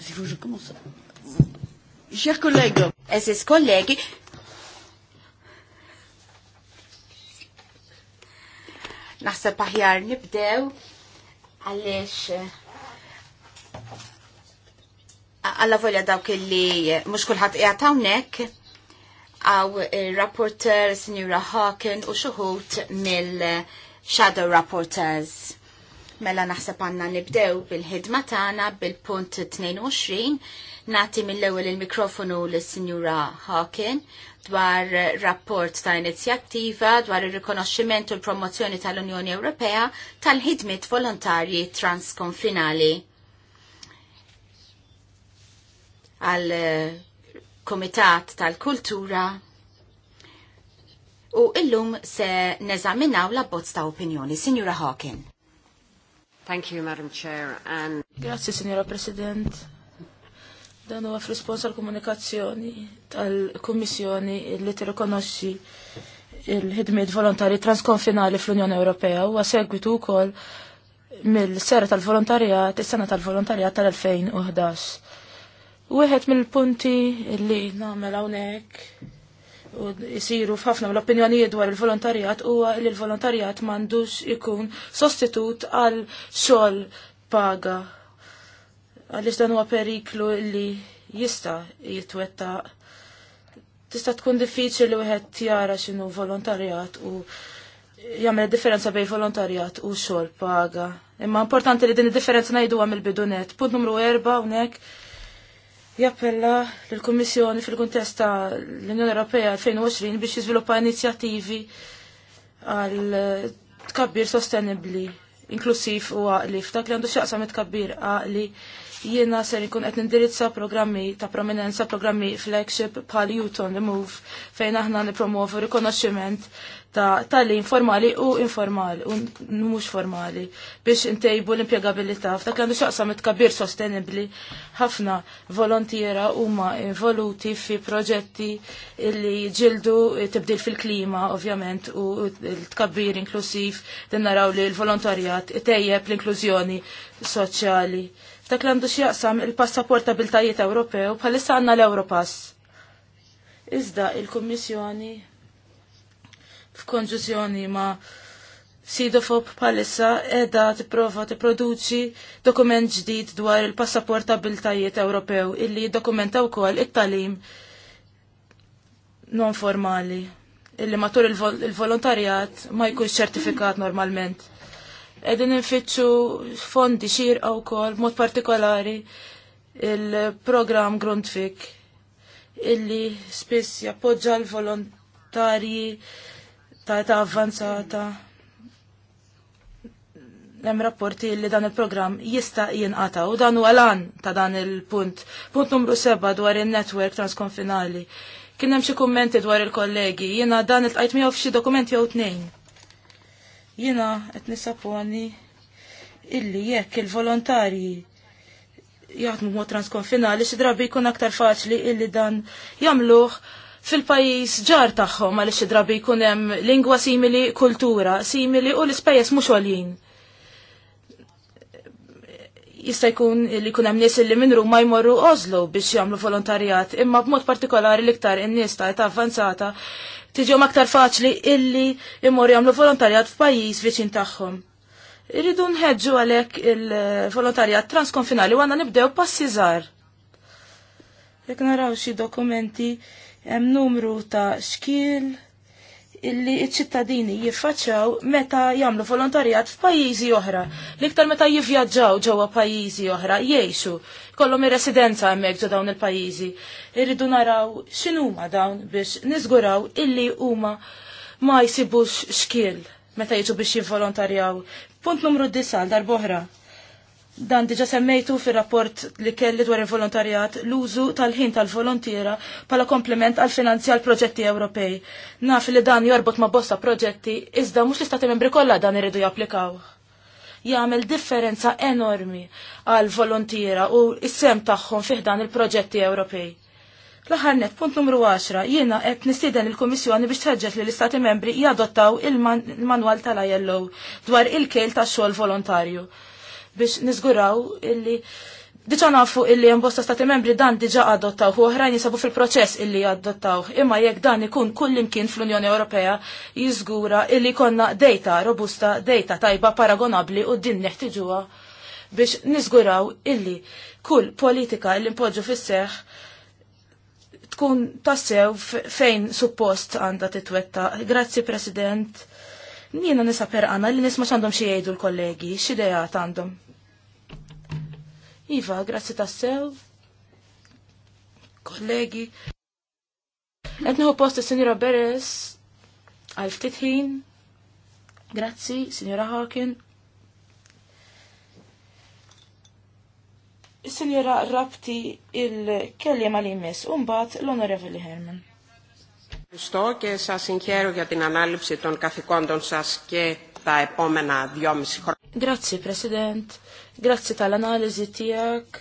Si vous, je commence. kollegi. Naħseb aħjar nibdew għaliex eh, għalla volja dawk li mux kullħat qiegħed hawnhekk għaw rapporter Signora Hawken u xuħut mill-Shadow Rapporters mela naħseb għanna nibdew bil-ħidma tagħna bil-punt 22. nagħti mill-ewwel il-mikrofonu lis-Sinjura Hawken dwar rapport ta' inizjattiva dwar ir-rikonoxximent u l-promozzjoni tal-Unjoni Ewropea tal-ħidmit volontarji transkonfinali. għal eh, Komitat tal-Kultura u illum se neżaminaw la bozz ta' opinjoni. Signora Hawking. Thank you, Madam Chair. And... Grazie, Signora President. Dan huwa f'rispons għal komunikazzjoni tal-Kummissjoni li tirrikonoxxi il-ħidmiet volontari transkonfinali fl-Unjoni Ewropea huwa segwitu wkoll mill-sera tal-volontarjat, is-sena tal-volontarjat tal-2011. Wieħed mill-punti li nagħmel hawnhekk u jisiru f'ħafna l-opinjonijiet dwar il-volontarjat huwa li l-volontarjat m'għandux ikun sostitut għal xogħol paga. Għaliex dan huwa periklu li jista' jitwetta. Tista' tkun diffiċli li wieħed jara x'inhu volontarjat u jagħmel differenza bejn volontarjat u xogħol paga. Imma importanti li din id-differenza ngħidu mill bidunet Punt numru erba' hawnhekk jappella l-Kommissjoni fil-kuntest ta' l-Unjoni Ewropea 2020 biex jiżviluppa inizjattivi għal tkabbir sostenibli, inklusiv u għaqli. F'dak li għandu xaqsam tkabbir għaqli jiena ser ikun qed nindirizza programmi ta' prominenza, programmi flagship bħal Newton Move fejn aħna nipromovu rikonoxximent ta' tal-li informali u informali, u mhux formali, biex intejbu l impjegabilità F'dak għandu xaqsa mitkabir sostenibli, ħafna volontiera huma involuti fi proġetti li ġildu tibdil fil-klima, ovvjament, u l-tkabbir inklusiv, din naraw li l-volontarjat tejjeb l-inklużjoni soċjali. F'dak għandu xaqsam il-passaporta bil-tajiet Ewropew, bħalissa għandna l-Europass. Iżda il-Kummissjoni f'konġuzzjoni ma' Sidofob palissa edha tipprova tipproduċi dokument ġdid dwar il-passaport abiltajiet Ewropew illi jiddokumenta wkoll it-talim non formali illi matul il-volontarjat ma jkunx ċertifikat normalment. Edin infittxu fondi xirqa wkoll mod partikolari il-programm Grundfik illi spiss jappoġġa l-volontarji ta' età avvanzata. Hemm rapporti li dan il-programm jista' jinqata u dan huwa lan ta' dan il-punt. Punt numru seba' dwar in-netwerk transkonfinali. Kien hemm xi kummenti dwar il-kollegi, jiena dan il-tqajt miegħu f'xi dokumenti jew tnejn. Jiena qed nisaponi illi jekk il-volontarji jaħdmu mod transkonfinali xi drabi jkun aktar faċli illi dan jagħmluh fil-pajis ġar tagħhom għaliex xi drabi jkun hemm lingwa simili, kultura simili u l-ispejjeż mhux għaljin. Jista' jkun li jkun hemm nies li minru ma jmorru Oslo biex jagħmlu volontarjat, imma b'mod partikolari l-iktar in-nies ta' avanzata avvanzata aktar faċli illi jmorru jagħmlu volontarjat f'pajjiż viċin tagħhom. Irridu nħedġu għalek il-volontarjat transkonfinali u għanna nibdew passi żgħar. Jek naraw xi dokumenti hemm numru ta' xkiel illi ċ ċittadini jiffaċċaw meta jagħmlu volontarjat f'pajjiżi oħra. L-iktar meta jivvjaġġaw ġewwa pajjiżi oħra, jgħixu, kollhom ir-residenza hemmhekk ġo dawn il-pajjiżi. Irridu naraw x'inhuma dawn biex niżguraw illi huma ma jsibux xkiel meta jiġu biex jivvolontarjaw. Punt numru 9 darboħra. Dan diġa semmejtu fir rapport li kelli dwar il-volontarjat l-użu tal-ħin tal-volontiera pala komplement għal finanzjal proġetti Ewropej. Naf li dan jorbot ma' bosta proġetti, iżda mux l-istati membri kollha dan iridu japplikaw. Jagħmel differenza enormi għal volontiera u s-sem tagħhom fih dan il-proġetti Ewropej. L-aħħar net, punt numru 10, jiena qed nistieden il-Kummissjoni biex tħeġġeġ li l-Istati membri jadottaw il-manwal tal-ILO dwar il kel tax-xogħol volontarju biex niżguraw illi Diċa nafu illi jembosta stati membri dan diġa adottaw, u oħrajn jisabu fil-proċess illi adottaw. Imma jekk dan ikun kullimkien fl-Unjoni Ewropea jizgura illi konna data robusta, data tajba paragonabli u din neħtiġuha biex nizguraw illi kull politika illi npoġġu fis-seħ tkun tassew fejn suppost għanda titwetta. Grazzi, President. Nina nisa għana li nisma xandom xie jgħidu l-kollegi, xie dejat għandhom. Iva, grazzi sew, Kollegi. Etniħu post il-Sinjora Beres għal ftitħin, Grazzi, Sinjora Hawkin. Sinjora Rapti il-kellima li jmiss, umbat l-Onorevoli Herman. Ευχαριστώ και σας συγχαίρω για την ανάληψη των καθηκόντων σας και τα επόμενα δυόμιση χρόνια. Grazzi, President. Grazzi tal-analizi tijak.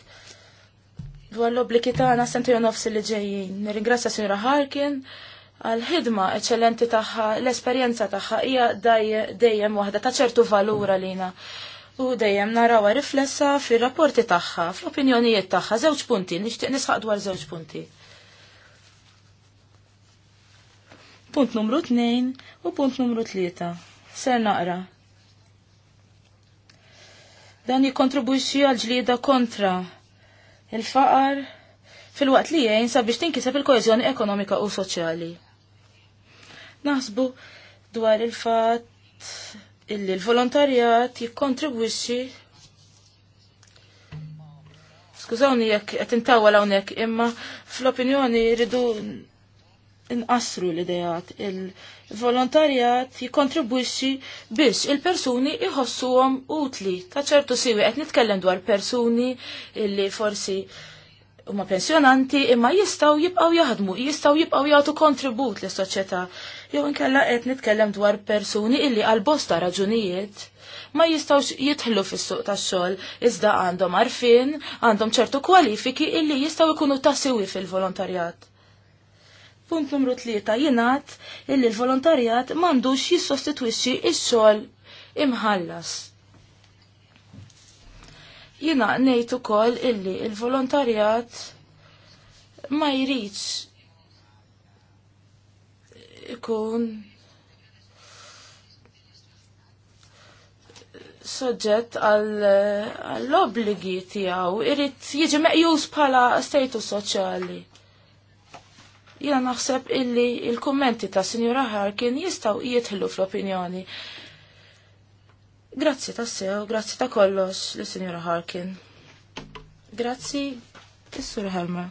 Dwar l obliki tagħna sentu nofsi li ġejjin. Nirringrazzja Sinra Harkin għal-ħidma eċċellenti tagħha, l-esperjenza tagħha hija dejjem waħda ta' ċertu valur għalina. U dejjem narawha riflessa fir-rapporti tagħha, fl-opinjonijiet tagħha, żewġ punti, nixtieq nisħaq dwar żewġ punti. Punt numru 2 u punt numru 3. Ser naqra Dan jikontribuċi għal ġlieda kontra il-faqar fil-waqt li jgħin sabiex tinkiseb il kohezjoni ekonomika u soċjali. Naħsbu dwar il-fatt illi l-volontarjat jikkontribwixxi Skużawni jekk qed intawwal hawnhekk, imma fl-opinjoni rridu inqasru l-idejat. Il-volontarjat jikontribwixxi biex il-persuni iħossuhom utli. Ta' ċertu siwi qed nitkellem dwar persuni illi forsi huma pensjonanti imma jistgħu jibqgħu jaħdmu, jistgħu jibqgħu jagħtu kontribut lis soċjetà Jew inkella qed nitkellem dwar persuni illi għal bosta raġunijiet ma jistawx jitħlu fis-suq tax-xogħol iżda għandhom arfin, għandhom ċertu kwalifiki illi jistgħu jkunu tassiwi fil-volontarjat. Punt numru tlieta jingħad illi l-volontarjat m'għandux jissostitwixxi x-xogħol imħallas. Jiena ngħid ukoll illi l il volontarjat ma jridx ikun soġġett għall-obligi tijaw, irrit jieġi meqjus bħala status soċjali. Jena naħseb illi il-kommenti ta' Sinjora Harkin jistaw jitħillu fl-opinjoni. Grazzi ta' sew, grazzi ta' kollox li Sinjora Harkin. Grazzi, Sur Helmer.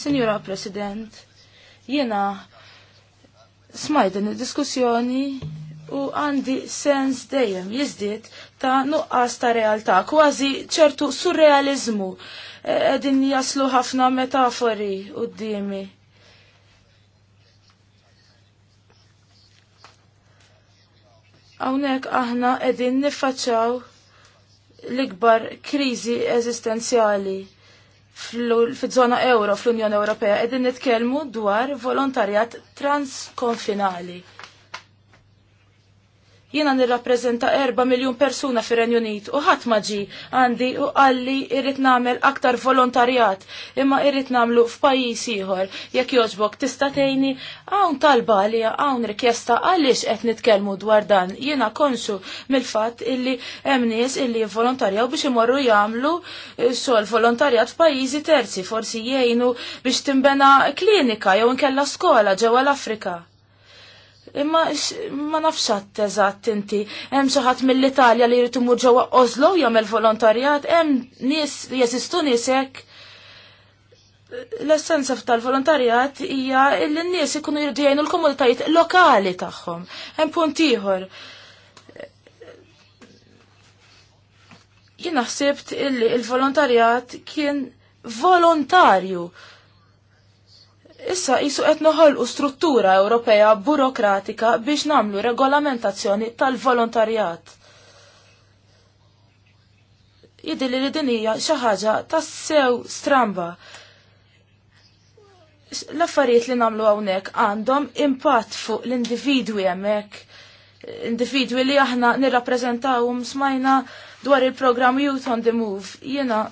Sinjora President, jena smajden il id-diskussjoni u għandi sens dejjem jizdiet ta' nuqqas ta' realtà, kważi ċertu surrealizmu edin jaslu ħafna metafori u d-dimi. Għawnek aħna edin nifacċaw l-ikbar krizi eżistenzjali fil-zona euro, fl-Unjoni Ewropea, edin nitkelmu dwar volontarjat transkonfinali. Jiena nirrappreżenta 4 miljun persuna fir-Renju Unit u ħadd ma ġi għandi u qalli irrid nagħmel aktar volontarjat imma irrid nagħmlu f'pajjiż ieħor jekk jogħġbok tista' tgħinni hawn talba għalija hawn rikjesta għaliex qed nitkellmu dwar dan. Jiena konxu mill-fatt illi hemm nies illi volontarjaw biex imorru jagħmlu sol eh, volontarjat f'pajjiżi terzi forsi jgħinu biex timbena klinika jew inkella skola ġewwa l-Afrika. Imma ma nafxat eżatt inti, hemm xi ħadd mill-Italja li jrid imur ġewwa Oslo jagħmel volontarjat, hemm nies li jeżistu nies hekk. L-essenza tal-volontarjat hija li n-nies ikunu jridu jgħinu l-komunitajiet lokali tagħhom. Hemm punt ieħor. Jien ħsibt illi il-volontarjat kien volontarju. Il Issa jisu qed noħolqu struttura Ewropea burokratika biex namlu regolamentazzjoni tal-volontarjat. Jidi li din hija xi ħaġa tassew stramba. L-affarijiet li namlu hawnhekk għandhom impatt fuq l-individwi hemmhekk individwi li aħna nirrappreżentawhom smajna dwar il-programm Youth on the Move. Jiena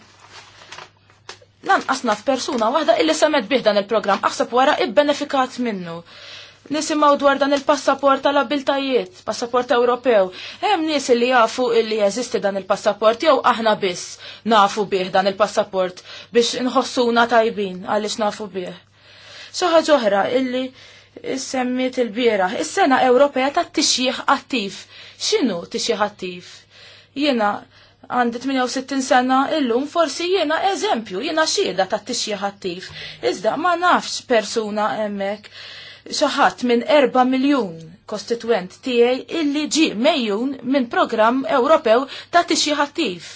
Lanqas naf persuna waħda illi semet bih dan il-programm, aħseb wara ibbenefikat minnu. Nisimaw dwar dan il-passaport tal-abiltajiet, passaport Ewropew. Hemm nies li jafu illi jeżisti dan il-passaport jew aħna biss nafu bih dan il-passaport biex inħossuna tajbin għaliex nafu bih. Xi ħaġa oħra illi semmiet il-biera, is-sena Ewropea tat-tixjih attiv. X'inhu tixjih attiv? Jiena għandi 68 sena illum forsi jiena eżempju, jiena xieda ta' tixja ħattif. Iżda ma nafx persuna emmek xaħat minn 4 miljon kostituent tiegħi illi ġi mejjun minn programm Ewropew ta' tixja ħattif.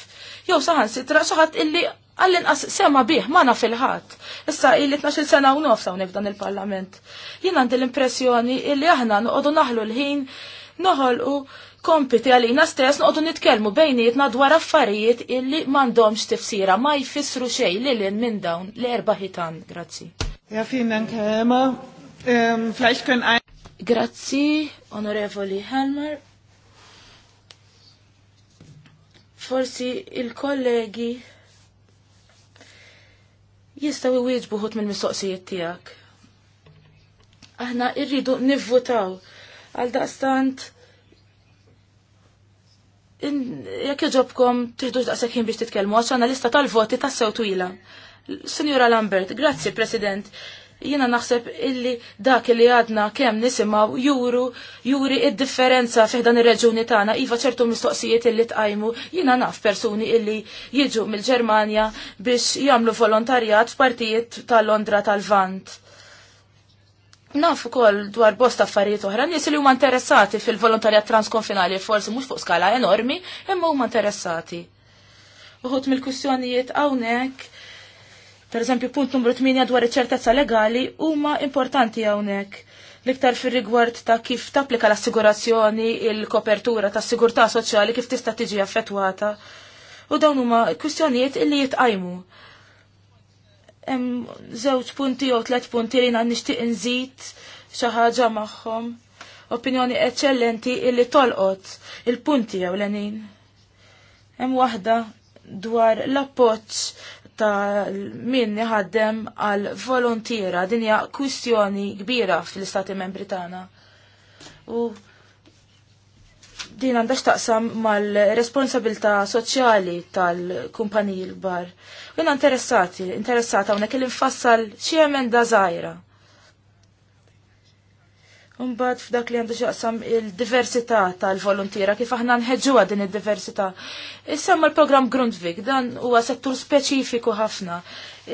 Jew saħan sitra xaħat illi għallin inqas sema bih, ma naf il-ħat. Issa illi 12 sena u nofsa unek dan il-parlament. Jien għandi l-impressjoni illi aħna noqogħdu naħlu l-ħin noħolqu kompiti għalina stess noqdu nitkellmu bejnietna dwar affarijiet illi m'għandhomx tifsira ma jfissru xejn lil minn dawn l-erba' ħitan. Grazzi. Ja, fin Dank, Helmer. Ähm, vielleicht können ein... Grazzi, onorevoli Helmer. Forsi il-kollegi jistaw iwieġbuħut mill-mistoqsijiet tiegħek. Aħna irridu nivvutaw għal daqstant jekk iġobkom tiħdux daqshekk ħin biex titkellmu għax lista tal-voti tassew twila. Signora Lambert, grazzi President. Jiena naħseb illi dak li għadna kemm nisimgħu juru juri id-differenza fih dan ir-reġuni tagħna iva ċertu mistoqsijiet illi tqajmu jiena naf persuni illi jiġu mill-Ġermanja biex jagħmlu volontarjat f'partijiet tal-Londra tal-Vant Naf ukoll dwar bosta affarijiet oħra nies li huma interessati fil-volontarjat transkonfinali forsi mhux fuq skala enormi, imma huma interessati. Uħut mill-kwistjonijiet hawnhekk per eżempju punt numru 8 dwar iċ-ċertezza legali huma importanti hawnhekk. L-iktar fir-rigward ta' kif tapplika l-assigurazzjoni il-kopertura ta' sigurtà soċjali kif tista' tiġi affettwata. U dawn huma kwistjonijiet illi jitqajmu zewċ punti jew tliet punti li nixtieq nżid xi ħaġa magħhom. Opinjoni eċċellenti illi tolqot il-punti jew lenin. Hemm waħda dwar l-appoġġ ta' min ħaddem għal volontira din hija kwistjoni kbira fl-Istati Membri tagħna. U din għandax taqsam mal-responsabilta soċjali tal-kumpaniji l-bar. U jena interessati, interessata unek il infassal xie emenda zaħira. Umbad f'dak li għandax jaqsam il-diversità tal-volontira, kif aħna nħedġu din il-diversità. Issemma l-program Grundvik, dan huwa settur speċifiku ħafna.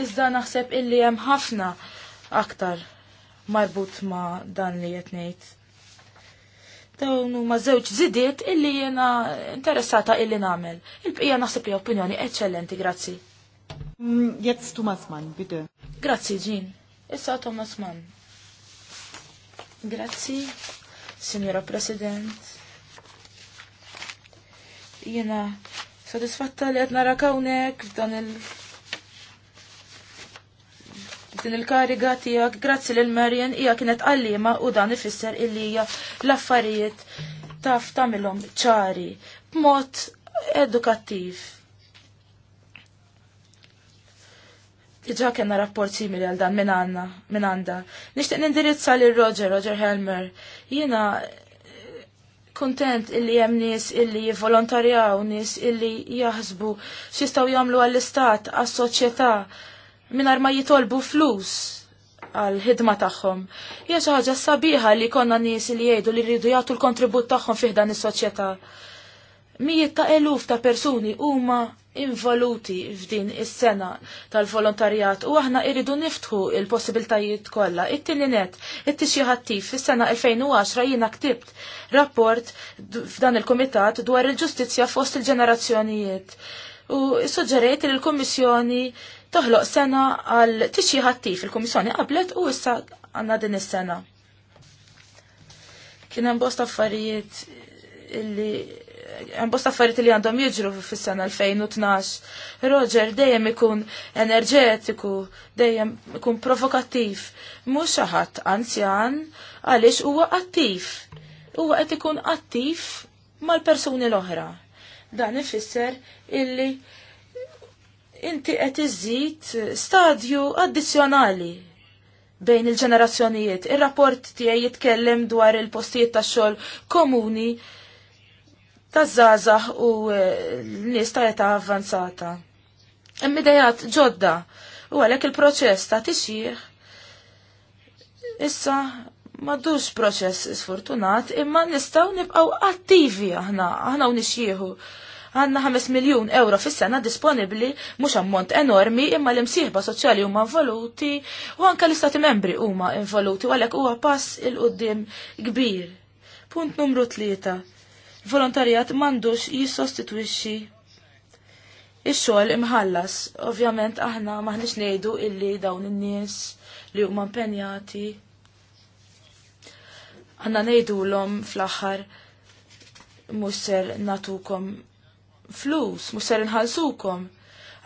Iżda naħseb illi hemm ħafna aktar marbut ma' dan li jetnejt. Dawn huma żewġ żidiet illi jiena interessata illi nagħmel. Il-bqija naħseb li opinjoni eċċellenti, grazzi. Mm, Jetz Thomas Mann, bitte. Grazzi, Jean. Issa Thomas Mann. Grazzi, Signora President. Jiena sodisfatta li qed nara hawnhekk f'dan il- din il-kariga tiegħek grazzi lil Marian hija kienet għallima u dan ifisser illija l-affarijiet taf tamilom ċari b'mod edukattiv. Iġa kena rapport simili għal dan minn għanna, għanda. Nishtiq nindirizza li Roger, Roger Helmer. Jina eh, kontent illi jem nis illi jivolontarjaw, nis illi jahzbu xistaw jamlu għall-istat, għas-soċjetà, minar ma jitolbu flus għal-ħidma tagħhom. Hija xi ħaġa sabiħa li konna nies li jgħidu li rridu jagħtu l-kontribut tagħhom fih dan is-soċjetà. Mijiet ta' eluf ta' persuni huma involuti f'din is-sena tal-volontarjat u aħna irridu niftħu il-possibiltajiet kollha. It-tieni net, it tixi ħattif fis-sena 2010 jiena ktibt rapport f'dan il-kumitat dwar il-ġustizzja fost il-ġenerazzjonijiet. U suġġerejt il kummissjoni il toħloq sena għal tixi ħattif il-Komissjoni qablet u issa għanna din is-sena. Kien hemm bosta affarijiet illi hemm bosta affarijiet li għandhom jiġru fis-sena 2012. Roger dejjem ikun enerġetiku, dejjem ikun provokattiv, mhux xi ħadd anzjan għaliex huwa attiv. Huwa qed ikun attiv mal-persuni l-oħra. Dan ifisser illi inti qed iżid stadju addizzjonali bejn il-ġenerazzjonijiet. Ir-rapport tiegħi jitkellem dwar il-postijiet tax-xogħol komuni taż-żgħażagħ u l-nies eh, ta' età avvanzata. Immi dejat ġodda u għalhekk il-proċess ta' tixjih issa madux proċess sfortunat imma nistgħu nibqgħu attivi aħna aħna u nixjieħu Għanna 5 miljun euro fis-sena disponibli mhux ammont enormi imma l-imsieħba soċjali huma involuti u anke l-istati membri huma involuti u għalhekk huwa pass il qudiem kbir. Punt numru tlieta. Volontarjat m'għandux jissostitwixxi ix-xogħol imħallas. Ovvjament aħna maħniex ngħidu illi dawn in-nies li huma impenjati għanna nejdu l-om fl-axar musser natukom flus, mux ser nħalsukom.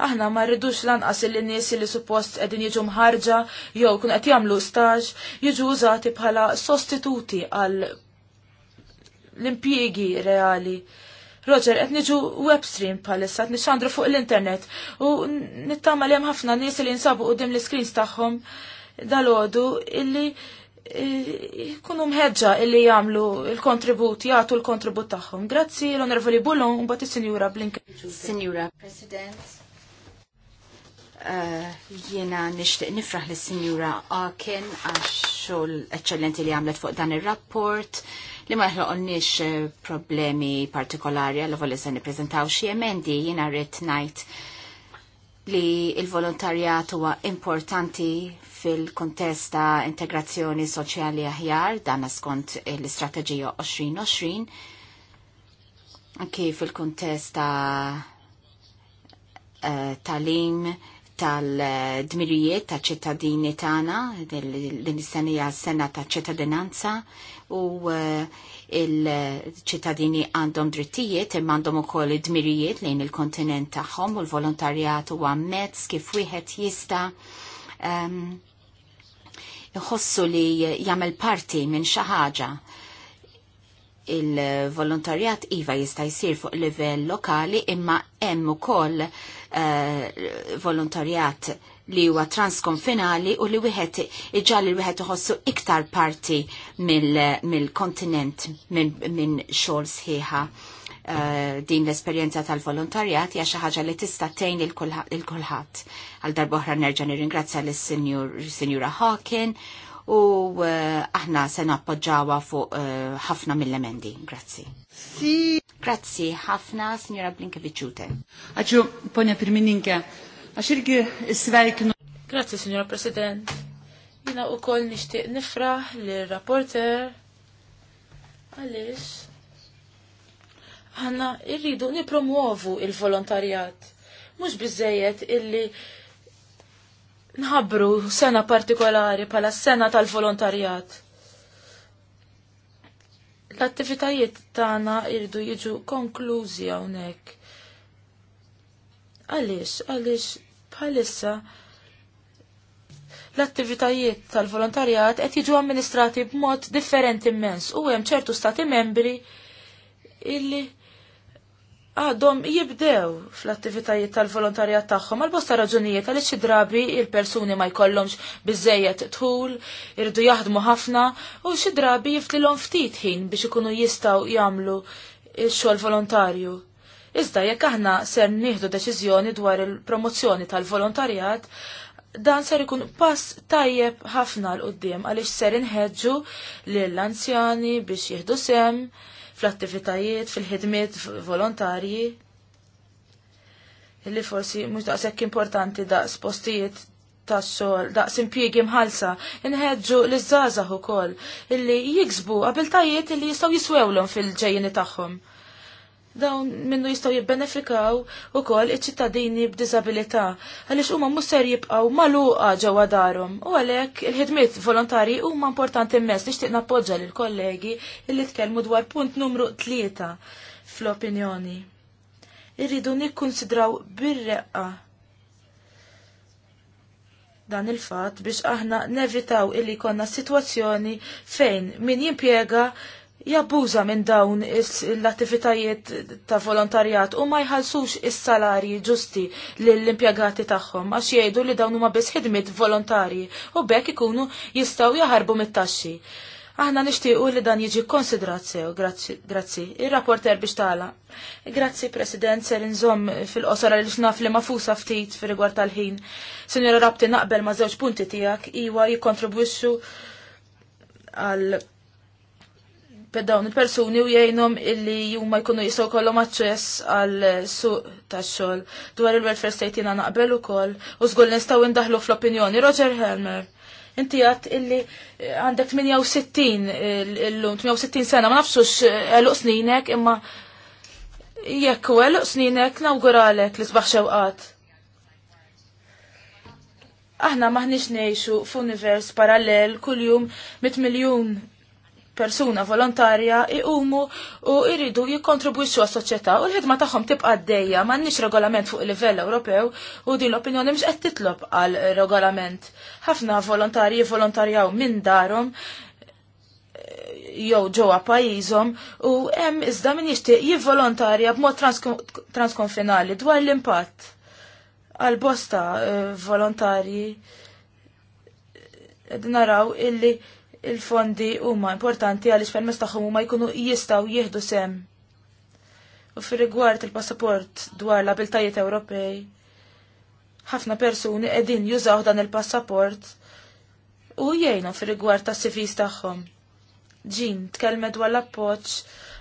Aħna ma rridux lanqas il-nies li suppost qegħdin jiġu mħarġa jew kun qed jagħmlu staġ jiġu użati bħala sostituti għal l-impjiegi reali. Roger, qed niġu webstream bħalissa, qed nixandru fuq l-internet u nittama li hemm ħafna nies li jinsabu qudiem l-screens tagħhom dalodu illi kunu mħedġa illi jagħmlu il-kontribut, jagħtu l-kontribut tagħhom. Grazzi l-Onorevoli Bullon u bagħad is-Sinjura Blinken. Senjura. President. Jena eh, jiena nixtieq nifraħ lis sinjura Aken għax l eċċellenti li għamlet fuq dan ir-rapport li ma jħloqonniex eh, problemi partikolari għal li se nippreżentaw xi emendi jiena rrid ngħid li il-volontarjat huwa importanti fil-kontest ta' integrazzjoni soċjali aħjar dan skont l-istrateġija 2020 anke fil-kontest ta' eh, talim tal-dmirijiet ta' ċittadini tagħna din is-sena sena ta' ċittadinanza u uh, il-ċittadini għandhom drittijiet imma għandhom ukoll id dmirijiet lejn il-kontinent tagħhom u l-volontarjat huwa mezz kif wieħed jista' jħossu ehm, um, li jagħmel parti minn xi ħaġa il-volontarjat iva jista' jsir fuq livell lokali imma hemm ukoll uh, volontarjat li huwa transkonfinali u li wieħed iġalli wieħed iħossu iktar parti mill-kontinent mil minn xogħol sħiħa. Uh, din l-esperjenza tal-volontarjat hija xi ħaġa li tista' tgħin il-kulħadd. Għal oħra nerġa' nirringrazzja lis-Sinjura Hawkin u uh, aħna se nappoġġawha fuq eh, ħafna uh, mill-emendi. Grazzi. Si. Grazzi ħafna, Sinjura Blinkeviċute. Aġu, ponja pirmininke, Għax irgi s-svejknu. Grazie, Signor President. Jina u koll nishtiq nifraħ li rapporter Għalix? Għanna irridu nipromuovu il-volontarjat. Mux bizzejiet illi nħabru sena partikolari pala sena tal-volontarjat. L-attivitajiet tagħna irdu jiġu konklużi hawnhekk. Għaliex, għaliex bħalissa l-attivitajiet tal-volontarjat qed jiġu amministrati b'mod differenti immens u hemm ċertu stati membri illi għadhom jibdew fl-attivitajiet tal-volontarjat tagħhom għal bosta raġunijiet għaliex xi drabi il-persuni ma jkollhomx biżejjed tħul, irdu jaħdmu ħafna u xi drabi jiftilhom ftit ħin biex ikunu jistgħu jagħmlu x-xogħol volontarju. Iżda jekk aħna ser nieħdu deċiżjoni dwar il-promozzjoni tal-volontarjat, dan ser ikun pass tajjeb ħafna l qudiem għaliex ser inħeġġu lill-anzjani biex jieħdu sem fl-attivitajiet, fil-ħidmiet volontarji Illi forsi mhux daqshekk importanti daqs postijiet tax-xogħol, daqs impjiegi mħalsa, inħeġġu l-żgħażagħ ukoll illi jiksbu qabiltajiet illi jistgħu jiswewlhom fil-ġejjini tagħhom dawn minnu jistaw jibbenefikaw u kol iċ-ċittadini b'disabilità għalix huma musser jibqaw maluqa ġewwa darhom u għalhekk il-ħidmiet volontari huma importanti li nixtieq nappoġġa l kollegi illi tkellmu dwar punt numru tlieta fl-opinjoni. Irridu nikkonsidraw bir-reqqa dan il-fat biex aħna nevitaw illi konna situazzjoni fejn min jimpiega jabbuża minn dawn l-attivitajiet ta' volontarjat u ma jħalsux is-salarji ġusti lill-impjegati tagħhom għax jgħidu li dawn huma biss ħidmiet volontarji u bekk ikunu jistgħu jaħarbu mit-taxxi. Aħna nixtiequ li dan jiġi konsidrat sew, grazzi. Ir-rapporter biex tala. Grazzi, President, ser inżomm fil-qosora li xnaf li mafusa ftit fir-rigward tal-ħin. Sinjora Rabti naqbel ma' żewġ punti tiegħek iwa jikkontribwixxu għal dawn il-persuni u jgħinhom illi huma jkunu jisaw kollhom aċċess għal suq tax-xogħol. Dwar il-welfare state jina naqbel ukoll u żgur nistgħu indaħlu fl-opinjoni. Roger Helmer, inti għat illi eh, għandek 68 illum, 68 sena, ma nafxux eh, eluq sninek imma jekk u eluq sninek nawguralek li sbaħ għat Aħna maħniex nejxu f'univers parallel kuljum mit miljun persuna volontarja iqumu u jridu jikkontribwixxu għas-soċjetà u l-ħidma tagħhom tibqa' għaddejja m'għandniex regolament fuq il-livell Ewropew u din l-opinjoni mhux qed titlob għal regolament. Ħafna volontarji volontarjaw minn darhom jew ġewwa pajjiżhom u hemm iżda min jixtieq jivvolontarja b'mod transkonfinali dwar l-impatt għal bosta eh, volontarji naraw illi il-fondi huma importanti għaliex permess tagħhom huma jkunu jistgħu jieħdu sem. U fir rigward il-passaport dwar l-abiltajiet Ewropej, ħafna persuni qegħdin jużaw dan il-passaport u jgħinu fir rigward tas sivis tagħhom. Ġin, tkellmet dwar l-appoġġ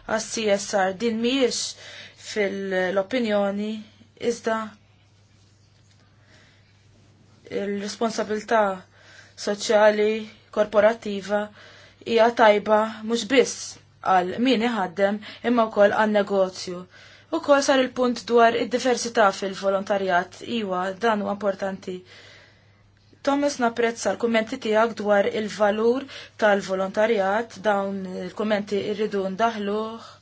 għas-CSR din mhijiex fil-opinjoni iżda il-responsabilità soċjali korporattiva hija tajba mhux biss għal min iħaddem imma wkoll għan negozju. Ukoll sar il-punt dwar id-diversità fil-volontarjat, iwa, dan huwa importanti. Thomas napprezza l-kummenti tiegħek dwar il-valur tal-volontarjat, dawn il kumenti irridu ndaħluh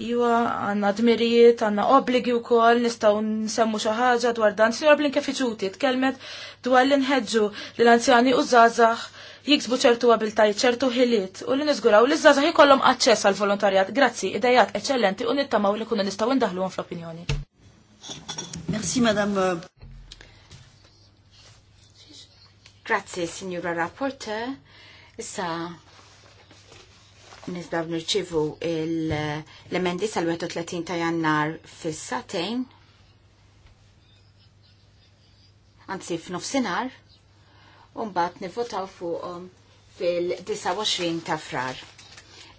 Iwa għanna dmirijiet, għanna obligi u kol, nistaw nsemmu xaħġa dwar dan. Sinjor blinke Fiċuti, tkelmet dwar l-inħedġu li l-anzjani u zazax jiksbu ċertu għabiltajt, ċertu ħiliet u li u li zazax jikollom għacċess għal volontarjat. Grazzi, idejat eccellenti u nittamaw li kunna nistaw indahlu għan fl-opinjoni. Merci, madame. Grazie, signora rapporte. Issa, Nisdaw nirċivu l-emendi sal-31 ta' jannar fil-satejn, anzi f'nofsinar, un-bat nivotaw fuqom fil-29 ta' frar.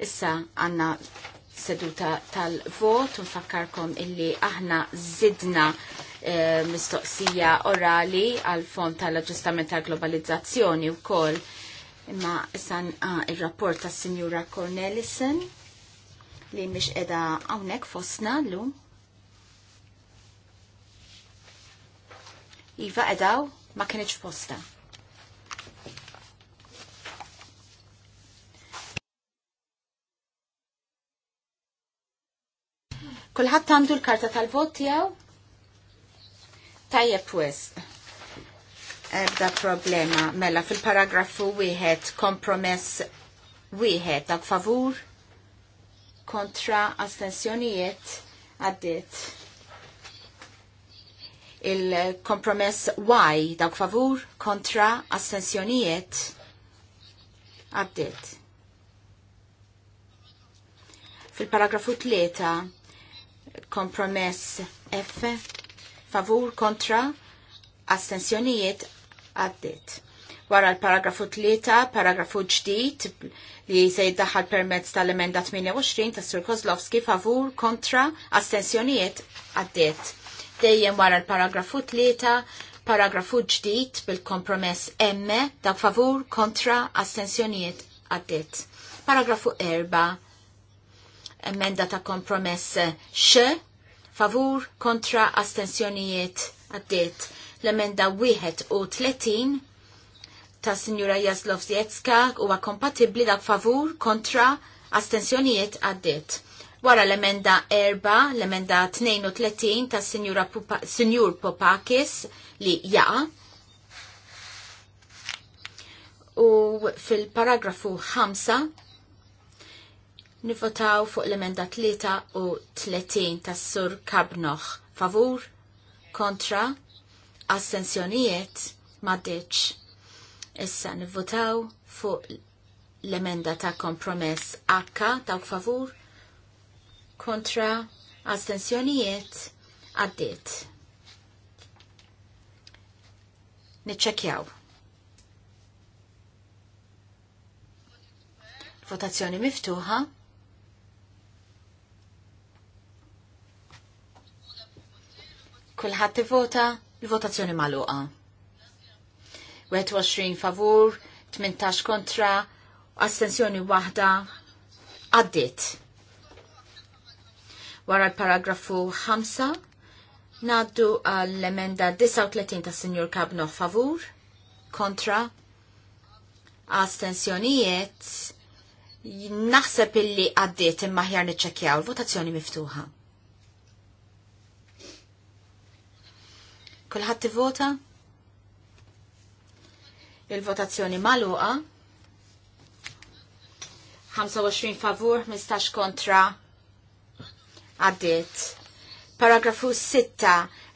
Issa għanna seduta tal-vot, unfakkarkom illi aħna zidna e, mistoqsija orali għal fond tal-aġustament tal-globalizzazzjoni u koll Imma isan ah, il-rapport ta' Signora Cornelison li mish edha għawnek fosna l-lum. Iva edaw ma kienieċ posta. Kulħadd għandu l-karta tal-vot tiegħu? Tajjeb wisq ebda problema. Mela fil-paragrafu wieħed kompromess wieħed dak favur kontra astensjonijiet għaddit. Il-kompromess Y dak favur kontra astensjonijiet għaddit. Fil-paragrafu 3 kompromess F favur kontra astensjonijiet għaddit. Wara l-paragrafu 3, paragrafu ġdid li se jiddaħħal permezz tal-emenda 28 ta' Sur Kozlovski favur kontra astensjonijiet għaddit. Dejjem wara l-paragrafu 3, paragrafu ġdid bil-kompromess M ta' favur kontra astensjonijiet għaddit. Paragrafu 4, emenda ta' kompromess X favur kontra astensjonijiet għaddit L-emenda 30 ta' Sinjura Jaslov Zietzka huwa kompatibbli dak favur kontra astensjonijiet għaddit. Wara l-emenda 4, l-emenda 32 ta' Sinjura Pupa, Sinjur Popakis li jaqa. U fil-paragrafu 5 nivotaw fuq l-emenda 3 u 30 tas sur Kabnoħ. Favur? Kontra? assenzjonijiet ditx Issa nivvotaw fuq l-emenda ta' kompromess H ta' favur kontra astensjonijiet għaddit. Niċċekjaw. Votazzjoni miftuħa. Kulħadd ivota. vota Il-votazzjoni maluqa. 21 favur, 18 kontra, astensjoni waħda, għaddit. Wara l-paragrafu 5, naddu għall-emenda 39 ta' Sinjur Kabno favur, kontra, astensjonijiet, naħseb illi għaddit imma ħjar niċċekjaw votazzjoni miftuħa. Kulħadd vota Il-votazzjoni magħluqa. 25 favur, 15 kontra. Għaddit. Paragrafu 6,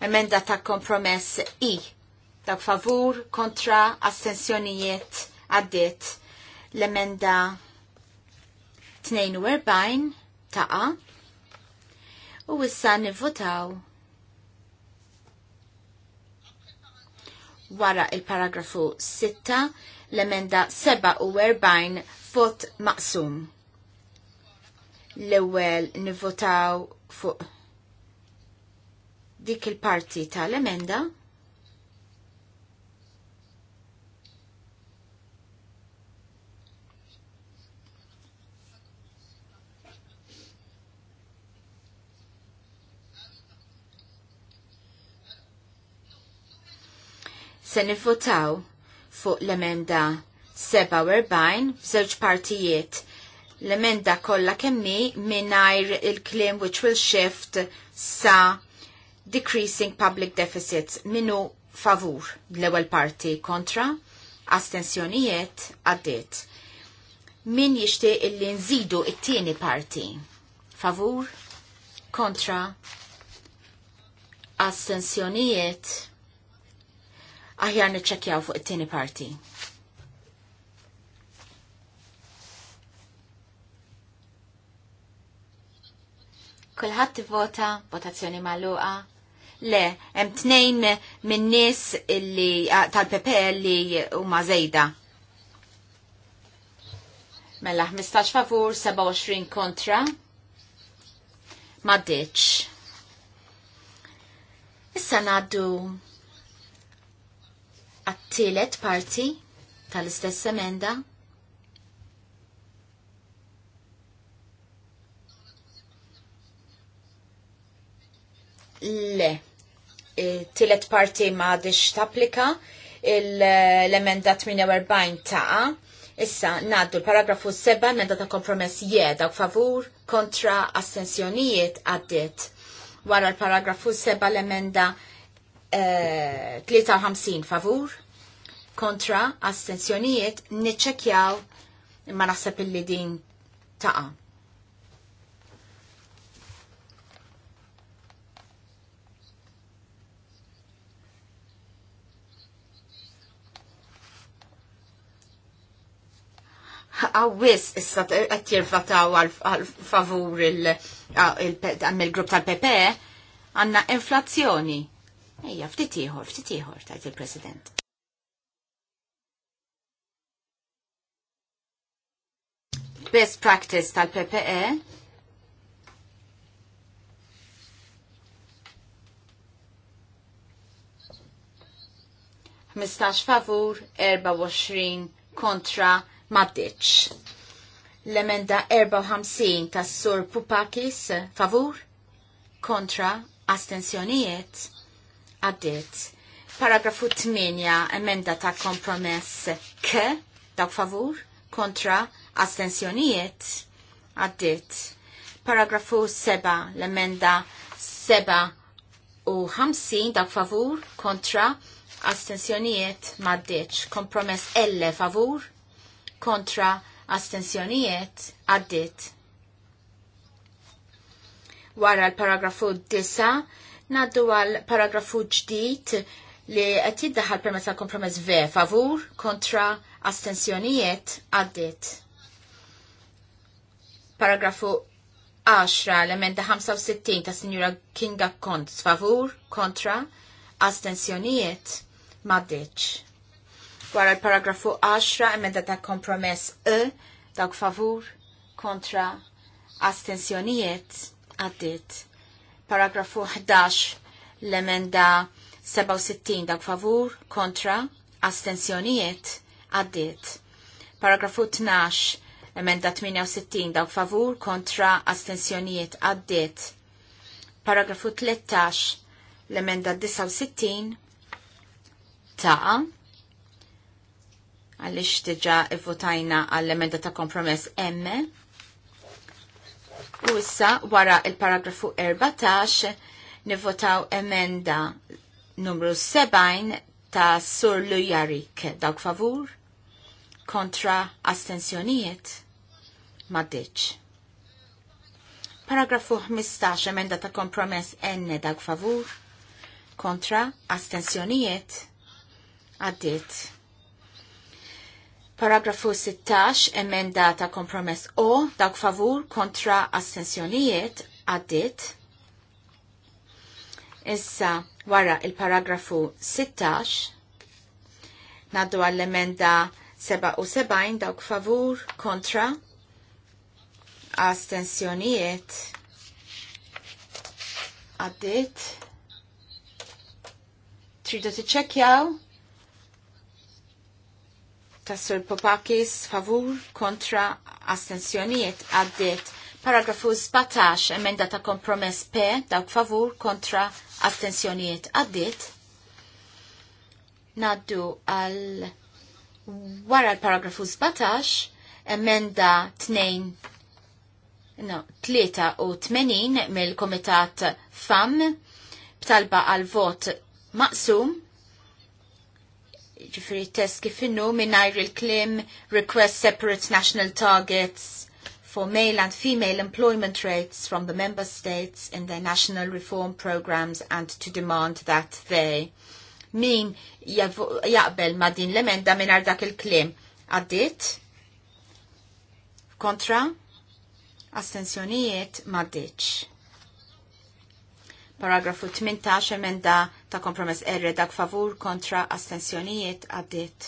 emenda ta' kompromess I. Dak favur, kontra, astensjonijiet, għaddit. L-emenda 42 ta' A. U issa nivvotaw wara il-paragrafu 6 l-emenda 47 vot maqsum. L-ewwel nivotaw fuq dik il-parti tal-emenda se nivvotaw fuq l-emenda 47 f'żewġ partijiet. L-emenda kollha kemmi mingħajr il kliem which will shift sa decreasing public deficits minu favur l-ewwel parti kontra astensjonijiet għaddiet. Min jixti illi nżidu it-tieni parti? Favur kontra astensjonijiet aħjar niċċekjaw fuq it-tieni parti. Kulħadd tivvota votazzjoni magħluqa. Le, hemm tnejn min-nies illi tal-PP li huma żejda. Mela 15 favur, 27 kontra. Ma ditx. Issa ngħaddu għattilet parti tal-istess emenda le tilet parti ma għadix tapplika l-emenda 48 taqa issa naddu l-paragrafu 7 emenda ta' kompromess jeda u favur kontra astensjonijiet għaddit wara l-paragrafu 7 l-emenda 53 eh, favur kontra astenzjonijiet niċċekjaw imma naħseb il din taqa. Għawis issa qed jirvataw għal favur il-grupp tal-PP e, għandna inflazzjoni Ejja, ftit ieħor, ftit ieħor, tajt il-President. Best practice tal-PPE Mistax favur, 24 kontra maddiċ. L-emenda 54 tas sur Pupakis favur, kontra astensjonijiet għaddit. Paragrafu 8, emenda ta' kompromess k, dawk favur, kontra astensjonijiet, għaddit. Paragrafu 7, l-emenda 7 u 50, dawk favur, kontra astensjonijiet, maddiċ. Kompromess L favur, kontra astensjonijiet, għaddit. Wara l-paragrafu 9, Naddu għal paragrafu ġdid li qed jiddaħħal permezz tal kompromess ve favur kontra astensjonijiet għaddiet. Paragrafu 10 l-emenda 65 ta' Sinjura Kinga Kont favur kontra astensjonijiet maddiċ. Wara l-paragrafu 10 emenda ta' kompromess E dawk favur kontra astensjonijiet għaddiet Paragrafu 11 l-emenda 67 dak favur kontra astensjonijiet għaddiet. Paragrafu 12 emenda 68 dak favur kontra astensjonijiet għaddiet. Paragrafu 13 l-emenda 69 ta' għalix tiġa votajna għall-emenda ta' kompromess emme. U issa wara il-paragrafu 14 nivvotaw emenda numru 70 ta' Sur Lujarik dawk favur kontra astensjonijiet maddiċ. Paragrafu 15 emenda ta' kompromess enne dawk favur kontra astensjonijiet għaddit. Paragrafu 16, emenda ta' kompromess O, dawk favur kontra astensjonijiet għaddit. Issa wara il-paragrafu 16, naddu għall-emenda 77 dawk favur kontra astensjonijiet għaddit. Tridu ċekjaw Tassur Popakis, favur, kontra, astensjoniet għaddiet. Paragrafu 17, emenda ta' kompromess P, dawk favur, kontra, astensjonijiet, għaddit. Naddu għal wara l-paragrafu 17, emenda 2, no, 83 mill-komitat FAM, b'talba għal vot maqsum, ġifiri test kif innu minnajr il-klim request separate national targets for male and female employment rates from the member states in their national reform programs and to demand that they. Min jaqbel ma din l-emenda minnar dak il-klim? Għaddit? Kontra? Astensjonijiet ma ditx. Paragrafu 18 emenda ta' kompromess R dak favur kontra astensjonijiet għaddit.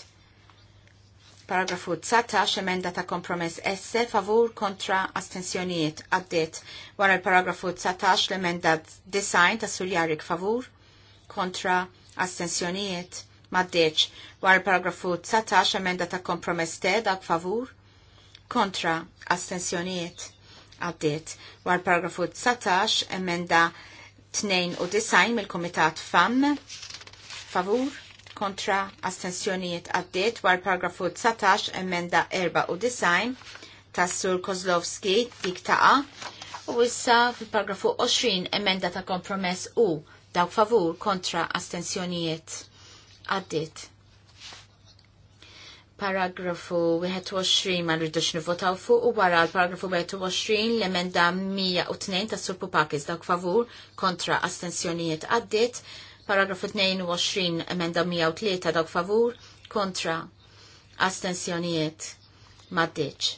Paragrafu 19 emenda ta' kompromess S favur kontra astensjonijiet għaddit. Wara l-paragrafu 19 l-emenda design ta' surjarik favur kontra astensjonijiet maddeċ. Wara l-paragrafu 19 emenda ta' kompromess T dak favur kontra astensjonijiet għaddit. War paragrafu 19 emenda 92 mill-Komitat FAM favur kontra astensjonijiet għaddiet war paragrafu 19 emenda 94 tas-Sur Kozlovski dik taqa' u issa fil-paragrafu 20 emenda ta' kompromess u dawk favur kontra astensjonijiet għaddiet paragrafu 21 ma rridux nivotaw fuq u wara l-paragrafu 21 l-emenda 102 ta' Sur Pupakis dawk favur kontra astensjonijiet għaddit, paragrafu 22 emenda 103 dawk favur kontra astensjonijiet maddiċ.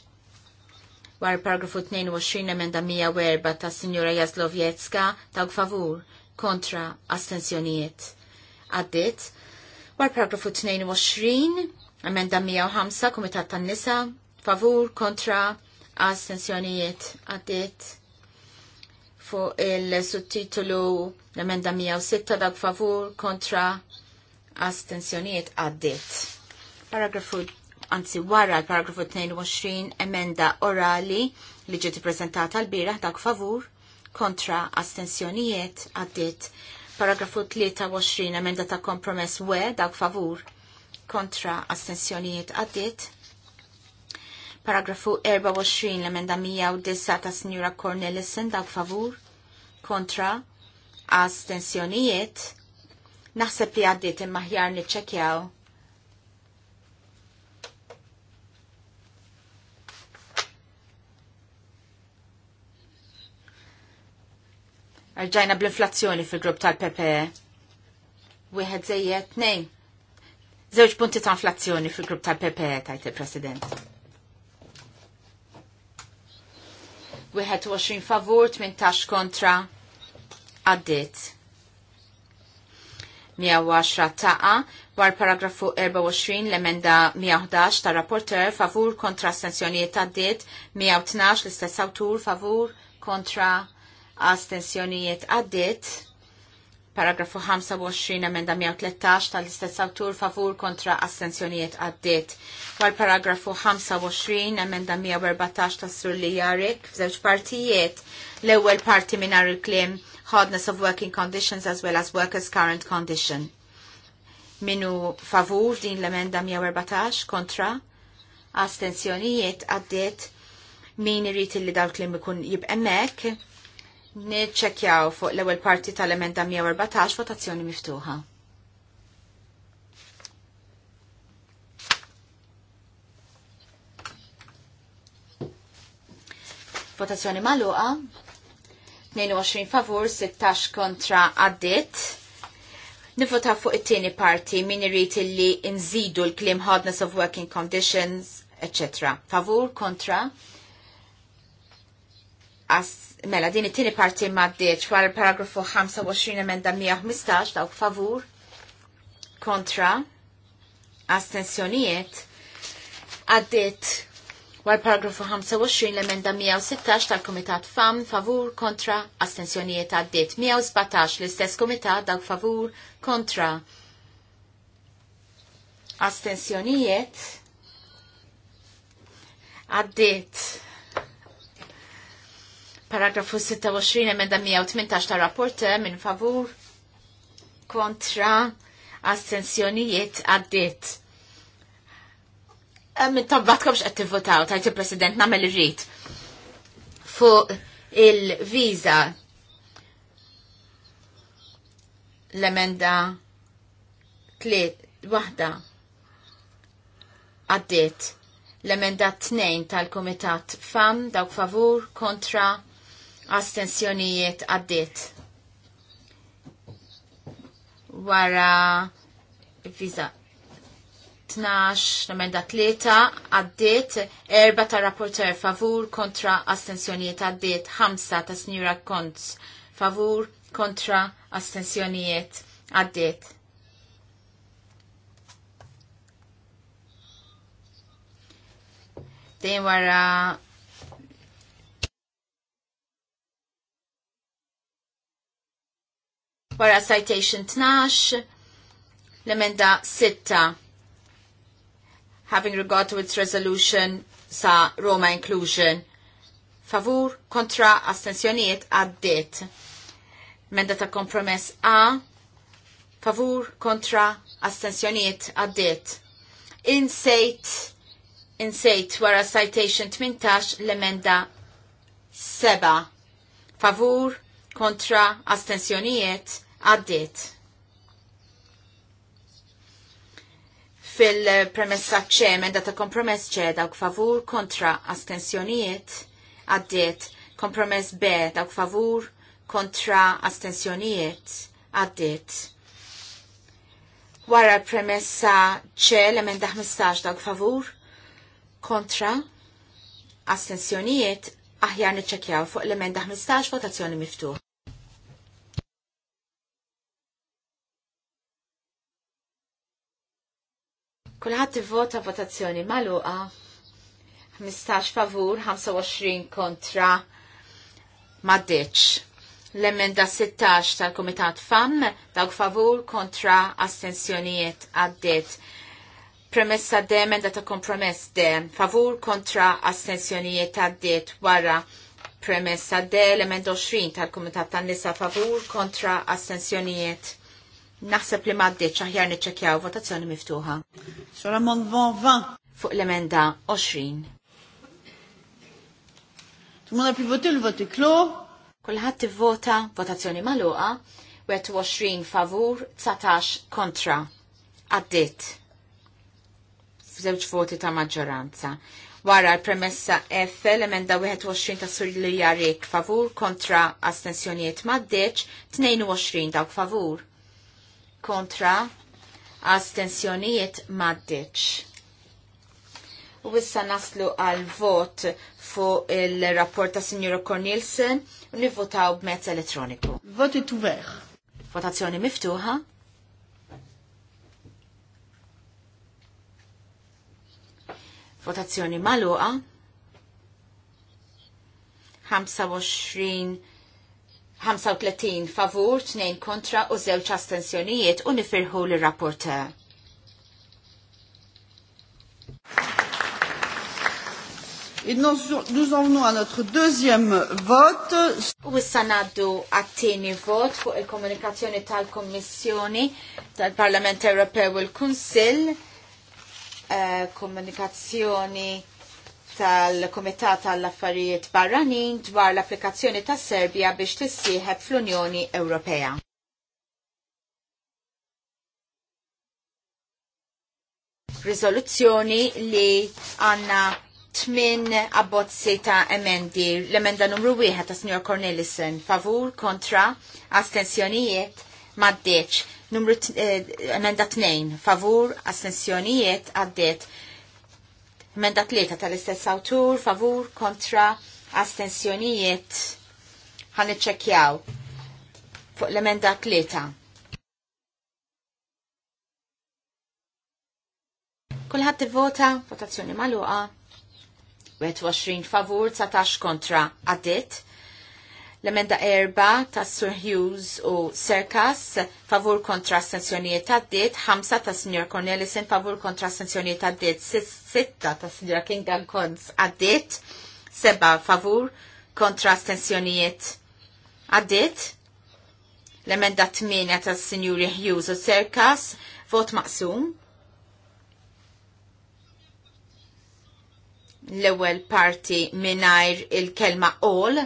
Wara paragrafu 22 emenda 104 ta' Signora Jazlovjetska dawk favur kontra astensjonijiet għaddit. Wara paragrafu 22 Amenda 105, Komitat tan-Nisa, favur, kontra, astensjonijiet għaddit fuq il-sottitolu l-emenda 106 dak favur kontra astensjonijiet għaddit. Paragrafu, anzi wara paragrafu 22, emenda orali li ġieti prezentata l bira dak favur kontra astensjonijiet għaddit. Paragrafu 23, emenda ta' kompromess we dak favur kontra astensjonijiet għaddit. Paragrafu 24 l-emenda 109 ta' Signora Cornelissen dawk favur kontra astensjonijiet naħseb li għaddit imma ħjar niċċekjaw. Rġajna bl-inflazzjoni fil-grupp tal-PPE. Wieħed zejjed, nej, Zewġ punti ta' inflazzjoni fil-grupp tal-PPE tajt il-President. 21 favur, 18 kontra, għaddit. 110 taqa, war paragrafu 24 l-emenda 111 ta' rapporter favur kontra astensjonijiet għaddit, 112 l-istess autur favur kontra astensjonijiet għaddit. Paragrafu 25 emenda 113 tal-istess autur favur kontra assenzjonijiet għaddit. Wal paragrafu 25 emenda 114 tas sur li jarik f'żewġ partijiet l-ewwel parti minar il-klim hardness of working conditions as well as workers' current condition. Minu favur din l-emenda 114 kontra assenzjonijiet għaddit min irrit li dawk li mikun jibqemmek Niċċekjaw fuq l-ewwel parti tal-emenda 114 votazzjoni miftuħa. Votazzjoni magħluqa. 22 favur, 16 kontra għaddit. Nivvota fuq it-tieni parti min irid illi nżidu l-klim hardness of working conditions, etc. Favur kontra mela din it-tieni parti m'għaddiex wara l paragrafu 25 emenda 115 dawk favur kontra astensjonijiet għaddiet l paragrafu 25 l-emenda 116 tal kumitat FAM favur kontra astensjonijiet għaddiet 117 l-istess kumitat, dawk favur kontra astensjonijiet għaddiet Paragrafu 26 emenda 118 ta' rapport minn favur kontra astensjonijiet għaddit. Eh, min tabbatkomx għed t-votaw, tajt il-President namel irrid. fuq il-viza l-emenda tliet waħda għaddit l-emenda 2 tal-Komitat FAM dawk favur kontra astensjonijiet għaddit. Wara viza 12, namenda 3, għaddit, 4 ta' rapporter favur kontra astensjonijiet għaddit, 5 ta' snjura kont favur kontra astensjonijiet għaddit. Dejn wara Wara citation 12, l-emenda 6. Having regard to its resolution sa Roma inclusion. Favur, kontra, astensjoniet, għaddit. Menda ta' kompromess A. Favur, kontra, astensjoniet, għaddit. Insejt, insejt wara citation 18 l-emenda 7. Favur, kontra astensjonijiet għaddiet. Fil-premessa ċem, menda ta' kompromess ċe dawk favur kontra astensjonijiet għaddiet. Kompromess B dawk favur kontra astensjonijiet għaddiet. Wara premessa ċe l-emenda 15 dawk favur kontra astensjonijiet aħjar niċċekjaw fuq l-emenda 15 votazzjoni miftuħ. Kulħadd ivvota votazzjoni magħluqa 15 favur, 25 kontra maddeċ. L-emenda 16 tal-Komitat FAM dawk favur kontra astensjonijiet għaddiet Premessa D, emenda ta' kompromess D, favur kontra astensjonijiet det wara premessa D, element 20 tal komitat tan-Nisa favur kontra astensjonijiet. Naħseb li maddiċ aħjar niċċekjaw votazzjoni miftuħa. Sur amendment 20. Fuq l-emenda 20. Tmuna pi voti l-voti klo. Kulħadd tivvota votazzjoni maluqa, 20 favur, 19 kontra. Addit f'żewġ voti ta' maġġoranza. Wara l-premessa F, l-emenda 21 ta' sur li jarik favur kontra astensjoniet maddeċ, 22 dawk favur kontra astensjoniet maddeċ. U issa naslu għal vot fuq il-rapport ta' Signora Cornelsen u nivvotaw b'mezz elettroniku. Voti tuveħ. Votazzjoni miftuħa. Votazzjoni maluqa. 25 35 favur, 2 kontra u żewġ astensjonijiet u nifirħu l-rapporter. Et nous, nous en venons à notre deuxième vote. U sanaddu għattini vot fuq il-komunikazzjoni tal-Kommissjoni tal-Parlament Ewropew u l-Kunsill Eh, komunikazzjoni tal-Komitat tal-Affarijiet Barranin dwar l-applikazzjoni tas Serbja biex tissieħeb fl-Unjoni Ewropea. Rizoluzzjoni li għanna tmin abbozzi ta' emendi. L-emenda numru 1 ta' Sr. Cornelison, favur, kontra, astensjonijiet, maddeċ. Numru eh, emenda tnejn favur astensjonijiet għaddiet. Emenda 3 tal-istess awtur favur kontra astensjonijiet ħan iċċekjaw fuq l-emenda 3. Kulħadd ivvota, votazzjoni magħluqa. 21 favur, 19 kontra għaddiet. L-emenda erba ta' Sir Hughes u Serkas favur kontra sanzjonijiet ta' ħamsa ta' Sr. Cornelison favur kontra sanzjonijiet ta' ditt, sitta ta' Sr. Kingan Kons għaddit, seba favur kontra sanzjonijiet għaddit. L-emenda 8 ta' Sr. Hughes u Serkas vot maqsum. L-ewel parti minajr il-kelma all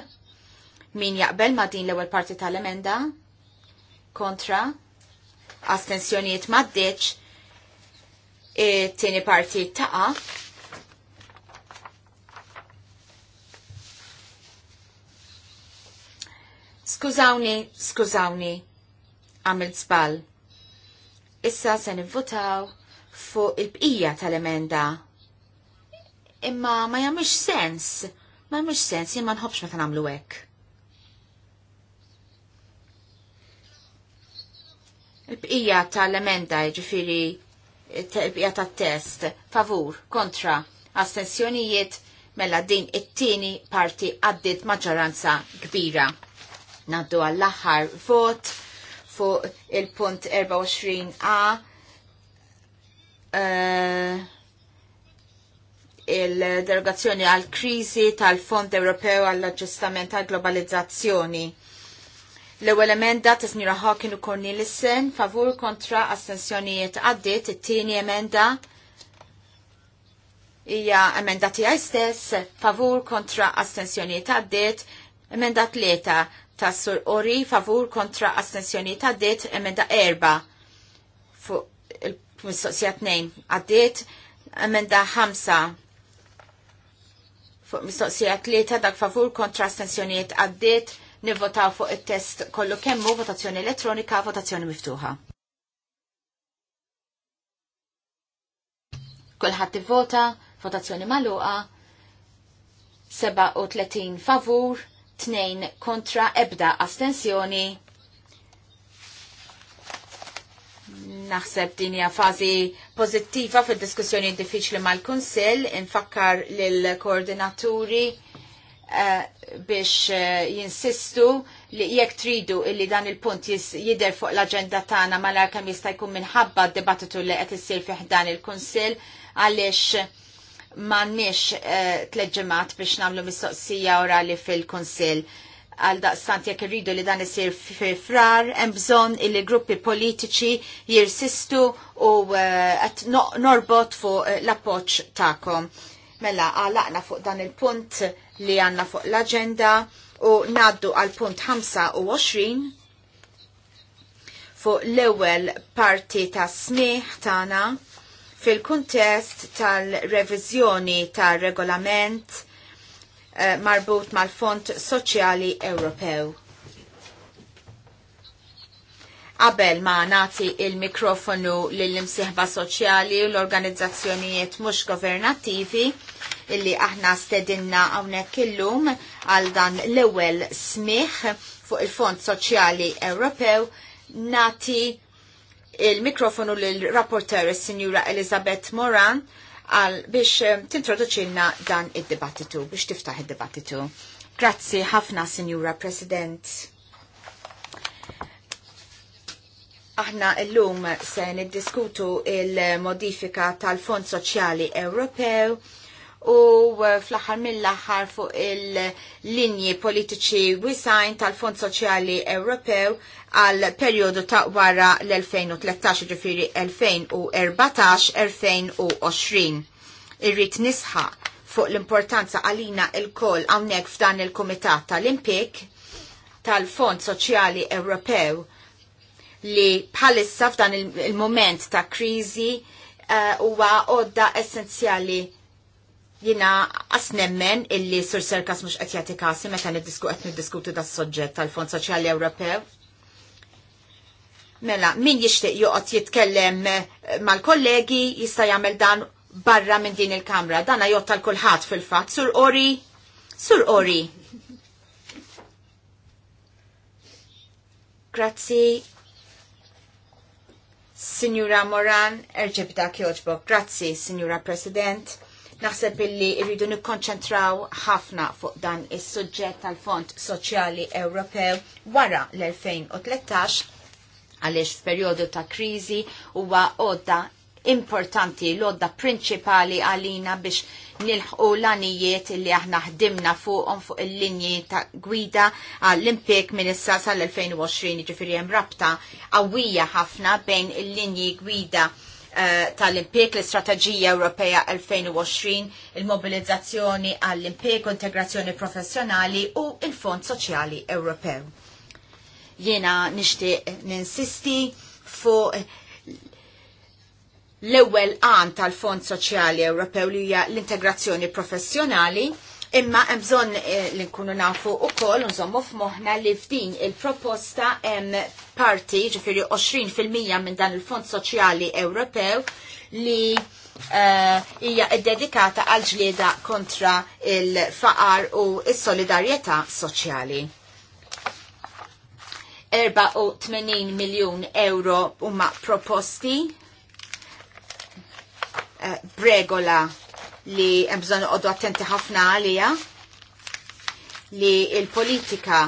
Min jaqbel ma din l-ewwel parti tal-emenda? Kontra? Astensjonijiet maddeċ? Tieni parti taqa? Skużawni, skużawni, għamilt zbal. Issa se nivvotaw fuq il-bqija tal-emenda. Imma ma jagħmilx sens, ma jagħmilx sens jien ma nħobbx meta nagħmlu hekk. Il-bqija tal-emenda ġifiri il-bqija tal-test favur kontra astensjonijiet mela din it-tieni parti għaddit maġġoranza kbira. Naddu għall-aħħar vot fuq il-punt 24a eh, il-derogazzjoni għal-krizi tal-Fond Ewropew għall-Aġġustament għal-Globalizzazzjoni. L-ewwel emenda ta' Sinjura Hawkin u Cornelissen favur kontra astensjonijiet għaddiet, it-tieni emenda hija emenda tiegħi stess favur kontra astensjonijiet għaddiet, emenda tlieta ta' Sur Ori favur kontra astensjonijiet għaddiet, emenda erba fuq il-mistoqsija tnejn għaddiet, emenda ħamsa fuq mistoqsija tlieta dak favur kontra astensjonijiet għaddiet, nivvotaw fuq il-test kollu kemmu votazzjoni elettronika, votazzjoni miftuħa. Kulħadd ivvota, votazzjoni magħluqa, 37 favur, 2 kontra ebda astensjoni. Naħseb din hija fażi pożittiva fid-diskussjoni diffiċli mal-Kunsill, infakkar lill-koordinaturi Eh, biex eh, jinsistu li jekk tridu illi dan il-punt jider fuq l-agenda tagħna malar kemm jista' jkun minħabba d-dibattitu li qed issir fih dan il-Kunsill għaliex m'għandniex eh, ġimgħat biex nagħmlu mistoqsija orali fil-Kunsill għal daqstant jekk irridu li dan isir fi frar, hemm bżonn illi gruppi politiċi jirsistu u qed norbot fuq l-appoġġ tagħkom. Mela għalaqna fuq dan il-punt li għanna fuq l-agenda u naddu għal punt 25 fuq l-ewel parti ta' smiħ tana fil-kuntest tal-revizjoni tal-regolament eh, marbut mal-Fond Soċjali Ewropew. Qabel ma nati il-mikrofonu lill-imsieħba soċjali u l-organizzazzjonijiet mhux governattivi, illi aħna stedinna hawnhekk illum għal dan l-ewwel smiħ fuq il-Fond Soċjali Ewropew nati il-mikrofonu lill-rapporter il sinjura Elizabeth Moran għal biex eh, tintroduċilna dan id-dibattitu, biex tiftaħ id-dibattitu. Grazzi ħafna, Signora President. Aħna l-lum se niddiskutu il-modifika tal-Fond Soċjali Ewropew u eh, fl-aħħar mill-aħħar fuq il-linji politiċi wisajn tal-Fond Soċjali Ewropew għal perjodu ta' wara l-2013 ġifiri 2014-2020. Irrit nisħa fuq l-importanza għalina il-koll għawnek f'dan il-Komitat tal-Impik tal-Fond Soċjali Ewropew li bħalissa f'dan il-moment ta' krizi eh, huwa uh, għodda essenzjali jina asnemmen illi sur serkas mux qed jagħti kasi meta niddisku qed da das soġġett tal-Fond Soċjali Ewropew. Mela, min jixtieq joqgħod jitkellem eh, mal-kollegi jista' jagħmel dan barra minn din il-kamra. Dana jgħod tal-kulħadd fil-fatt. Sur Ori, Sur Ori. Grazzi. Signora Moran, erġebda dak Grazzi, Signora President Naħseb illi irridu nikkonċentraw ħafna fuq dan is-suġġett tal-Fond Soċjali Ewropew wara l-2013 għaliex f'perjodu ta' kriżi huwa għodda importanti l-odda prinċipali għalina biex nilħu l-anijiet li aħna ħdimna fuqhom fuq il-linji ta' gwida għall-impik minn issa sal-2020 ġifiri hemm rabta qawwija ħafna bejn il-linji gwida Eh, tal-impiek l-Istrateġija Ewropea 2020, il-mobilizzazzjoni għall-impiek integrazzjoni professjonali u il-Fond Soċjali Ewropew. Jiena nixtieq ninsisti fuq l-ewwel għan tal-Fond Soċjali Ewropew li hija l-integrazzjoni professjonali Imma hemm bżonn eh, li nkunu nafu wkoll nżommu f'moħħna li f'din il-proposta hemm parti ġifiri 20% minn dan il-Fond Soċjali Ewropew li eh, hija uh, dedikata għal ġlieda kontra il-faqar u s-solidarjetà soċjali. 84 miljun euro huma proposti uh, bregola li hemm bżonn noqogħdu attenti ħafna għalija li il-politika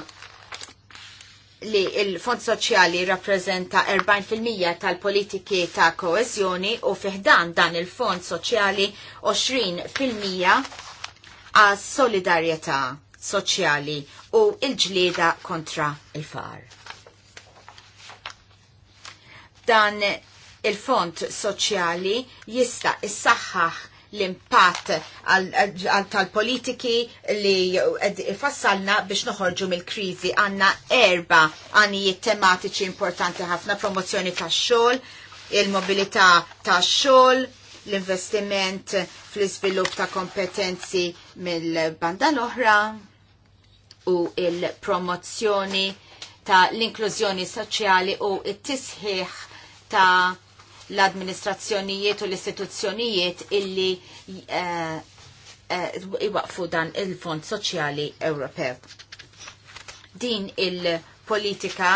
li il-Fond Soċjali rappresenta 40% tal-politiki ta' koezjoni u fiħdan dan il-Fond Soċjali 20% għas solidarjetà soċjali u il-ġlieda kontra il-far. Dan il-fond soċjali jista' issaħħaħ l-impatt tal-politiki li fassalna biex noħorġu mill-krizi. Għanna erba għanijiet tematiċi importanti ħafna promozzjoni tax-xogħol, il-mobilità tax-xogħol, l-investiment fl-iżvilupp ta' kompetenzi mill-banda l-oħra u il-promozzjoni ta' l-inklużjoni soċjali u it-tisħiħ ta' l-administrazzjonijiet u l-istituzzjonijiet illi eh, eh, iwaqfu dan il-Fond Soċjali Ewropew. Din il-politika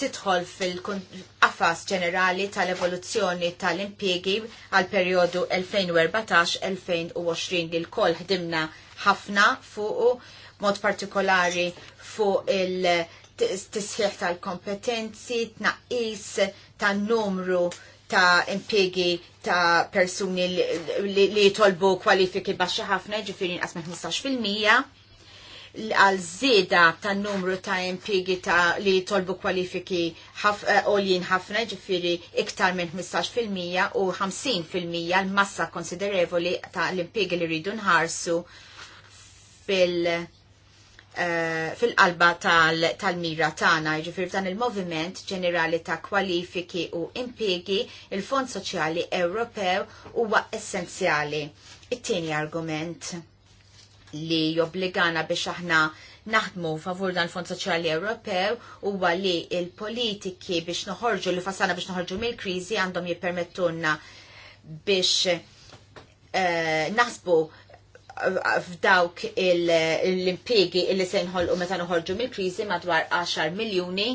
titħol fil-qafas ġenerali tal-evoluzzjoni tal impiegi għal periodu 2014-2020 li l-koll ħdimna ħafna fuq mod partikolari fuq il-tisħiħ tal-kompetenzi, tnaqis tan-numru ta' impiegi ta' persuni li jitolbu kwalifiki baxxa ħafna, ġifiri nqas minn 15% għal żieda ta' numru ta' impiegi ta' li jitolbu kwalifiki eh, għoljien ħafna, ġifiri iktar minn 15% u 50% l-massa konsiderevoli ta' l-impiegi li rridu nħarsu fil- Eh, fil-qalba tal-mira tagħna, jiġifier dan il-moviment ġenerali ta' kwalifiki u impiegi, il-Fond Soċjali Ewropew huwa essenzjali. It-tieni argument li jobbligana biex aħna naħdmu favur dan il-Fond Soċjali Ewropew huwa li il-politiki biex noħorġu li fasana biex noħorġu mill-kriżi għandhom jippermettunna biex uh, naħsbu f'dawk l-impiegi illi se nħolqu meta noħorġu mill-kriżi madwar 10 miljuni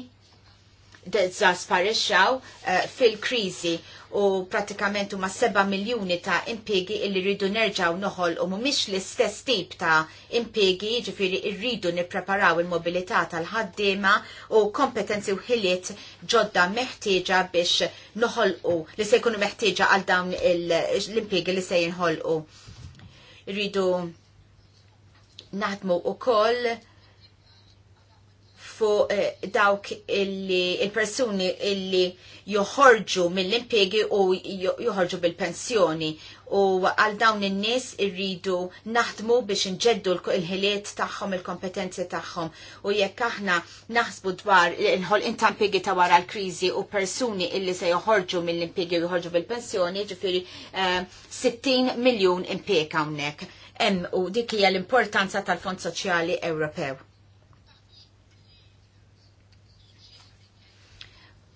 sparixxaw eh, fil-kriżi u pratikament huma 7 miljuni ta' impiegi illi rridu nerġaw noħol u mhumiex l-istess tip ta' impiegi jiġifieri rridu nippreparaw il-mobilità tal-ħaddiema u kompetenzi u ħiliet ġodda meħtieġa biex noħolqu li se jkunu meħtieġa għal dawn l-impiegi li se jinħolqu. Rridu naħdmu u koll fu eh, dawk illi il-persuni illi joħorġu mill-impiegi u joħorġu bil-pensjoni u għal dawn in-nies irridu naħdmu biex nġeddu l-ħiliet tagħhom il-kompetenzi tagħhom u jekk aħna naħsbu dwar inħol intampigi ta' wara l-kriżi u persuni illi se joħorġu mill-impjegi joħorġu bil-pensjoni, ġifieri 60 eh, miljun impjeg hawnhekk. Hemm u dik hija l-importanza tal-Fond Soċjali Ewropew.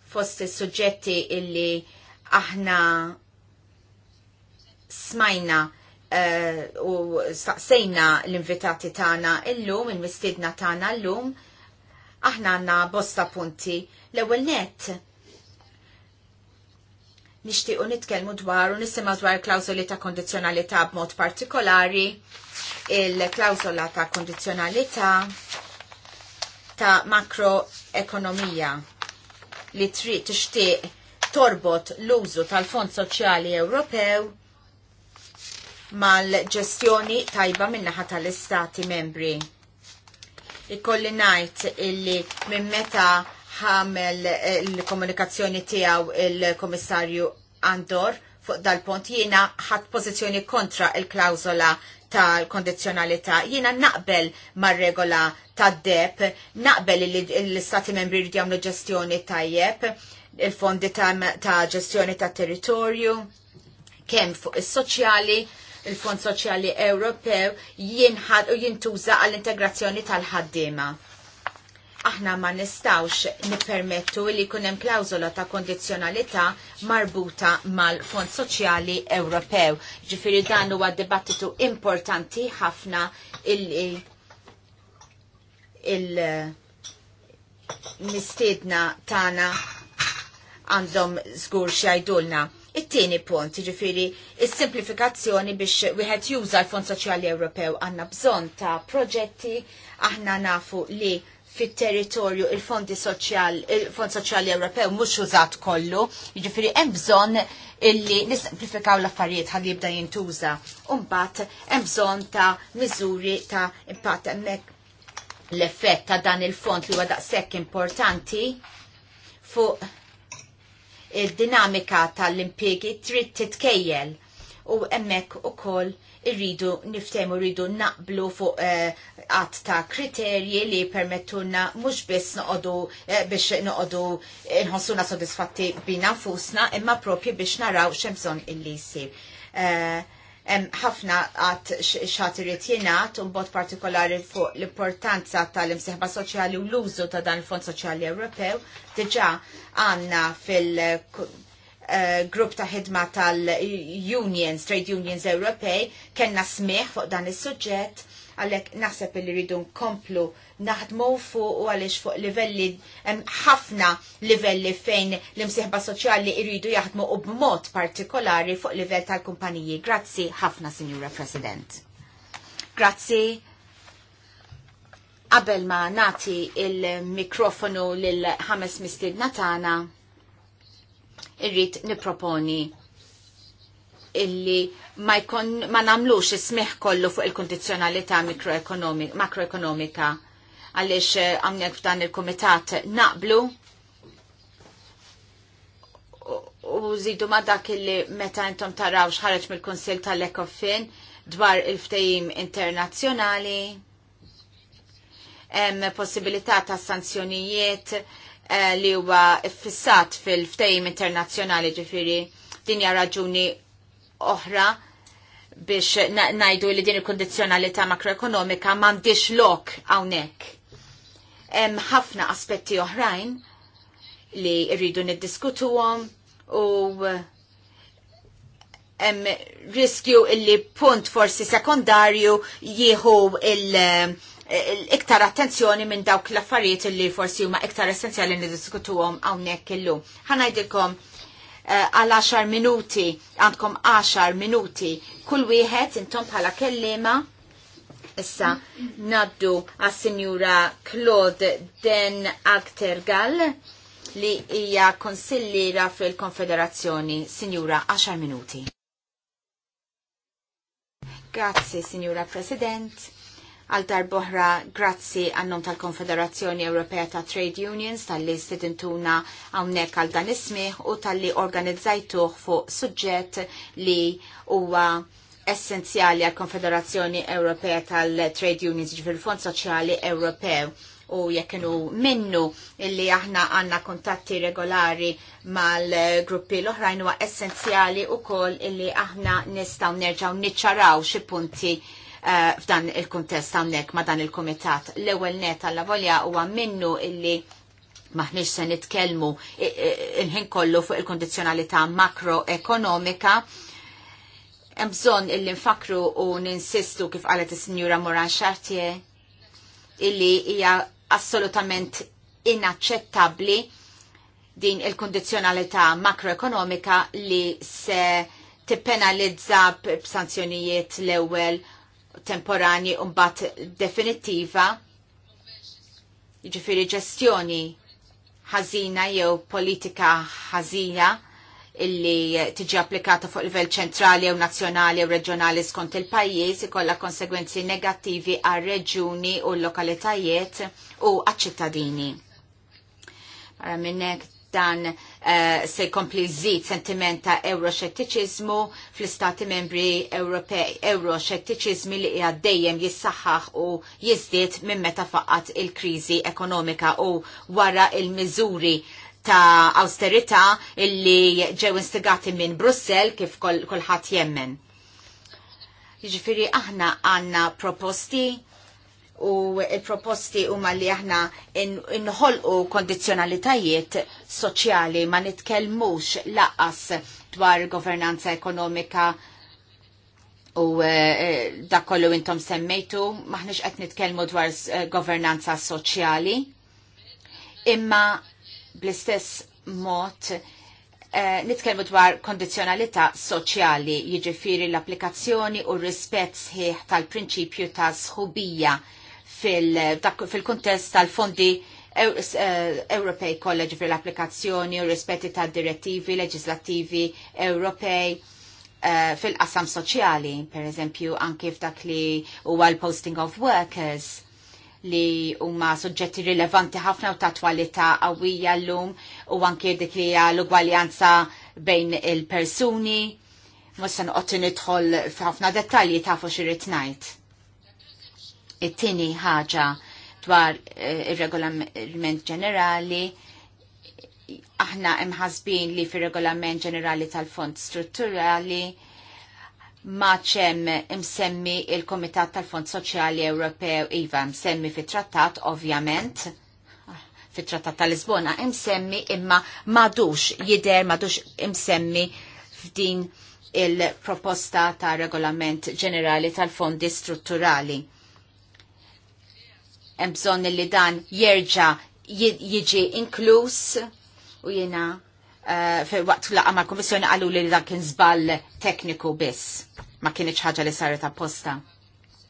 fost is-suġġetti illi aħna smajna eh, u staqsejna l-invitati tagħna illum, il-mistidna tagħna llum, aħna għandna bosta punti. L-ewwel net nixtiequ nitkellmu dwar u nisimgħu dwar klawsoli ta' kondizzjonalità b'mod partikolari, il-klawsola ta' kondizzjonalità ta' makroekonomija li trid tixtieq torbot l-użu tal-Fond Soċjali Ewropew mal-ġestjoni tajba minnaħa tal-istati membri. Ikolli najt illi minn meta ħamel eh, il-komunikazzjoni tiegħu il-Komissarju Andor fuq dal-pont jiena ħat pożizzjoni kontra il klawzola tal-kondizjonalità. Jiena naqbel mar-regola tad-deb, naqbel il l-istati membri jridu jagħmlu ġestjoni tajjeb, il-fondi ta' ġestjoni ta', territorju, kemm fuq is-soċjali, il-Fond Soċjali Ewropew jinħad u jintuża għall-integrazzjoni tal-ħaddiema. Aħna ma nistawx nippermettu li hemm klawżola ta' kondizzjonalità marbuta mal-Fond Soċjali Ewropew. Ġifieri dan huwa dibattitu importanti ħafna il- il-mistedna tana għandhom zgur xajdulna. It-tieni punt, ġifiri, is-simplifikazzjoni biex wieħed juża l-Fond Soċjali Ewropew għandna bżonn ta' proġetti aħna nafu li fit-territorju il-Fondi Soċjali, il-Fond Soċjali Ewropew mhux użat kollu, jiġifieri hemm bżonn illi nisimplifikaw l-affarijiet ħalli jibda jintuża. mbagħad hemm bżonn ta' miżuri ta' impatt hemmhekk l-effett ta' dan il-fond li huwa daqshekk importanti fuq il-dinamika tal-impiegi trid titkejjel u emmek u koll irridu niftemu rridu naqblu fuq eh, għat ta' kriterji li permettuna mux biss noqodu eh, biex noqodu nħossuna sodisfatti bina fusna imma propju biex naraw xemżon illi jisir. Eh, ħafna għat xatirit jenat un bot partikolari fuq l-importanza tal imsieħba soċjali u l-użu ta' dan il-Fond Soċjali Ewropew. Diġa għanna fil-grupp eh, ta' ħidma tal-unions, trade unions Ewropej, kena smieħ fuq dan il-sujġet għalek naħseb li rridu nkomplu naħdmu fuq u għalix fuq livelli, ħafna livelli fejn l-imsieħba soċjali irridu jaħdmu u b'mod partikolari fuq livell tal-kumpaniji. Grazzi ħafna, Signora President. Grazzi. Qabel ma nati il-mikrofonu lil ħames mistiedna tagħna, irrid niproponi illi ma, jkun, ma namlux ismiħ kollu fuq il-kondizjonalità makroekonomika għalix eh, għamnek f'dan il-komitat naqblu u zidu ma dak illi meta intom taraw xħarġ mill-Konsil tal-Ekofin dwar il-ftejim internazzjonali, possibilità ta' sanzjonijiet eh, li huwa fissat fil-ftejim internazzjonali ġifiri dinja raġuni oħra biex najdu li din il-kondizjonalità makroekonomika m'għandix lok hawnhekk. Hemm ħafna aspetti oħrajn li rridu niddiskutuhom u hemm riskju illi punt forsi sekondarju jieħu il-iktar attenzjoni minn dawk l-affarijiet illi forsi huma iktar essenzjali niddiskutuhom hawnhekk illum. Ħanajdilkom Eh, għal 10 minuti, għandkom 10 minuti, kull wieħed intom bħala kellima. Issa naddu għas sinjura Claude Den Agtergal li hija konsillira fil-Konfederazzjoni. Sinjura 10 minuti. Grazie, Signora President Għal darboħra grazzi għannum tal-Konfederazzjoni Ewropea ta' Trade Unions tal-li stedintuna għawnek għal dan ismiħ u tal-li organizzajtuħ fuq suġġett li huwa essenzjali għal Konfederazzjoni Ewropea tal-Trade Unions ġifir Fond Soċjali Ewropew u jekkenu minnu illi aħna għanna kontatti regolari mal-gruppi l-oħrajn huwa essenzjali u koll illi aħna nistaw nerġaw niċċaraw xi punti Eh, f'dan il-kuntest hawnhekk ma dan il-kumitat. L-ewwel net għalla volja huwa minnu illi maħniġ se nitkellmu inħin ħin kollu fuq il-kondizjonalità makroekonomika. Hemm bżonn illi nfakru u ninsistu kif qalet is-Sinjura Moran Chartier illi hija assolutament inaċċettabbli din il-kondizjonalità makroekonomika li se tippenalizza b'sanzjonijiet l-ewwel temporani u mbagħad definittiva, jiġifieri ġestjoni ħażina jew politika ħażina illi tiġi applikata fuq livell ċentrali jew nazzjonali jew reġjonali skont il-pajjiż ikollha konsegwenzi negattivi għal reġjuni u l-lokalitajiet u għaċ-ċittadini. Barra minnek dan uh, se jkompli zid sentiment ta' euroxettiċizmu fl-istati membri Ewropej. Euroxettiċizmi li għaddejjem jissaħħaħ u jizdiet minn meta faqqat il-krizi ekonomika u wara il-miżuri ta' austerita illi ġew instigati minn Brussel kif kolħat kol jemmen. Jiġifieri aħna għandna proposti u il-proposti huma li aħna inħolqu in kondizjonalitajiet soċjali ma nitkellmux laqas dwar governanza ekonomika u e, dak kollu intom semmejtu, maħniex qed nitkellmu dwar eh, governanza soċjali. Imma bl-istess mod nitkellmu dwar kondizjonalità soċjali, jiġifieri l-applikazzjoni u r rispett sħiħ tal-prinċipju ta' sħubija fil-kontest tal-fondi eh, Ewropej Kolleġ fil-applikazzjoni u rispetti ta' direttivi leġislativi Ewropej eh, fil-qasam soċjali, per eżempju, anki f'dak li huwa l-posting of workers li huma suġġetti rilevanti ħafna u ta' twalità qawwija llum u anke dik li hija l-ugwaljanza bejn il-persuni. Mhux se noqgħod nidħol f'ħafna dettalji tafu xi rid ngħid. It-tieni ħaġa dwar eh, ir-regolament ġenerali aħna imħasbin li fir-regolament ġenerali tal-fond strutturali maċem imsemmi il-Komitat tal-Fond Soċjali Ewropew iva msemmi fit-trattat ovvjament fit-trattat tal-Lisbona imsemmi imma madux jider madux imsemmi f'din il-proposta ta' regolament ġenerali tal-fondi strutturali hemm bżonn li dan jerġa' jiġi inkluż u jiena eh, fi waqt laqa ma' kummissjoni qalu li dan kien żball tekniku biss ma kienx ħaġa li saret apposta.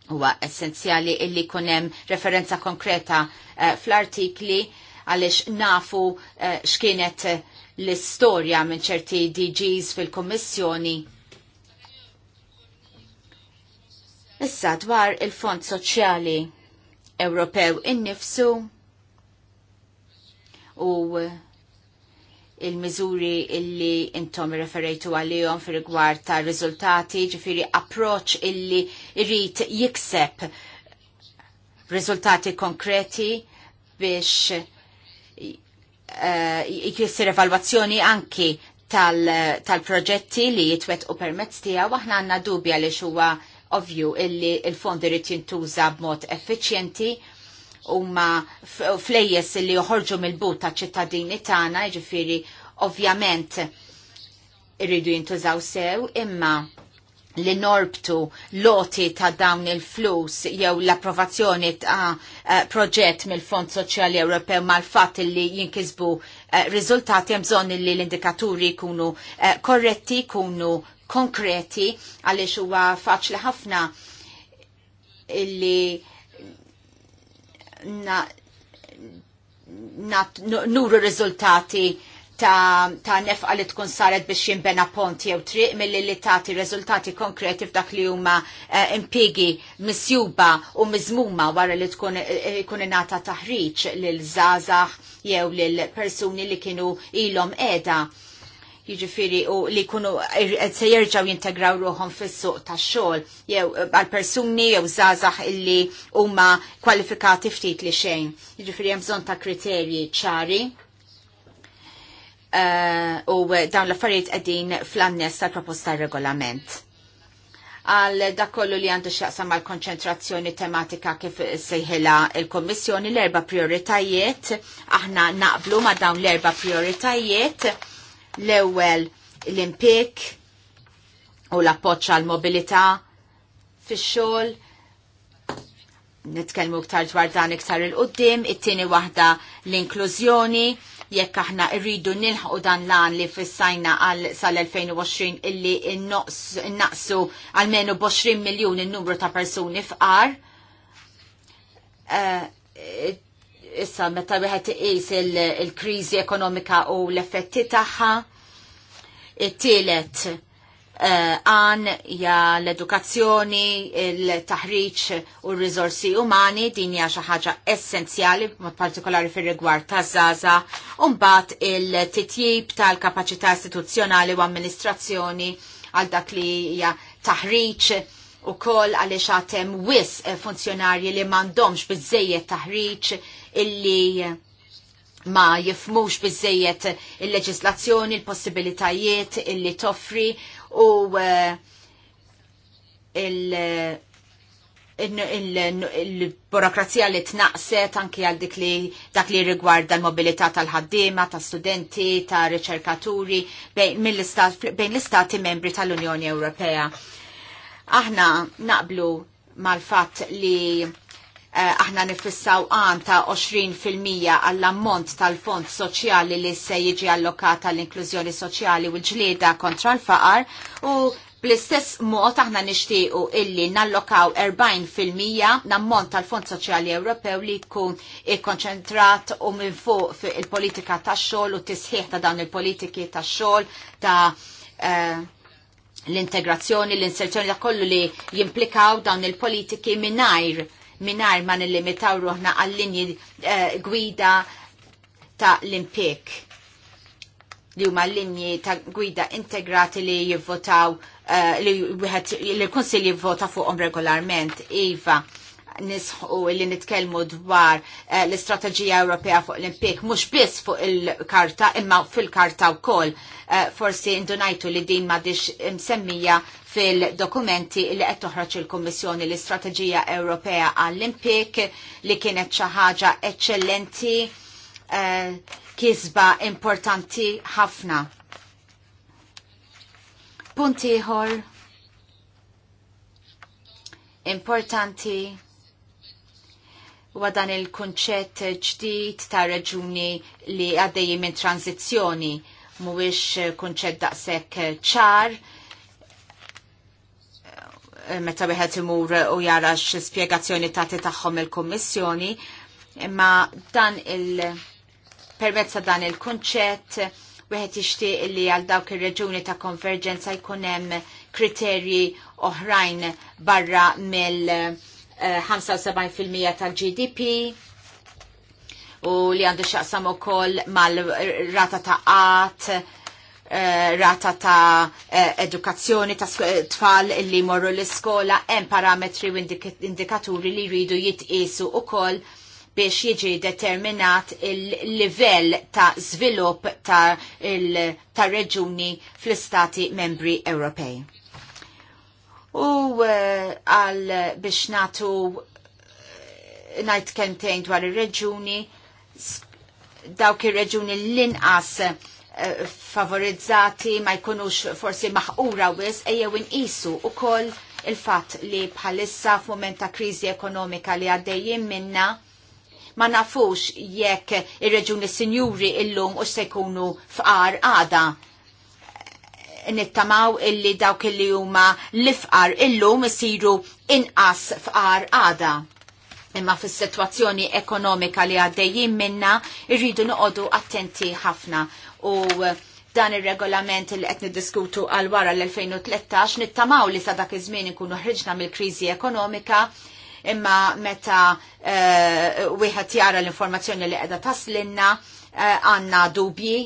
Huwa essenzjali illi kunem referenza konkreta eh, fl-artikli għalix nafu eh, xkienet l-istorja minn ċerti DGs fil-Kommissjoni. Issa dwar il-Fond Soċjali Ewropew innifsu u il-mizuri illi intom referejtu għalihom fi rigward ta' riżultati, ġifiri approċ illi irrit jikseb rizultati konkreti biex uh, evalwazzjoni anki tal-proġetti tal li jitwet u permezz tiegħu aħna għandna dubja li xuwa Ovvju illi il fondi irid jintuża b'mod effiċjenti huma flejjes li joħorġu mill-but ta' ċittadini tagħna, jiġifieri ovvjament irridu jintużaw sew, imma li norbtu loti ta' dawn il-flus jew l-approvazzjoni ta' eh, proġett mill-Fond Soċjali Ewropew mal-fatt li jinkisbu eh, riżultati hemm bżonn li l-indikaturi jkunu eh, korretti, jkunu konkreti għaliex huwa faċli ħafna illi na, nuru rizultati ta', ta nefqa li tkun saret biex jimbena ponti jew triq mill-li li tagħti rizultati konkreti f'dak li huma uh, impigi misjuba u miżmuma wara li tkun eh, ikun ingħata taħriġ lil żgħażagħ jew lil persuni li kienu ilhom qiegħda jiġifieri u li jkunu se jerġgħu jintegraw ruhom fis-suq tax-xogħol jew e, għal persuni jew żgħażagħ illi huma kwalifikati ftit li xejn. Jiġifieri hemm bżonn ta' kriterji ċari. E, u dawn l-affarijiet qegħdin fl-annes tal-proposta regolament għal dakollu li għandu xaqsa mal konċentrazzjoni tematika kif sejħela il-Kommissjoni l-erba prioritajiet. Aħna naqblu ma dawn l-erba prioritajiet L-ewwel l-impik u l-appoċċ għal mobilità fix-xogħol. Nitkellmu ktar dwar dan iktar il-qudiem, it-tieni waħda l-inklużjoni jekk aħna rridu nilħu dan lan li fissajna għal sal-2020 illi innaqsu għalmenu 20 miljoni n numru ta' persuni fqar. Uh, issa meta wieħed iqis il-kriżi ekonomika u l-effetti tagħha. It-tielet eh, għan ja l-edukazzjoni, il-taħriċ u r-rizorsi umani din hija xi ħaġa essenzjali mod partikolari fir-rigward taż-żaża u mbagħad il-titjib tal-kapaċità istituzzjonali u amministrazzjoni għal dak li hija taħriċ u koll għaliex għatem wis eh, funzjonarji li mandomx bizzejiet taħriċ illi ma jifmux bizzejiet il-leġislazzjoni, il-possibilitajiet illi toffri u eh, il- burokrazija li tnaqset anki għal dik li dak li rigwarda l-mobilità tal-ħaddiema, ta' studenti, ta' riċerkaturi bejn l-istati membri tal-Unjoni Ewropea. Aħna naqblu mal-fatt li Eh, aħna nifissaw għan ta' 20% għall-ammont tal-fond soċjali li se jiġi allokata l-inklużjoni soċjali u l-ġlieda kontra l-faqar u bl-istess mod aħna nixtiequ illi nallokaw 40% l-ammont tal-Fond Soċjali Ewropew li jkun ikkonċentrat u minn fuq il-politika tax-xogħol u tisħiħ ta' dawn il-politiki tax-xogħol ta' eh, l-integrazzjoni, l-inserzjoni ta' kollu li jimplikaw dawn il-politiki mingħajr minar ma nillimitaw ruħna għall-linji uh, gwida ta' l-impik li huma linji ta' gwida integrati li jivvotaw uh, li l-Kunsil jivvota fuqhom regolarment iva nisħu li nitkellmu dwar uh, l-istrateġija Ewropea fuq l-impik, mhux biss fuq il-karta, imma fil-karta wkoll. Uh, forsi indunajtu li din m'għadix msemmija fil-dokumenti li qed toħroġ il-Kummissjoni l-Istrateġija Ewropea għall-Impik li kienet xi ħaġa eċċellenti eh, kisba importanti ħafna. Punt ieħor importanti huwa dan il-kunċett ġdid ta' reġuni li għaddejji minn tranzizzjoni mhuwiex kunċett daqshekk ċar meta wieħed imur u jara x'spjegazzjoni tagħti tagħhom il-Kummissjoni, imma dan il permezz ta' dan il-kunċett wieħed jixtieq li għal dawk ir-reġuni ta' konverġenza jkun hemm kriterji oħrajn barra mill-75% eh, tal-GDP u li għandu xaqsam u koll mal-rata ta' qat Eh, rata ta' eh, edukazzjoni ta' eh, tfal li morru l-iskola, hemm parametri u indikaturi li jridu jitqisu ukoll biex jiġi determinat il-livell ta' svilupp ta', ta reġuni fl-istati membri Ewropej. U għal biex natu najt kentejn dwar il-reġuni, dawk il-reġuni l-inqas Eh, favorizzati ma jkunux forsi maħqura wis isu inqisu koll il-fatt li bħalissa f'mument ta' kriżi ekonomika li għaddejjin minna ma nafux jekk ir-reġuni il sinjuri illum u sekunu jkunu fqar għada nittamaw illi dawk illi huma l-ifqar illum isiru inqas fqar għada. Imma fis situazzjoni ekonomika li għaddejjin minna irridu noqogħdu attenti ħafna u dan il-regolament li qed niddiskutu għal wara l-2013 nittamaw li sa dak iż-żmien ikunu ħriġna mill-kriżi ekonomika imma meta uh, wieħed jara l-informazzjoni li qiegħda taslinna eh, għandna uh, dubji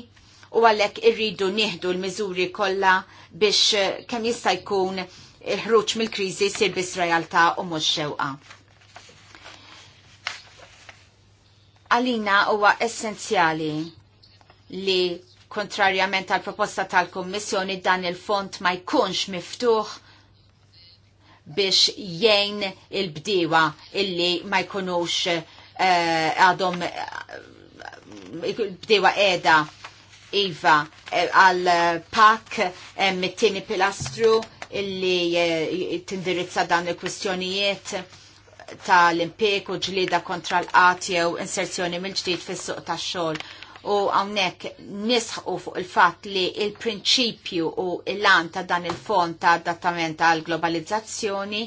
u għalhekk irridu nieħdu l-miżuri kollha biex eh, kemm jista' jkun ħruġ mill-kriżi sir biss realtà u mhux xewqa. Għalina huwa essenzjali li kontrarjament għal proposta tal-Kommissjoni dan il-font ma jkunx miftuħ biex jgħin il-bdiwa illi ma jkunux eh, għadhom bdewa edha Iva eh, għal pak eh, mit-tieni pilastru illi tindirizza dan il-kwistjonijiet tal-impieku ġlida kontra l-qat jew inserzjoni mill-ġdid fis-suq tax-xogħol u għawnek nisħu fuq il-fat li il-prinċipju u il-lan ta' dan il-fond ta' adattament għal globalizzazzjoni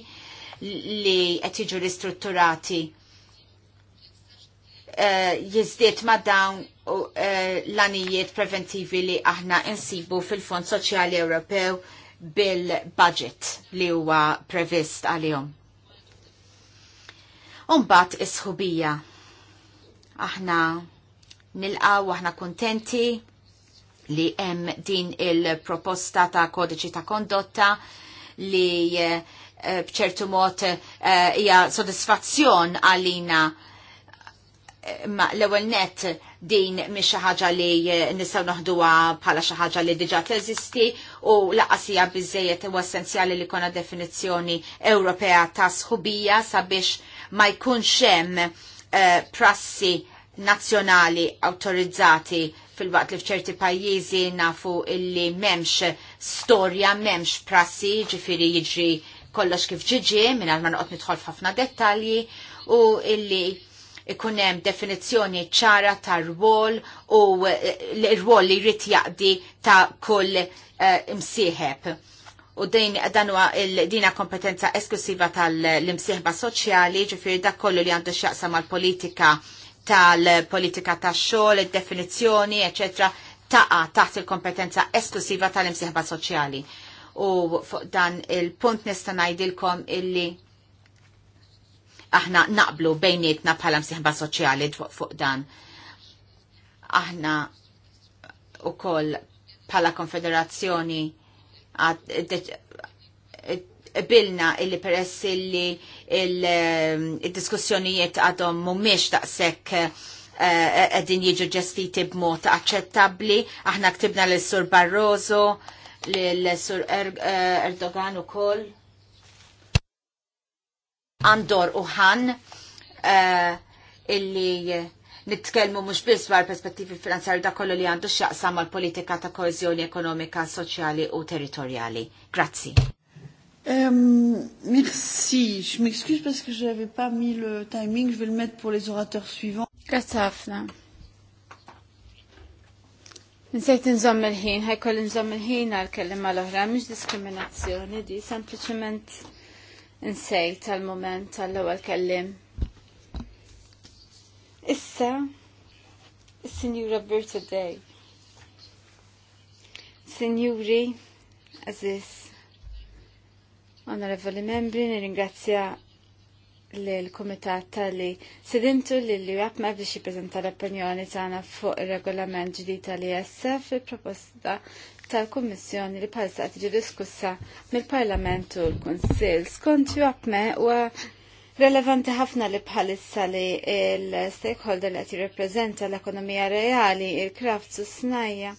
li qed jiġu ristrutturati eh, jizdiet ma' dawn eh, l-anijiet preventivi li aħna insibu fil-Fond Soċjali Ewropew bil-budget li huwa previst għalihom. Umbat isħubija. Aħna nilqaw aħna kuntenti li hemm din il-proposta ta' kodiċi ta' kondotta li eh, bċertu mod eh, hija sodisfazzjon għalina eh, ma l-ewwel net din mhix xi ħaġa li nistgħu noħduha bħala xi ħaġa li diġà teżisti u laqas hija biżejjed huwa essenzjali li kona definizzjoni Ewropea ta' sħubija sabiex ma jkunx hemm prassi nazzjonali autorizzati fil-waqt li fċerti pajjiżi nafu illi memx storja, memx prassi, ġifiri jiġri kollox kif ġiġi, minn għal ma noqgħod nidħol f'ħafna dettalji, u illi ikun hemm definizzjoni ċara ta' rwol u l-rwol eh, li jrid jaqdi ta' kull uh, imsieħeb. U din dan huwa dina kompetenza esklusiva tal-imsieħba soċjali, ġifiri dak kollu li għandu x'jaqsam mal-politika tal-politika tax-xogħol, id-definizzjoni, eċetera, taqa taħt il-kompetenza esklusiva tal-imsieħba soċjali. U fuq dan il-punt nista' ngħidilkom illi aħna naqblu bejnietna bħala msieħba soċjali fuq dan. Aħna ukoll bħala konfederazzjoni bilna illi peress illi il-diskussjonijiet ehm, għadhom mumiex daqshekk eh, għedin jiġu ġestiti b'mod aċċettabli. Aħna ktibna l-Sur Barroso, l-Sur er-, eh, Erdogan u koll. Andor u ħan eh, illi nitkellmu mhux biss dwar perspettivi finanzjari da kollu li għandu x'jaqsam mal-politika ta' koeżjoni ekonomika, soċjali u territorjali. Grazzi. Euh, merci. Je m'excuse parce que je n'avais pas mis le timing. Je vais le mettre pour les orateurs suivants. Grazie, Kasafna. Nsejt nżomm il-ħin, ħajkoll nżomm il-ħin għal-kellim għal-oħra, mhux diskriminazzjoni di, sempliċement nsejt għal-moment għall-ewwel kellim. Issa, Signora sinjura Day. Signori, Aziz, onorevoli membri, nirringrazzja il komitat tal-li sedintu li li għakma biex jiprezenta l-opinjoni tagħna fuq ir-regolament ġdid tal-ISF il-proposta tal-Kummissjoni li bħalissa qed tiġi diskussa mill-Parlament u l-Kunsill. Skont jaqme huwa Relevanti ħafna li palissa li l stakeholder li għati reprezenta l-ekonomija reali, il-kraft u snajja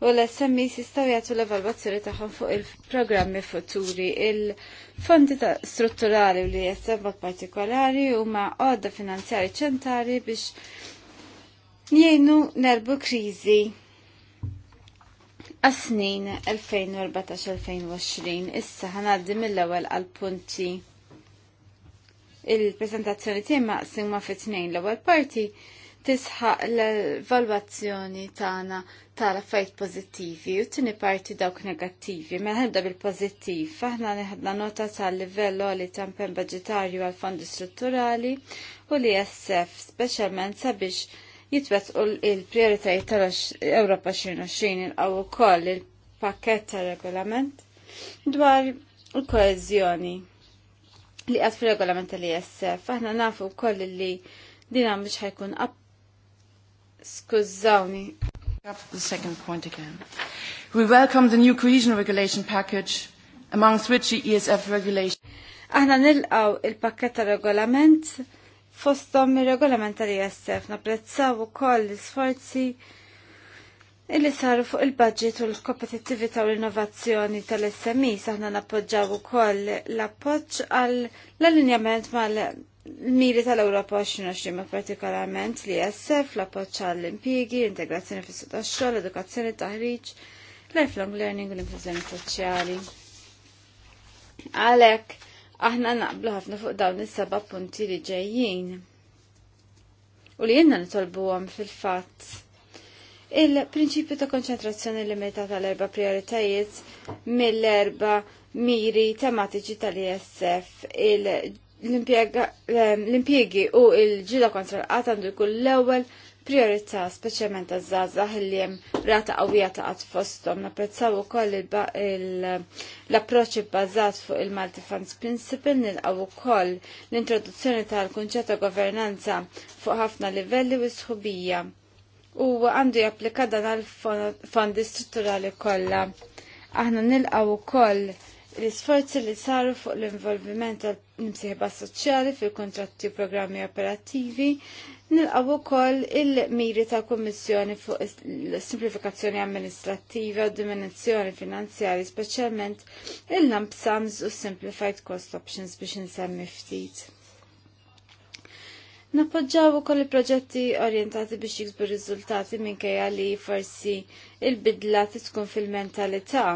u l-SMI jistaw jagħtu l-evalwazzjoni tagħhom fuq il-programmi futuri. Il-fondi strutturali u li jessebba partikolari huma għodda finanzjari ċentari biex jgħinu nerbu kriżi Għas-snin 2014-2020, issa ħanaddi mill-ewwel għal punti. Il-prezentazzjoni tiegħi s ma' fit-tnejn l-ewwel parti tisħaq l-valvazzjoni tagħna tal-affajt pożittivi u tini parti dawk negattivi. Mela bil-pożittiv, aħna neħadna nota tal-livell li tampen budgetarju għal fondi strutturali u li SF speċjalment sabiex jitwet il-prioritajiet tal-Europa 2020 il u koll il-pakket tal-regolament dwar il-koezjoni li għad fil-regolament tal-ISF. Aħna nafu koll li dinam biex ħajkun app Skużawni. Up the second point again. We welcome the new cohesion regulation package, amongst which the ESF regulation. Aħna nilqaw il-pakket ta' regolament fostom il-regolament tal-ESF napprezzaw koll l sforzi illi saru fuq il-budget u l-kompetittività u l-innovazzjoni tal-SMI saħna nappoġġaw u koll l-appoġġ għall allinjament mal Miri tal-Europa 2020 partikolarment li jessef l-appoċċa l-impjegi, integrazzjoni fis suq tax-xogħol, edukazzjoni taħriġ, lifelong learning u l-inklużjoni soċjali. Għalhekk aħna naqblu ħafna fuq dawn is-seba' punti li ġejjin. U li jenna nitolbuhom fil-fatt. Il-prinċipju ta' konċentrazzjoni limitata tal-erba prioritajiet mill-erba miri tematiċi tal-ISF il l impiegi u il-ġila kontra l-qat għandu jkun l-ewwel priorità speċjalment għaż-żgħażagħ li jem rata qawwija ta' qatt fosthom. Napprezzaw ukoll l-approċċ bbażat fuq il-Multi Funds Principle nilqgħu wkoll l-introduzzjoni tal kunċetta ta' governanza fuq ħafna livelli u sħubija u għandu japplika dan għal fondi strutturali kollha. Aħna nil-għaw u koll l-isforzi li saru fuq l-involviment tal nimsieħba soċjali fil-kontratti u programmi operattivi nilqaw ukoll il-miri ta' kummissjoni fuq l-simplifikazzjoni amministrattiva u diminuzzjoni finanzjari speċjalment il-lump sums u simplified cost options biex insemmi ftit. Nappoġġaw ukoll il-proġetti orjentati biex jiksbu riżultati minkejja li forsi il-bidla tkun fil-mentalità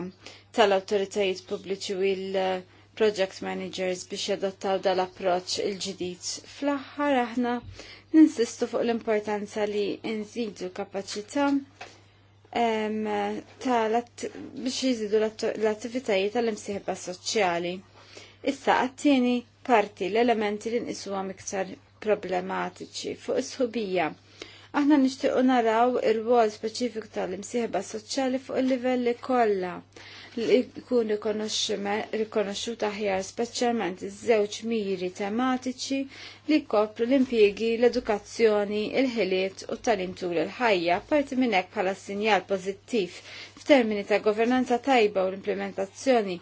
tal-autoritajiet pubbliċi u l-project managers biex jadottaw dal-approċ il ġidid Fl-aħħar aħna ninsistu fuq l-importanza li nżidu kapacità biex jizidu l-attivitajiet tal-imsieħba soċjali. Issa għattini parti l-elementi li nqisuha iktar problematiċi fuq is-ħubija. Aħna nixtiequ naraw ir-rwol speċifiku tal-imsieħba soċjali fuq il-livelli kollha li jkun rikonoxxuta aħjar speċjalment iż-żewġ miri tematiċi li jkopru l-impjiegi, l-edukazzjoni, il-ħiliet u t-talim tul il-ħajja, parti minn hekk bħala sinjal pożittiv f'termini ta' governanza tajba u l-implementazzjoni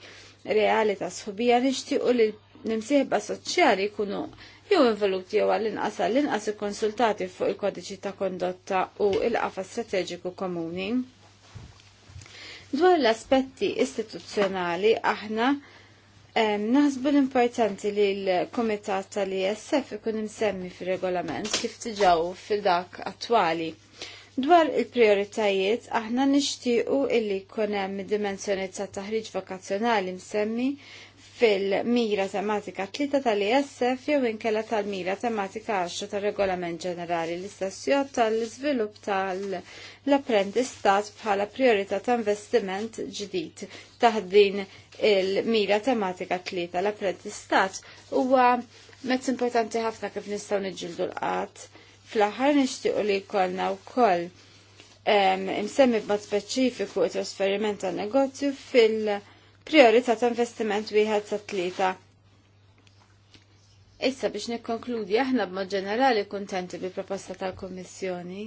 reali ta' sħubija nixtiequ li l-imsieħba soċjali jkunu jew involuti jew għall-inqas għall-inqas ikkonsultati fuq il-kodiċi ta' kondotta u il-qafa strateġiku komuni. Dwar l-aspetti istituzzjonali aħna naħsbu l-importanti li l-Komitat tal-ISF ikun imsemmi fil-regolament kif tiġaw fil-dak attwali. Dwar il-prioritajiet, aħna nixtiequ illi jkun hemm dimensjoni ta' taħriġ vokazzjonali msemmi fil-mira tematika 3 tal-ISF jew inkella tal-mira tematika 10 tal-regolament ġenerali l-istazzjon tal-izvilupp tal-apprendistat bħala priorità ta' investiment ġdid taħdin il-mira tematika 3 l-apprendistat huwa mezz importanti ħafna kif nistgħu niġġieldu l-qatt fl-aħħar nixtiequ li jkollna wkoll imsemmi b'mod speċifiku it-trasferiment tan negozju fil- priorità ta' investiment wieħed sa' tlieta. Issa biex nikkonkludi aħna b'mod ġenerali kuntenti bi proposta tal kummissjoni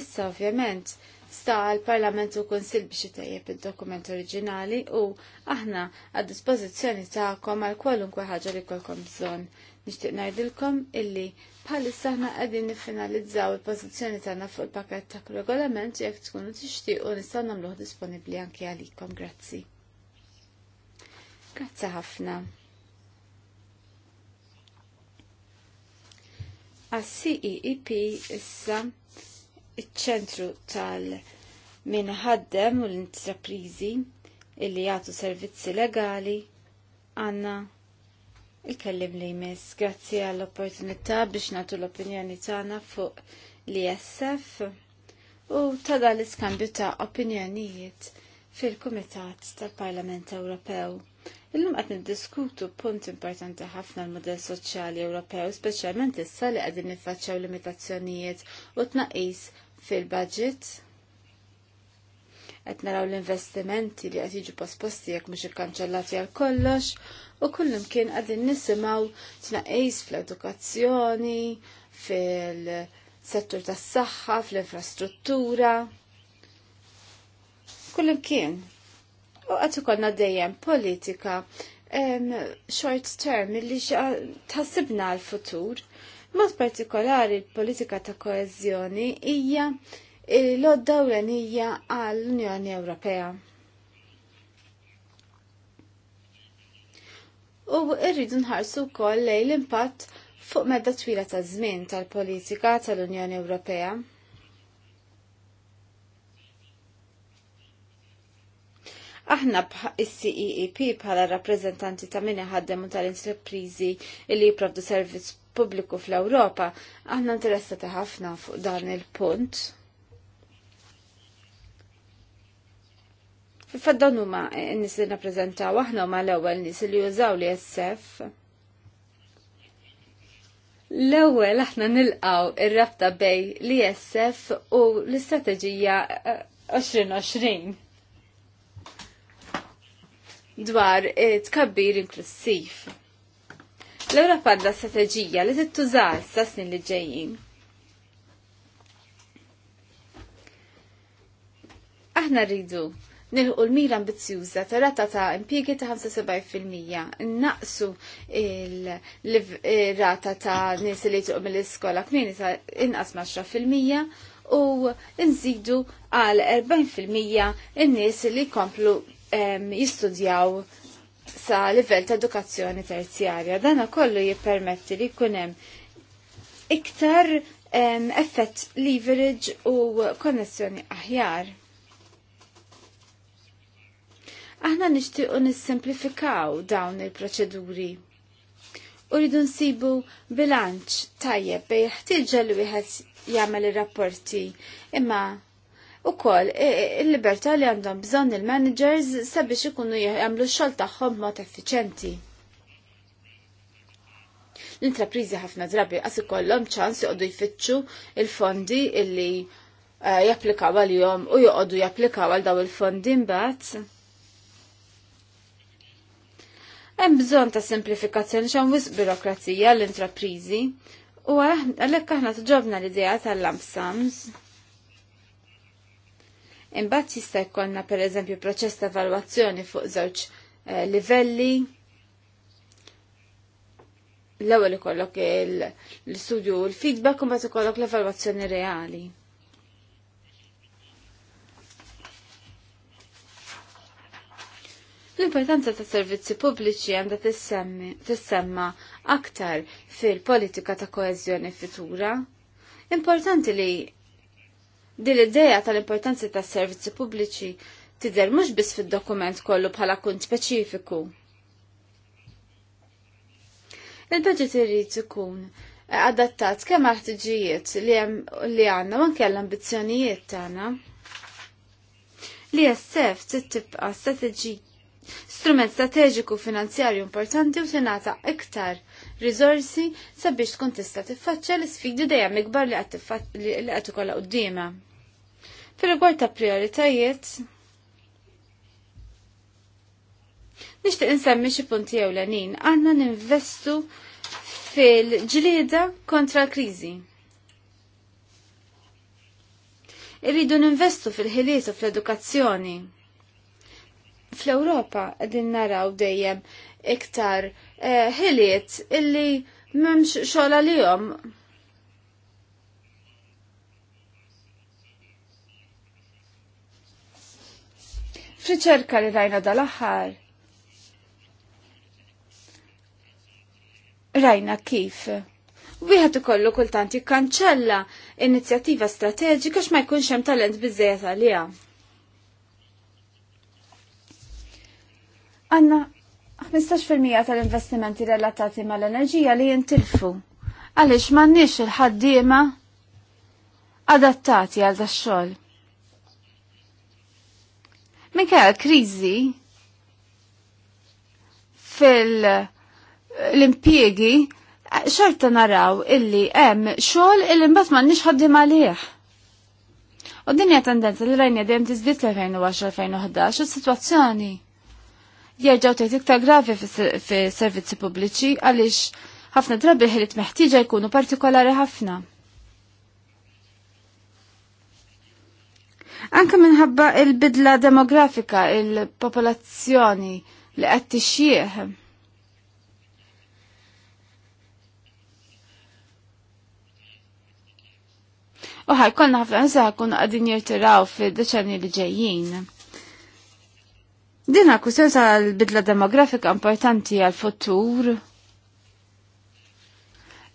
Issa ovvjament sta għal-Parlament u Kunsil biex itejjeb id-dokument oriġinali u aħna għad dispożizzjoni tagħkom għal kwalunkwe ħaġa li kolkom bżonn. Nixtieq ngħidilkom illi bħalissa aħna qegħdin niffinalizzaw il-pożizzjoni tagħna fuq il-pakett ta' regolament jekk tkunu tixtiequ nistgħu nagħmluh disponibbli anke għalikom. Grazzi. Grazzi ħafna. a ceep issa iċ-ċentru tal-minħaddem u l-intraprizi illi jagħtu servizzi legali għanna il-kellim li jmiss. Grazzi għall-opportunità biex nagħtu l-opinjoni tagħna fuq l-ISF u ta' l iskambju ta' opinjonijiet fil-Kumitat tal-Parlament Ewropew. Illum qed niddiskutu punt importanti ħafna l-modell soċjali Ewropew, speċjalment issa li qegħdin niffaċċjaw limitazzjonijiet u tnaqqis fil-budget. Qed naraw l-investimenti li qed jiġu posposti jekk mhux ikkanċellati għal kollox u kullimkien qegħdin nisimgħu tnaqqis fl-edukazzjoni, fil-settur tas-saħħa, fl-infrastruttura. Kullimkien u għat ikollna dejjem politika um, short term li tasibna l-futur. Mod partikolari l-politika ta' koezjoni hija l-odda uranija għall-Unjoni Ewropea. U irridu nħarsu wkoll lejn l-impatt fuq medda twila ta' żmien tal-politika tal-Unjoni Ewropea. Aħna is-CEEP bħala rappresentanti ta' minni ħaddem u tal-intreprizi li jiprovdu servizz pubbliku fl-Ewropa, aħna interessati ħafna fuq dan il-punt. Faddan huma n nis li nappreżentaw aħna huma l-ewwel nies li jużaw li SF. L-ewwel aħna nilqaw ir-rabta bej li SF u l-istrateġija eh, eh, 2020 dwar eh, tkabbir inklusiv. L-Ewropa għandha strateġija li t-tużal s snin li ġejjin. Aħna rridu nilħu l-mira ambizjuża ta' rata ta' impjiegi ta' 75%, naqsu il-rata eh, ta' nies li tuq mill-iskola kmini ta' inqas fil 10% u nżidu għal 40% in-nies li komplu jistudjaw sa livell ta' edukazzjoni terzjarja. Dana kollu jippermetti li kunem iktar um, effett leverage u konnessjoni aħjar. Aħna nixtiequ nissimplifikaw dawn il-proċeduri u rridu nsibu bilanċ tajjeb bej li wieħed jagħmel ir-rapporti imma u koll il-libertà li għandhom bżon il-managers sabiex ikunu jgħamlu xol taħħom mod effiċenti. L-intraprizi ħafna drabi għas ikollhom ċans joqdu jfittxu il-fondi illi eh, japplikaw għal-jom u joqdu japplikaw għal daw il-fondi mbagħad. Hemm bżonn ta' simplifikazzjoni xan wis birokrazija l-intraprizi u eh, għalhekk aħna tġobna l-idea tal-lamsams. Imbagħad jista' jkollna pereżempju proċess ta' evalwazzjoni fuq żewġ eh, livelli. L-ewwel ikollok l istudju u l-feedback u mbagħad ikollok l-evalwazzjoni reali. L-importanza ta' servizzi pubbliċi għandha tissemma aktar fil-politika ta' koeżjoni futura. Importanti li Din l-idea tal-importanza tas servizzi pubbliċi tidher mhux biss fid-dokument kollu bħala kunt speċifiku. Il-budget irid ikun adattat kemm għal ħtiġijiet li għandna u anke l-ambizzjonijiet tagħna. Li jessef tittibqa strateġi strument strateġiku finanzjarju importanti u tingħata iktar riżorsi sabiex tkun tista' tiffaċċja l-isfidi dejjem ikbar li qed ikollha quddiemha. Fil-rigward ta' prioritajiet, nishtiq insemmi xi punti ewlenin, għandna ninvestu fil-ġlieda kontra l-kriżi. Irridu ninvestu fil-ħiliet u fl-edukazzjoni. Fl-Ewropa qegħdin naraw dejjem iktar eh, ħiliet illi m'hemmx xogħol għalihom Riċerka li rajna dal-aħħar. Rajna kif. Wieħed ikollu kultant jikkanċella inizjattiva strateġika x'ma jkunx hemm talent biżejjed għaliha. Għanna 15% tal-investimenti relatati mal-enerġija li jintilfu. Għaliex m'għandniex il-ħaddiema adattati għal dax-xogħol minkejja kriżi fil-impjiegi xorta naraw illi hemm xogħol illi mbagħad m'għandniex ħaddim għalih. U din hija tendenza li rajna dejjem tizdit l-2010-2011 u sitwazzjoni Jerġgħu tgħid iktar gravi fis-servizzi pubbliċi għaliex ħafna drabi ħiliet meħtieġa jkunu partikolari ħafna. Anke minħabba il-bidla demografika, il-popolazzjoni li qed tixjieħ. U konna ħafna nisa kun għadin jirtiraw fid-deċenni li ġejjin. Din akku sensa l-bidla demografika importanti għal-futur.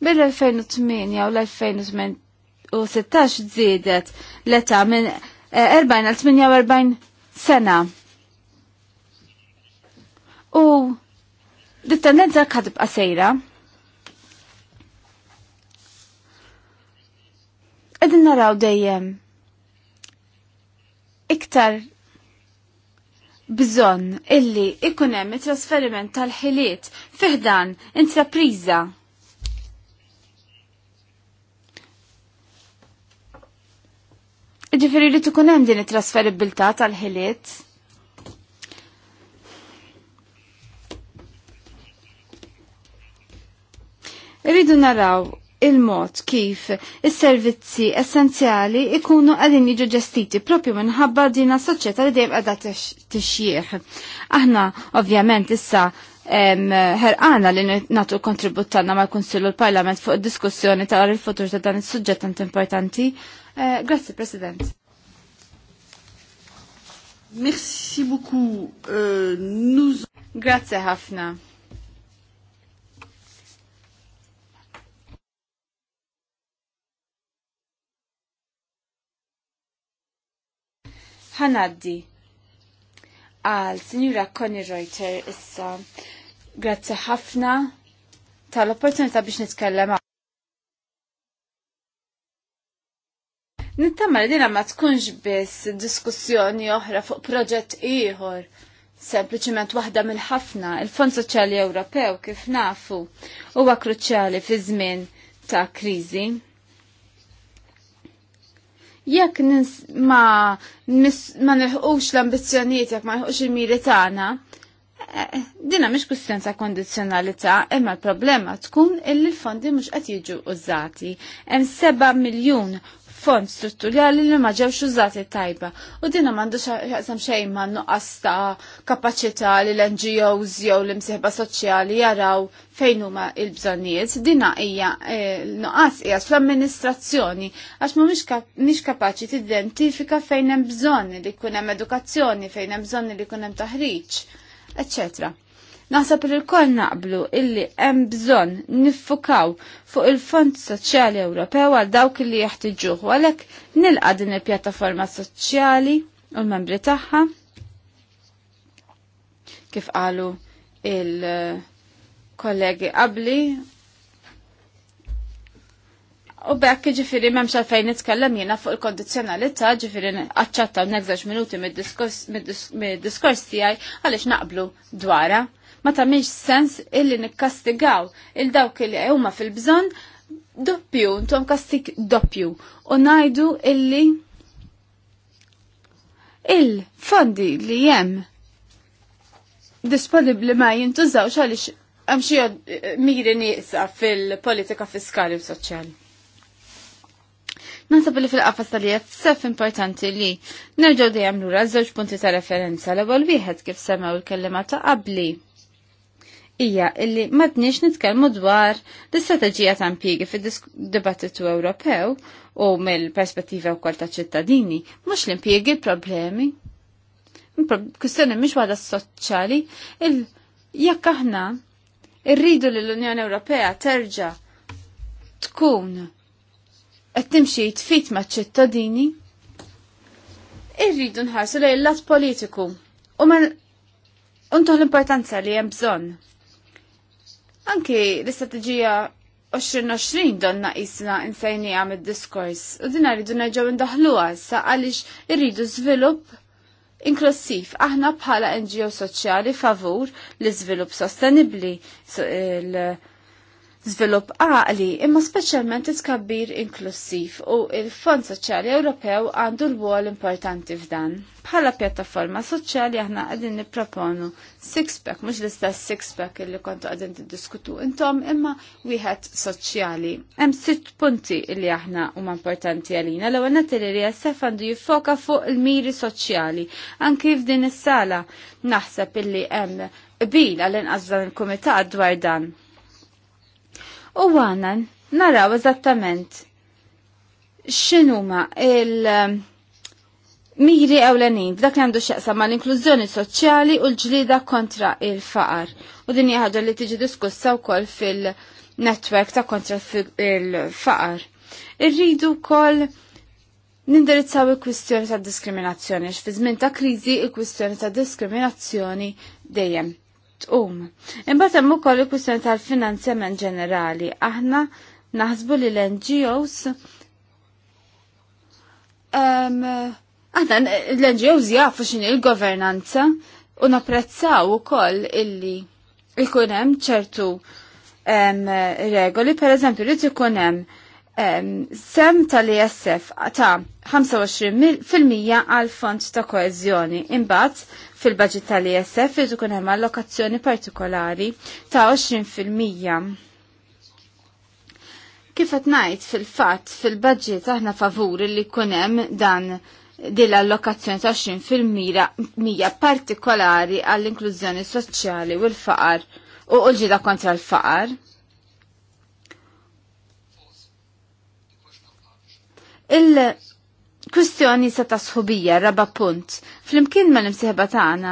Bil-2008 u l-2016 żiedet l-età minn 40 għal 48 sena. U dit-tendenza ħatibqa' sejra. Qegħdin naraw dejjem iktar bżonn illi ikun hemm it-trasferiment tal-ħiliet fiħdan intrapriża Ġifiri li tukun hemm din it-trasferibilità tal-ħiliet. Iridu naraw il-mod kif is-servizzi essenzjali ikunu għadin jiġu ġestiti propju minħabba din soċjetà li dejjem qiegħda tixjieħ. Aħna ovvjament issa ħerqana li natu kontribut tagħna mal-Kunsillu l-Parlament fuq id-diskussjoni ta' il-futur ta' dan is-suġġett tant importanti. Eh, Grazie, President. Merci beaucoup. Uh, nous... Grazie Hafna. Hanaddi. għal signora Connie Reuter issa. Grazzi ħafna tal-opportunità biex nitkellem Nittama li dina ma tkunx biss diskussjoni oħra fuq proġett ieħor, sempliciment waħda mill-ħafna, il-Fond Soċjali Ewropew kif nafu huwa kruċjali fi żmien ta' kriżi. Jekk ma ma nilħqux l-ambizzjonijiet, jekk ma nilħqux il-miri tagħna, eh, eh, dina mhix kwistjoni ta' kondizzjonalità, imma l-problema tkun illi l-fondi mhux qed jiġu użati. Hemm 7 miljun fond strutturali li ma ġewx użati tajba. U dina mandu xaqsam xejn ma nuqqas ta' kapacità li l-NGOs jew l-imsieħba soċjali jaraw fejn huma l-bżonnijiet. Dina hija eh, nuqqas hija fl-amministrazzjoni għax ma kapaċi tidentifika fejn hemm bżonn li jkun hemm edukazzjoni, fejn hemm bżonn li jkun hemm taħriġ, eċċetera. Naħseb li l-koll naqblu illi hemm bżonn niffukaw fuq il-Fond Soċjali Ewropew għal dawk li jeħtiġuh għalhekk nilqa' din il-pjattaforma soċjali u l-membri tagħha kif qalu il-kollegi qabli U bekk ġifiri memx għalfejn nitkellem jiena fuq il-kondizjonalità, ġifiri għacċatta u negżax minuti mid-diskors tiegħi għaliex naqblu dwara ma tamiex sens illi nikkastigaw il-dawk illi huma fil-bżonn doppju, ntom kastik doppju u najdu illi il-fondi li jem disponibli ma jintużaw xalix għamxie miri nieqsa fil-politika fiskali u soċjali. Nasab li fil-qafas tal sef importanti li nerġaw dejjem lura żewġ punti ta' referenza l ewwel wieħed kif semaw il kellimata ta' qabli hija illi madniex nitkellmu dwar l-istrateġija ta' impjiegi fid-dibattitu Ewropew u mill-perspettiva wkoll ta' ċittadini, mhux l-impjiegi problemi. Kustjoni mhix waħda soċjali, jekk aħna rridu li l-Unjoni Ewropea terġa' tkun qed timxi tfit maċ-ċittadini, irridu nħarsu lejn lat politiku u ma untuħ l-importanza li hemm bżonn Anki l-istrateġija 2020 donna isna insajni għam il-diskors u dina rridu nerġaw indaħlu għassa għalix irridu svilup inklusiv. Aħna bħala NGO soċjali favur l svilup sostenibli, so, żvilupp għaqli imma speċjalment iskabbir inklusiv u il-Fond Soċjali Ewropew għandu l-wol importanti f'dan. Bħala pjattaforma soċjali aħna qegħdin nipproponu six-pack, mhux l-istess six-pack illi kontu qegħdin tiddiskutu intom imma wieħed soċjali. Hemm sitt punti illi aħna huma importanti għalina. L-ewwel nett li SF għandu jiffoka fuq il-miri soċjali. Anki f'din is-sala naħseb illi hemm qbil għal inqas dan il-kumitat dwar dan u għana naraw eżattament x'inhuma il- um, Miri ewlenin, f'dak li għandu xeqsa ma l-inklużjoni soċjali u l-ġlida kontra il-faqar. U din ħaġa li tiġi diskussa wkoll fil-netwerk ta' kontra il-faqar. Irridu kol nindirizzaw il-kwistjoni ta' diskriminazzjoni, x'fizmin żmien ta' kriżi il-kwistjoni ta' diskriminazzjoni dejjem tqum. Imbagħad hemm ukoll il tal-finanzjament ġenerali. Aħna naħsbu li l-NGOs ehm, aħna l-NGOs jafu x'inhi l-governanza u napprezzaw ukoll illi il hemm ċertu ehm, regoli, per eżempju, li ikun hemm ehm, sem tal-ISF ta' 25% għal fond ta' koezjoni. imbat fil-budget tal-ISF iżu kun hemm allokazzjoni partikolari ta' 20%. Kif qed ngħid fil-fatt fil-budget aħna favuri li jkun hemm dan din l-allokazzjoni ta' 20% partikolari għall-inklużjoni soċjali u l-faqar u l-ġida kontra l-faqar. Il- Kwistjoni sa ta' sħubija, raba punt. Flimkien ma' nimsieħba tagħna,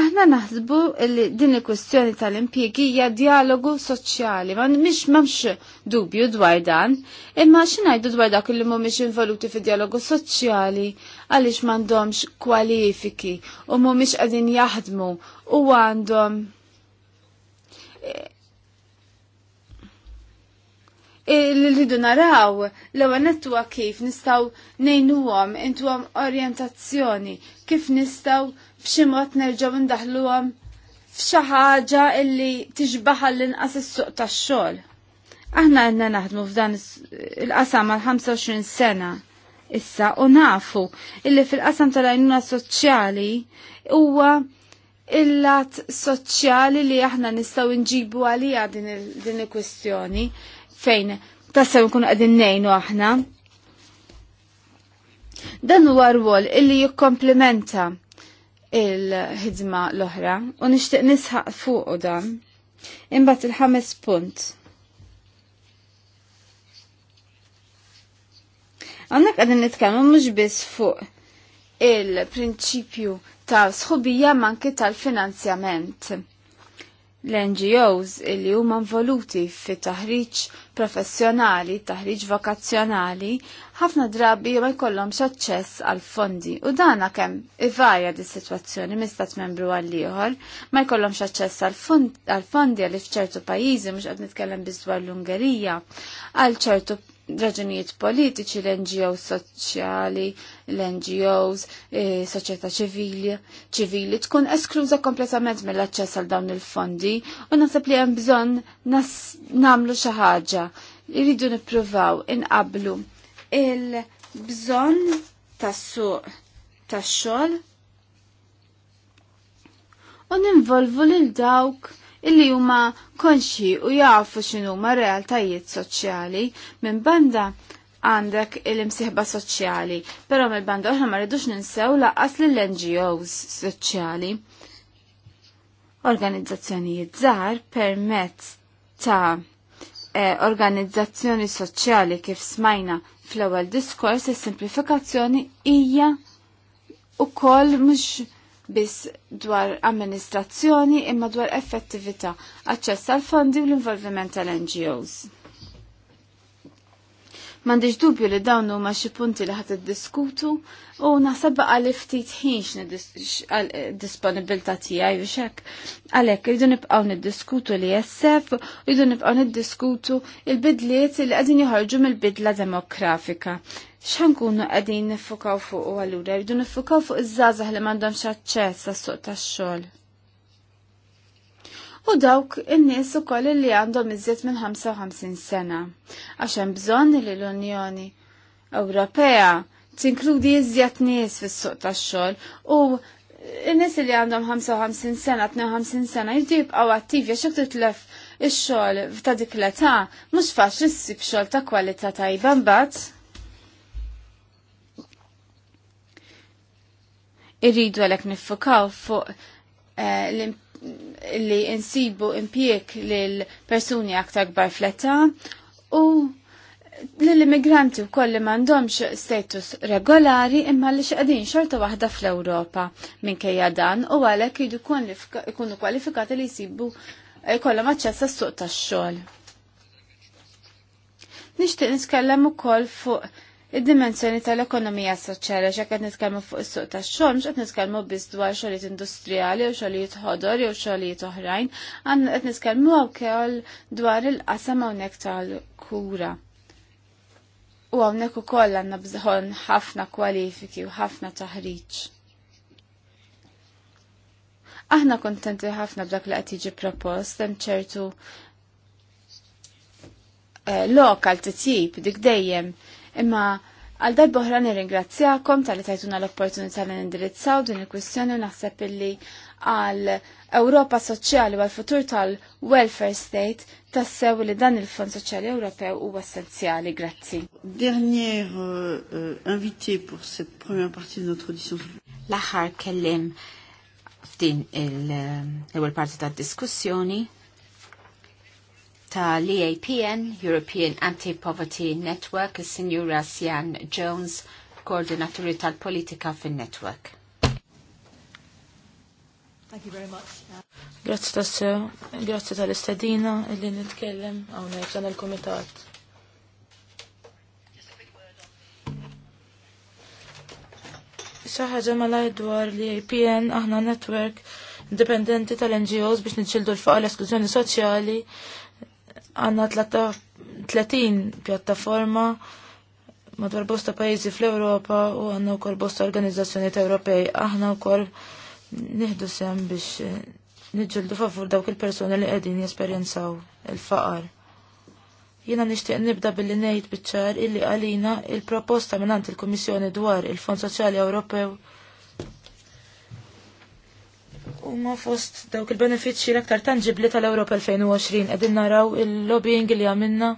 aħna naħsbu li din il kustjoni tal-impjegija dialogu soċjali, ma mhix m'hemmx dubju dwar dan, imma x'ngħidu dwar dak li mhumiex involuti fi dialogu soċjali għaliex m'għandhomx kwalifiki u mhumiex qegħdin jaħdmu u għandhom Eh, li rridu naraw l-ewwel nettuha kif nistgħu ngħinuhom intuhom orjentazzjoni, kif nistgħu b'xi mod nerġgħu ndaħluhom fxaħġa ħaġa illi tixbaħ l-inqas is-suq tax-xogħol. Aħna għanna naħdmu f'dan il-qasam għal 25 sena issa u nafu illi fil-qasam tal-għajnuna soċjali huwa il-lat soċjali li aħna nistaw nġibu għalija din il-kwistjoni. il kwistjoni il fejn tassaw nkunu għadin nejnu aħna. Dan huwa rwol illi jikkomplementa il-ħidma l-oħra u nixtieq nisħaq fuq u dan. Imbagħad il-ħames punt. Għannak għadin nitkellmu mhux biss fuq il-prinċipju ta' sħubija manki tal-finanzjament. L-NGOs li huma involuti fit taħriġ professjonali, taħriġ vokazzjonali, ħafna drabi ma jkollhomx aċċess għal fondi u dana kemm ivarja di situazzjoni mistat membru għal ieħor, ma jkollhomx aċċess għal fondi għal f'ċertu pajjiżi mhux qed nitkellem biż dwar l-Ungerija, għal ċertu raġunijiet politiċi, l-NGOs soċjali, l-NGOs, eh, soċjetà ċivili, ċivili tkun eskluża kompletament mill-aċċess għal dawn il-fondi u naħseb li hemm bżonn nagħmlu xi ħaġa. Iridu nippruvaw inqablu il-bżonn tas-suq tax-xogħol u ninvolvu lil dawk illi huma konxi u jafu xinu ma realtajiet soċjali minn banda għandek il-imsiħba soċjali, però mill banda oħra ma rridux ninsew laqas lill-NGOs soċjali. Organizzazzjonijiet żgħar permezz ta' eh, organizzazzjoni soċjali kif smajna fl-ewwel diskors is-simplifikazzjoni hija ukoll mhux biss dwar amministrazzjoni imma dwar effettività, aċċess għal fondi u l-involviment tal-NGOs. Mandiġ dubju li dawn huma xi punti li ħadd iddiskutu u naħseb li ftit ħinx għal-disponibilità eh, tiegħi biex hekk għalhekk irridu nibqgħu niddiskutu li jessef u jridu nibqgħu niddiskutu il-bidliet li qegħdin joħorġu mill-bidla demografika kunu għadin nifukaw fuq u għallura, jridu nifukaw fuq iż-żazah li mandom xaċċess għas-suq tax-xogħol. U dawk in-nies ukoll li għandhom iżjed minn 55 sena, għax hemm bżonn li l-Unjoni Ewropea tinkludi iżjed nies fis-suq tax-xogħol u il nies li għandhom 55 sena, 52 sena jridu jibqaw attivi għax jekk titlef ix-xogħol f'ta' dik l-età mhux faċli ssib xogħol ta' kwalità tajba mbagħad. irridu għalek nifokaw fuq eh, li insibu impjek l-persuni aktar gbar fletta u l-immigranti u kolli li mandomx status regolari imma li xaqdin xorta waħda fl-Europa minkejja dan u għalek jidu kunu kwalifikati li jisibu eh, kollom aċċessa s-suq tax-xogħol. Nixtieq nitkellem ukoll fuq id-dimensjoni tal-ekonomija soċjali x'hekk qed nitkellmu fuq is-suq tax-xogħol mhux qed nitkellmu biss dwar xogħlijiet industrijali u xogħlijiet ħodor jew xogħlijiet oħrajn, għandna qed nitkellmu wkoll dwar il-qasam hawnhekk tal-kura. U hawnhekk ukoll għandna bżonn ħafna kwalifiki u ħafna taħriġ. Aħna kontenti ħafna b'dak li qed jiġi propost hemm ċertu eh, lokal titjib dik dejjem Imma għal darbohra nirringrazzjakom tal-li tajtuna l-opportunità li nindirizzaw din il-kwistjoni u naħseb illi għal Ewropa Soċjali u għal-futur tal-Welfare State tassew li dan il-Fond Soċjali Ewropew huwa essenzjali. Grazzi. Dernier euh, euh, invité pour cette première partie de notre audition. L-aħħar kellim f'din il-ewwel euh, parti tad-diskussjoni ta' l-EAPN, European Anti-Poverty Network, il-Sinjura Sian Jones, koordinaturi tal-politika fin-network. Thank you very much. Grazzi grazie ta' tal-istadina illi nitkellem għawnek dan il-komitat. Saħħaġa malaj dwar li PN aħna network independenti tal-NGOs biex nġildu l-faqqa l-esklużjoni soċjali għanna 30 pjattaforma madwar bosta pajizi fl-Europa u għanna u kol bosta organizzazzjoniet Ewropej. Aħna u kol nihdu sem biex eh, nġildu favur dawk il persona li għedin jesperjenzaw il-faqar. Jina nishtiq nibda billi nejt bitċar illi għalina il-proposta minnant il-Komissjoni dwar il-Fond Soċjali Ewropew U ma fost dawk il-benefiċċji l-aktar tangibli tal europa 2020 qegħdin naraw il-lobbying li għamilna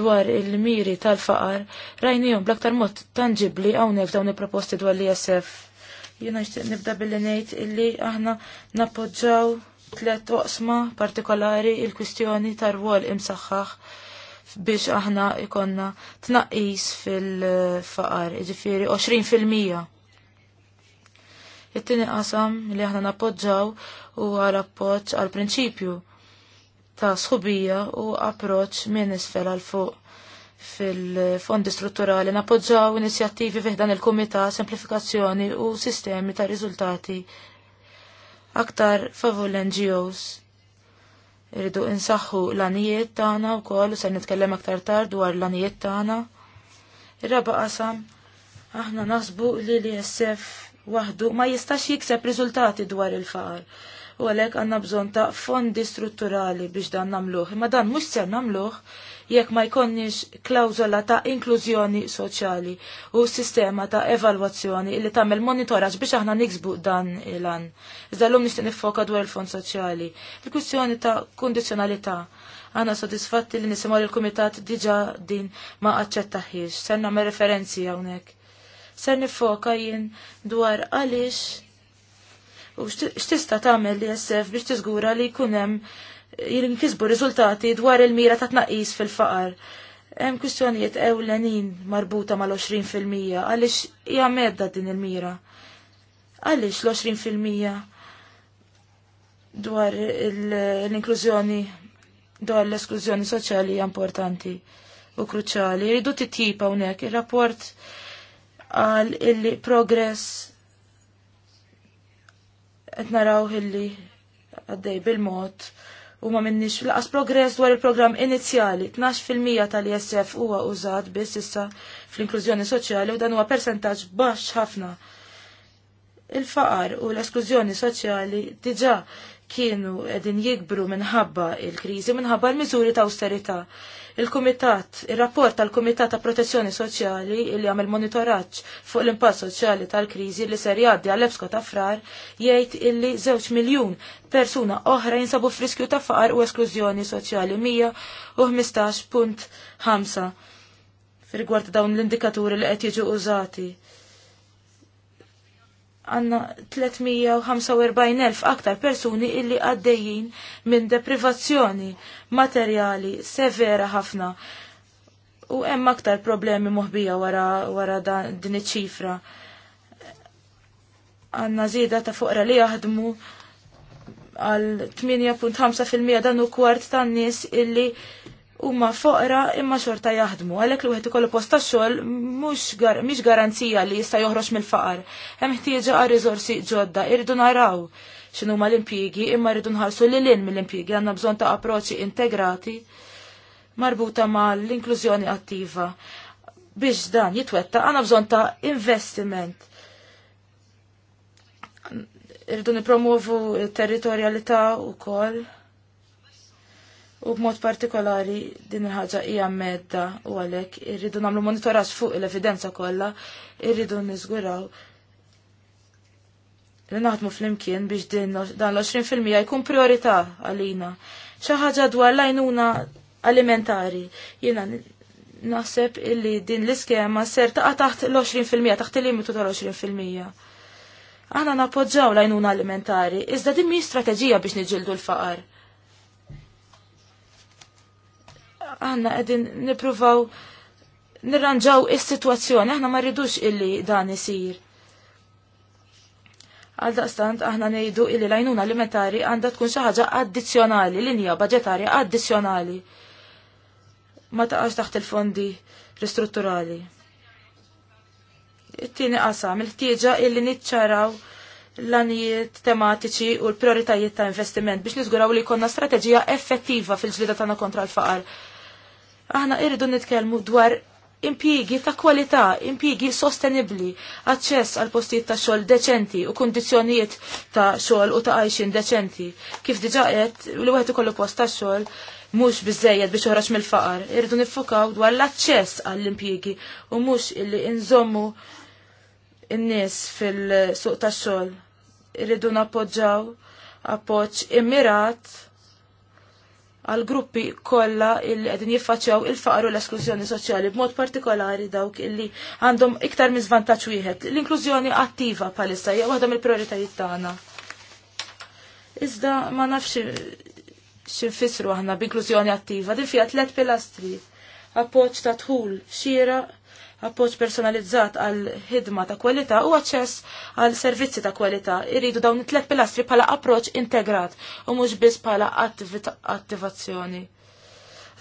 dwar il-miri tal-faqar rajnijom bl-aktar mod tangibli hawnhekk dawn il-proposti dwar l-ISF. Jiena nixtieq nibda billi ngħid illi aħna nappoġġaw tliet oqsma partikolari il-kwistjoni tar-rwol imsaħħaħ biex aħna ikonna tnaqqis fil-faqar, ġifiri 20 fil-mija It-tieni qasam li aħna nappoġġaw huwa l-appoġġ għal prinċipju ta' sħubija u approċċ minn isfel għal fuq fil-fondi strutturali nappoġġaw inizjattivi fiħdan il-Kumità Semplifikazzjoni u Sistemi ta' Riżultati aktar favu l-NGOs. Irridu insaħħu l-anijiet tagħna wkoll u se nitkellem aktar tard dwar l-anijiet tagħna. Ir-raba' qasam aħna nasbu li l-ISF waħdu ma jistax jikseb riżultati dwar il-faqar. U għalhekk għandna bżonn ta' fondi strutturali biex dan nagħmluh, imma dan mhux ser nagħmluh jekk ma jkonniex klawzola ta' inklużjoni soċjali u sistema ta' evalwazzjoni illi tagħmel monitoraġ biex aħna niksbu dan il-an. Iżda l-lum nixtieq nifoka dwar il-fond soċjali. Il-kwistjoni ta' kundizzjonalità għana sodisfatti li nisimaw il-komitat diġa din ma aċċettaħiex. Serna me referenzi għawnek ser nifoka jien dwar għaliex u x'tista' tagħmel li SF biex tiżgura li jkun hemm jinkisbu riżultati dwar il-mira ta' tnaqqis fil-faqar. Hemm kwistjonijiet ewlenin marbuta mal-20 fil-mija għaliex hija medda din il-mira. Għaliex l-20 fil-mija dwar l-inklużjoni dwar l-esklużjoni soċjali hija importanti u kruċali. Jridu titjib hawnhekk ir-rapport għal illi progress qed naraw illi għaddej bil-mod u ma minnix laqas progress dwar il-programm inizjali 12% tal-ISF huwa użat biss issa fl-inklużjoni soċjali u dan huwa percentaġġ baxx ħafna. Il-faqar u l-esklużjoni soċjali diġà kienu edin jikbru minħabba il-krizi, minħabba l-mizuri ta' austerita. Il-Kumitat, il-rapport tal-Kumitat ta' Protezzjoni Soċjali li għamil monitoraġġ fuq l impass soċjali tal-krizi li ser jgħaddi għal ebsko ta' frar jgħid li żewġ miljun persuna oħra jinsabu friskju ta' faqar u esklużjoni soċjali 115.5 fir gwart dawn l-indikaturi li qed jiġu użati għanna 345.000 aktar persuni illi għaddejjin minn deprivazzjoni materjali severa ħafna. U hemm aktar problemi moħbija wara, wara din iċ-ċifra. Għanna zida ta' fuqra li jaħdmu għal 8.5% dan u kwart tan nies illi huma foqra imma xorta jaħdmu, għalhekk li wieħed ikollu post xogħol mhux garanzija li jista' joħroġ mill-faqar. Hemm ħtieġa għal riżorsi ġodda, irridu naraw x'inhu huma l-impjiegi imma rridu nħarsu lil hinn mill-impjiegi għandna bżonn ta' approċċi integrati marbuta mal inklużjoni attiva. Biex dan jitwetta għandna bżonn ta' investiment. Irridu nipromuvu territorjalità wkoll U b'mod partikolari din il-ħaġa hija medda u għalhekk irridu nagħmlu monitoraġġ fuq l-evidenza kollha, irridu niżguraw li naħdmu flimkien biex din dan l-20% jkun priorità għalina. Xi ħaġa dwar lajnuna alimentari. Jiena naħseb illi din l-iskema ser taqa' taħt l-20% filmija taħt il-limitu tal-20%. filmija Aħna l lajnuna alimentari, iżda din mhi strateġija biex niġildu l-faqar aħna qegħdin nippruvaw nirranġaw is-sitwazzjoni, aħna ma rridux illi dan isir. Għaldaqstant aħna ngħidu illi l-għajnuna alimentari għandha tkun xi ħaġa addizzjonali, linja budgetarja addizzjonali. Ma taqax taħt il-fondi ristrutturali. It-tieni qasam, il-ħtieġa illi niċċaraw l-anijiet tematiċi u l-prioritajiet ta' investiment biex nizguraw li konna strategija effettiva fil-ġlida tagħna kontra l-faqar. Aħna irridu nitkellmu dwar impjiegi ta' kwalità, impjiegi sostenibli, aċċess għal postijiet ta' xogħol deċenti u kundizzjonijiet ta' xogħol u ta' għajxin deċenti. Kif diġa qed li wieħed ikollu post ta' xogħol mhux biżejjed biex oħraġ mill-faqar, irridu niffokaw dwar l-aċċess għall-impjiegi u mhux illi inżommu n-nies fil-suq tax-xogħol. Irridu nappoġġaw appoġġ immirat għal gruppi kollha il qegħdin jiffaċċjaw il-faqru l-esklużjoni soċjali b'mod partikolari dawk illi għandhom iktar minn żvantaġġ wieħed. L-inklużjoni attiva bħalissa hija waħda mill-prijoritajiet tagħna. Iżda ma nafx x'infissru aħna b'inklużjoni attiva, din fiha tliet pilastri. Appoġġ ta' dħul, xiera appoġġ personalizzat għal ħidma ta' kwalità u aċċess għal servizzi ta' kwalità. Irridu dawn it-tlet pilastri bħala approċċ integrat u mhux biss bħala attivazzjoni.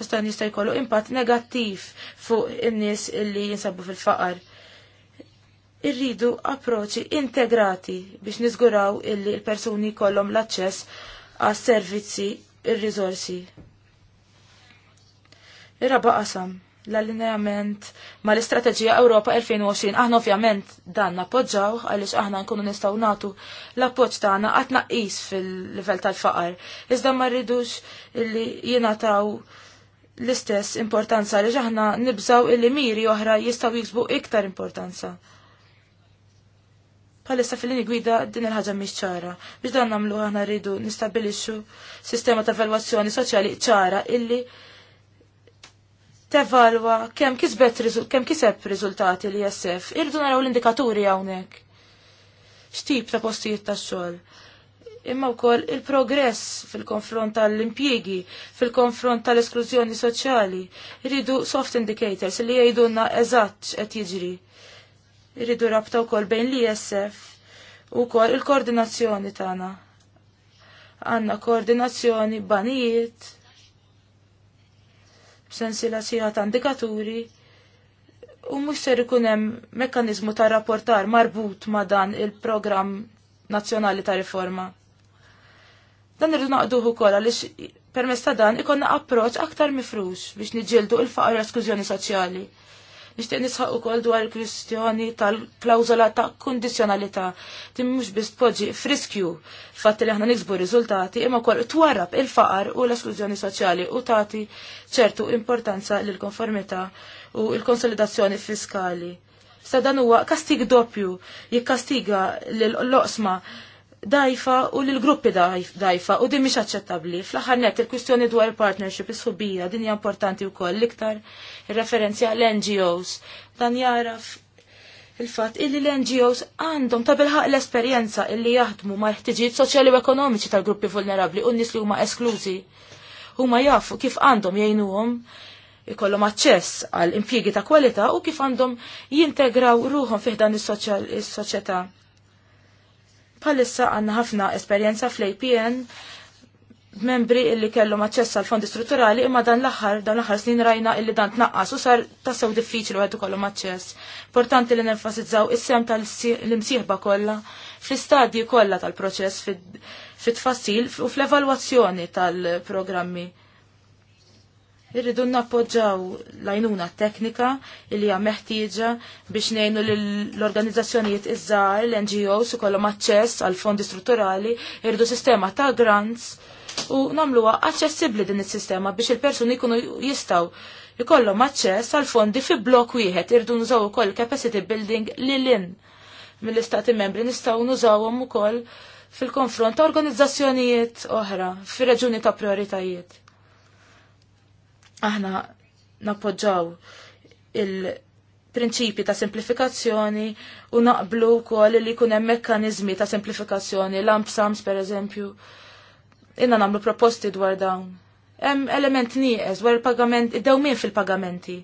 Stan jista' jkollu impatt negattiv fuq in-nies illi jinsabu fil-faqar. Irridu approċi integrati biex niżguraw illi l-persuni kollhom l-aċċess għas servizzi ir-riżorsi. Ir-raba' qasam l-allineament ma l-istrateġija Ewropa 2020. Aħna ovvjament dan nappoġġaw għaliex aħna nkunu nistgħu nagħtu l-appoġġ tagħna qatt naqis fil-livell tal-faqar. Iżda ma rridux li jingħataw l-istess importanza li aħna nibżaw illi miri oħra jistgħu jiksbu iktar importanza. Palissa fil-lini gwida din il-ħagġa miex ċara. Biex dan nagħmlu aħna rridu nistabilixxu sistema ta' valwazzjoni soċjali ċara illi tevalwa kemm kisbet kemm kiseb riżultati li jessef. Irdu naraw l-indikaturi hawnhekk. X'tip ta' postijiet ta' xogħol. Imma wkoll il-progress fil-konfront tal-impjiegi, fil-konfront tal-esklużjoni soċjali. Irridu soft indicators li jgħidunna eżatt qed jiġri. Irridu rabta wkoll bejn l-ISF u wkoll il-koordinazzjoni tagħna. Għandna koordinazzjoni banijiet, sensila siħa ta' indikaturi u mhux ser ikunem hemm mekkaniżmu ta' rapportar marbut ma' dan il-programm nazzjonali ta' riforma. Dan irridu naqduhu ukoll għaliex permezz ta' dan ikonna approċċ aktar mifrux biex niġildu il-faqar esklużjoni soċjali. Nixtieq nisħaq ukoll dwar il-kwistjoni tal klawzola ta' kondizjonalità tim mhux biss tpoġġi friskju fatti li aħna niksbu riżultati imma wkoll twarab il-faqar u l-esklużjoni soċjali u tagħti ċertu importanza l konformità u l-konsolidazzjoni fiskali. Sa dan huwa kastig doppju jikkastiga l loqsma dajfa u l-gruppi dajfa u din mhix aċċettabbli. Fl-aħħar net il-kwistjoni dwar il-partnership is-subija din hija importanti wkoll l-iktar ir-referenzja l-NGOs. Dan jaraf il-fatt illi l-NGOs għandhom ta' bilħaq l-esperjenza illi jaħdmu ma' ħtiġijiet soċjali u ekonomiċi tal-gruppi vulnerabli u nies li huma esklużi. Huma jafu kif għandhom jgħinuhom ikollhom aċċess għal impjiegi ta' kwalità u kif għandhom jintegraw ruhom fih dan is-soċjetà. Palissa għanna ħafna esperjenza fl-APN membri illi kellhom aċċess għal fondi strutturali imma dan l-aħħar dan l-aħħar snin rajna illi dan tnaqqas u sar tassew diffiċli wieħed ikollhom aċċess. Importanti li nenfasizzaw is-sem tal-imsieħba kollha fl-istadji kollha tal-proċess fit-tfassil u fl-evalwazzjoni tal-programmi. Irridu nappoġġaw lajnuna teknika li hija meħtieġa biex ngħinu l-organizzazzjonijiet iż-żgħar, l-NGOs ukollhom aċċess għal fondi strutturali, irridu sistema ta' grants u nagħmluha aċċessibbli din is-sistema biex il-persuni jkunu jistgħu jkollhom aċċess għal fondi fi blok wieħed irridu nużaw ukoll capacity building lil in mill-istati membri nistgħu nużawhom ukoll fil-konfront ta' organizzazzjonijiet oħra fir-reġuni ta' prioritajiet Aħna nappoġġaw il-prinċipi ta' semplifikazzjoni u naqblu wkoll li jkun hemm mekkaniżmi ta' semplifikazzjoni, l sams per pereżempju. Inna nagħmlu proposti dwar dawn. Hemm element nieqes dwar il-pagament, id-dewmien fil-pagamenti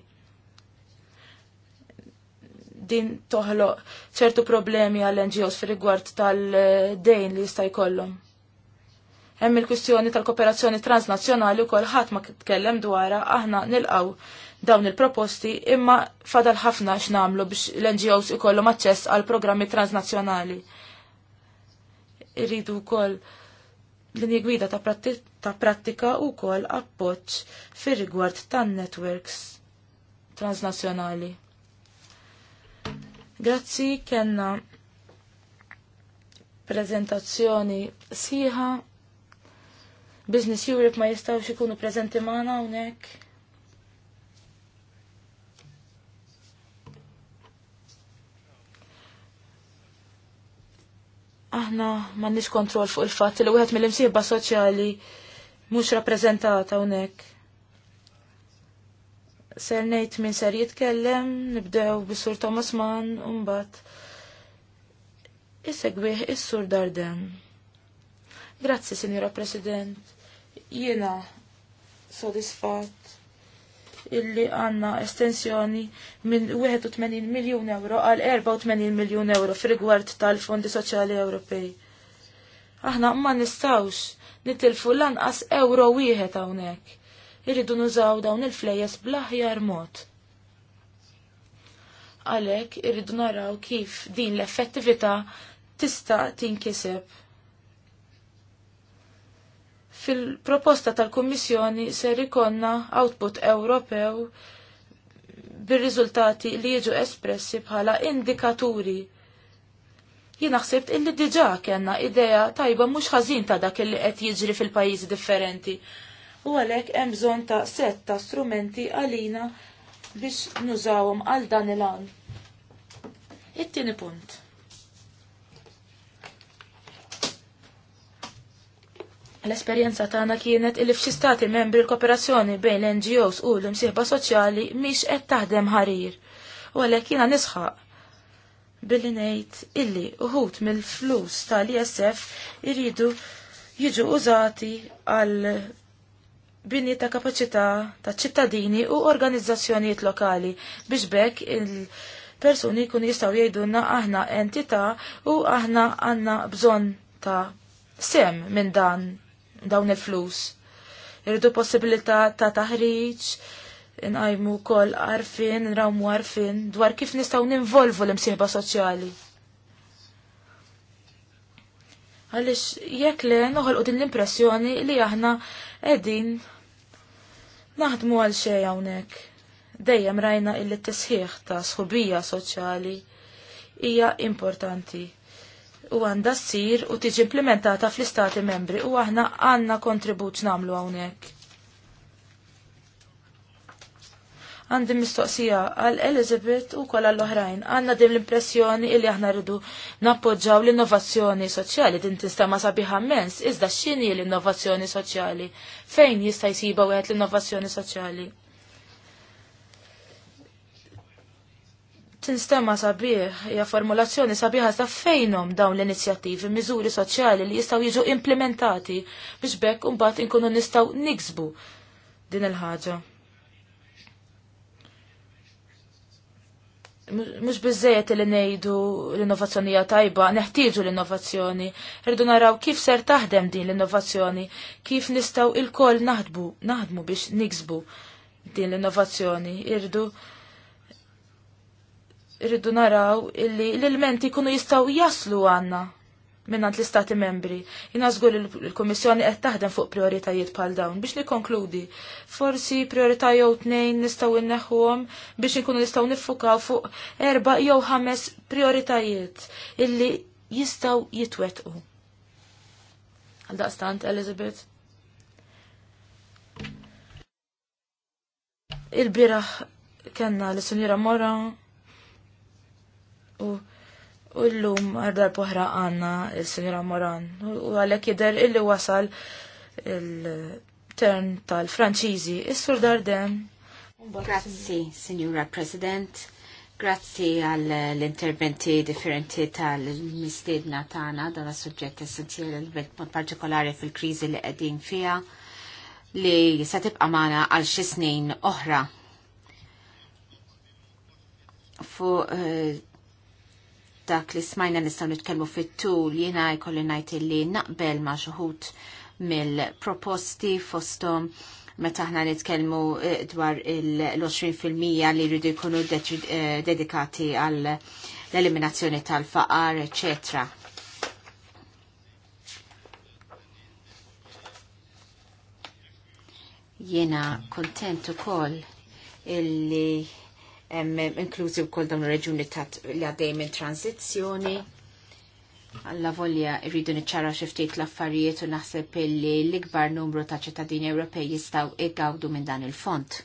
din toħloq ċertu problemi għall-NGOs fil rigward tal-dejn li jista' jkollhom. Hemm il-kwistjoni tal-kooperazzjoni transnazzjonali u kolħat ma tkellem dwarha aħna nilqaw dawn il-proposti imma fadal ħafna x'namlu biex l-NGOs ikollhom aċċess għal programmi transnazzjonali. Irridu wkoll linji gwida ta' prattika ta' prattika u kol appoġġ fir rigward tan networks transnazzjonali. Grazzi kenna prezentazzjoni sħiħa Business Europe ma jistaw ikunu preżenti magħna hawnhekk. Aħna m'għandniex kontroll fuq il-fatt li wieħed mill-imsieba soċjali mhux rappreżentata hawnhekk ser nejt min ser jitkellem, nibdew bis-sur Thomas Mann, umbat. Issegwih is-sur Darden. Grazzi, Sinjora President. Jiena sodisfat illi għanna estensjoni minn 81 miljon euro għal 84 miljon euro fil-gwart tal-Fondi Soċjali Ewropej. Aħna ma nistawx nitilfu lanqas euro wieħed hawnhekk. Irridu nużaw dawn il-flejjes bl-aħjar mod. Għalhekk irridu naraw kif din l-effettività tista' tinkiseb Fil-proposta tal-Kummissjoni ser ikonna output Ewropew bir-riżultati li jiġu espressi bħala indikaturi. Jien naħseb illi diġà kellna idea tajba mhux ħażin ta' dak illi qed jiġri fil-pajjiżi differenti. U għalhekk hemm bżonn ta' set ta' strumenti għalina biex nużawhom għal dan il-għan. It-tieni punt. L-esperjenza tagħna kienet illi f'xi stati membri l-kooperazzjoni bejn l-NGOs u l-imsieħba soċjali mhix qed taħdem ħarir. U għalhekk jiena nisħaq billi ngħid illi uħut mill-flus tal-ISF iridu jiġu użati għal bini ta' kapaċità ta' ċittadini u organizzazzjonijiet lokali biex bekk il- persuni kun jistaw jgħidunna aħna entita u aħna għanna bżon ta' sem minn dan dawn il-flus. Irridu possibilità ta' taħriġ, inqajmu kol arfin, nrawmu arfin, dwar kif nistaw ninvolvu l-imsieħba soċjali. Għalix, jekk le noħolqu din l-impressjoni li aħna edin naħdmu għal xej hawnhekk. Dejjem rajna il tisħiħ ta' sħubija soċjali hija importanti u għanda ssir u tiġi implementata fl-istati membri u aħna għanna kontribut namlu hawnhekk. Għandi mistoqsija għal Elizabeth u kolla l-oħrajn. Għanna dim l-impressjoni illi aħna rridu nappoġġaw l-innovazzjoni soċjali din ma sabiħa mens, iżda x'inhi l-innovazzjoni soċjali? Fejn jista' jsiba wieħed l-innovazzjoni soċjali? Tinstema sabiħ, hija formulazzjoni sabiħa ta' fejnom dawn l-inizjattivi, miżuri soċjali li jistgħu jiġu implementati biex bekk bat inkunu nistgħu niksbu din il-ħaġa. Mhux bizzejet li ngħidu l ja tajba, neħtieġu l-innovazzjoni, rridu naraw kif ser taħdem din l-innovazzjoni, kif nistgħu il-koll naħdmu, naħdmu biex niksbu din l-innovazzjoni, irridu irridu naraw illi l-elementi kunu jistaw jaslu għanna minnant l-istati membri. Jina zgur il-Komissjoni qed taħdem fuq prioritajiet pal dawn. Biex nikonkludi, forsi priorità jew tnejn nistgħu inneħħuhom biex nkunu nistgħu niffukaw fuq erba' jew ħames prioritajiet illi jistgħu jitwetqu. Għaldaqstant, Elizabeth? Il-biraħ kenna l-Sunjura Moran U l-lum għardar poħra għanna il-Sinjora Moran. U għalek jider illi wasal il-tern tal-Franċiżi. Is-Sur Darden. Grazzi, Sinjora President. Grazzi għall-interventi differenti tal-mistedna tagħna dalla suġġett essenzjali mod partikolari fil-kriżi li qegħdin fiha li se tibqa' magħna għal xi snin oħra. Fu uh, dak li smajna nistaw nitkellmu fit-tul jiena jkolli ngħid illi naqbel ma' xuħut mill-proposti fostom meta aħna nitkellmu eh, dwar l-20% li jridu jkunu eh, dedikati għal l-eliminazzjoni tal-faqar, eċetra. Jiena kuntent ukoll illi inklużi wkoll dawn ir-reġuni li għaddej minn tranzizzjoni. Alla volja rridu niċċara xi ftit l-affarijiet u naħseb illi l-ikbar numru ta' ċittadini Ewropej jistgħu igawdu minn dan il-font.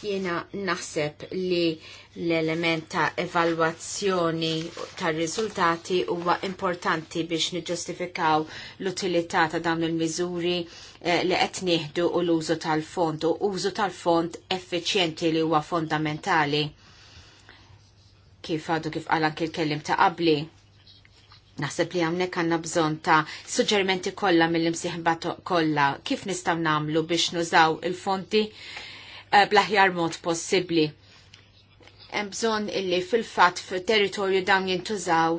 Jiena naħseb li l-element ta' evalwazzjoni ta' riżultati huwa importanti biex niġġustifikaw l-utilità ta' dawn il-miżuri eh, li qed nieħdu u l-użu tal-fond u użu tal-fond effiċjenti li huwa fondamentali. Kif għadu kif għalan kil-kellim ta' qabli. Naħseb li għamnek għanna bżon ta' suġġerimenti kollha mill-imsieħba kollha kif nistgħu nagħmlu biex nużaw il-fonti Eh, blaħjar mod possibbli. Hemm bżonn illi fil-fatt fil-territorju dawn jintużaw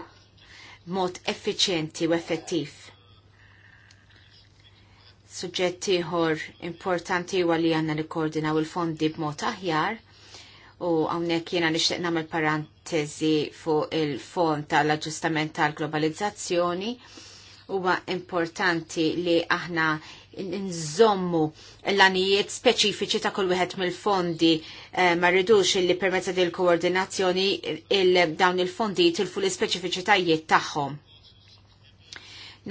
mod effiċjenti u effettiv. Suġġetti ieħor importanti huwa li għandna nikkoordinaw il-fondi b'mod aħjar u hawnhekk jiena nixtieq nagħmel parantesi fuq il-fond tal-aġġustament tal-globalizzazzjoni huwa importanti li aħna nżommu l għanijiet speċifiċi ta' kull wieħed mill-fondi eh, ma rridux li permezz il koordinazzjoni dawn il-fondi tilfu l-speċifiċitajiet tagħhom.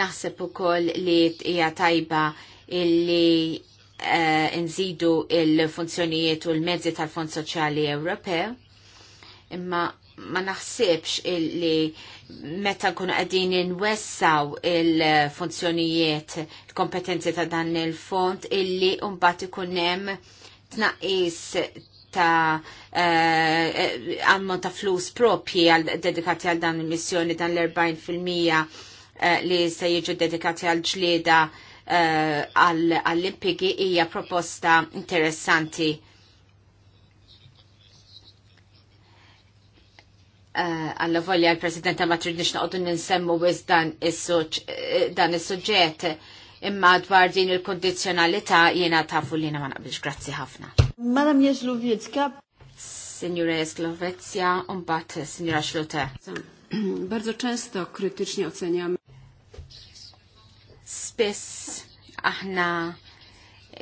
Naħseb ukoll li hija tajba illi eh, nżidu il-funzjonijiet u l-mezzi tal-Fond Soċjali Ewropew imma ma naħsibx li meta nkunu qegħdin inwessaw il-funzjonijiet, il-kompetenzi ta' dan il-font illi mbagħad ikun hemm tnaqqis ta' eh, ammont ta' flus propji għal dedikati għal dan il-missjoni dan l-40% eh, li se jiġu dedikati għal ġlieda eh, għall-impigi hija proposta interessanti Eh, għalla volja l-Presidenta ma tridniex naqdu ninsemmu wiz eh, dan is-suġġett imma dwar din il kondizjonalita jiena tafu li ma naqbilx grazzi ħafna. Madam Jeslowiecka. Signora Jeslowiecka, umbat signora Szlute. Bardzo często krytycznie oceniamy. Spiss aħna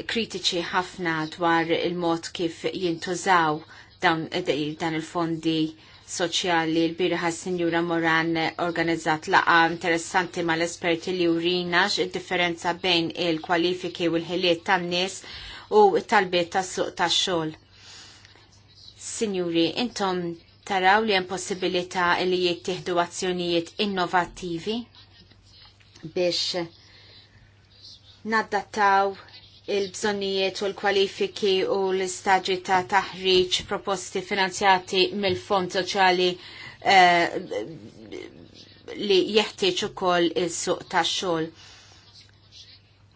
kritiċi ħafna dwar il-mod kif jintużaw dan, eh, dan il-fondi soċjali l-birħa Sinjura Moran organizzat laqa interessanti mal esperti li urina id-differenza bejn il-kwalifiki u l-ħiliet tan-nies u t-talbiet tas-suq tax-xogħol. Sinjuri, intom taraw li hemm possibilità li jittieħdu azzjonijiet innovattivi biex nadattaw il-bżonnijiet u l-kwalifiki u l-istagġi ta' taħriġ proposti finanzjati mill-Fond Soċjali eh, li jeħtieġ ukoll is suq tax-xogħol.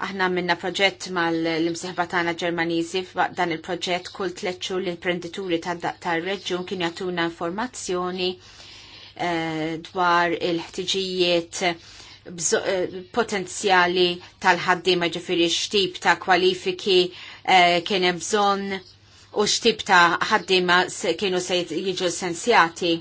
Aħna minna proġett mal-imsieħba tagħna Ġermaniżi dan il-proġett kull tletxu l imprenditturi tar-reġjun kien jagħtuna informazzjoni eh, dwar il-ħtiġijiet Eh, potenzjali tal-ħaddiema ġifiri xtip ta' kwalifiki eh, kien hemm bżonn u xtib ta' ħaddiema kienu se jiġu sensjati.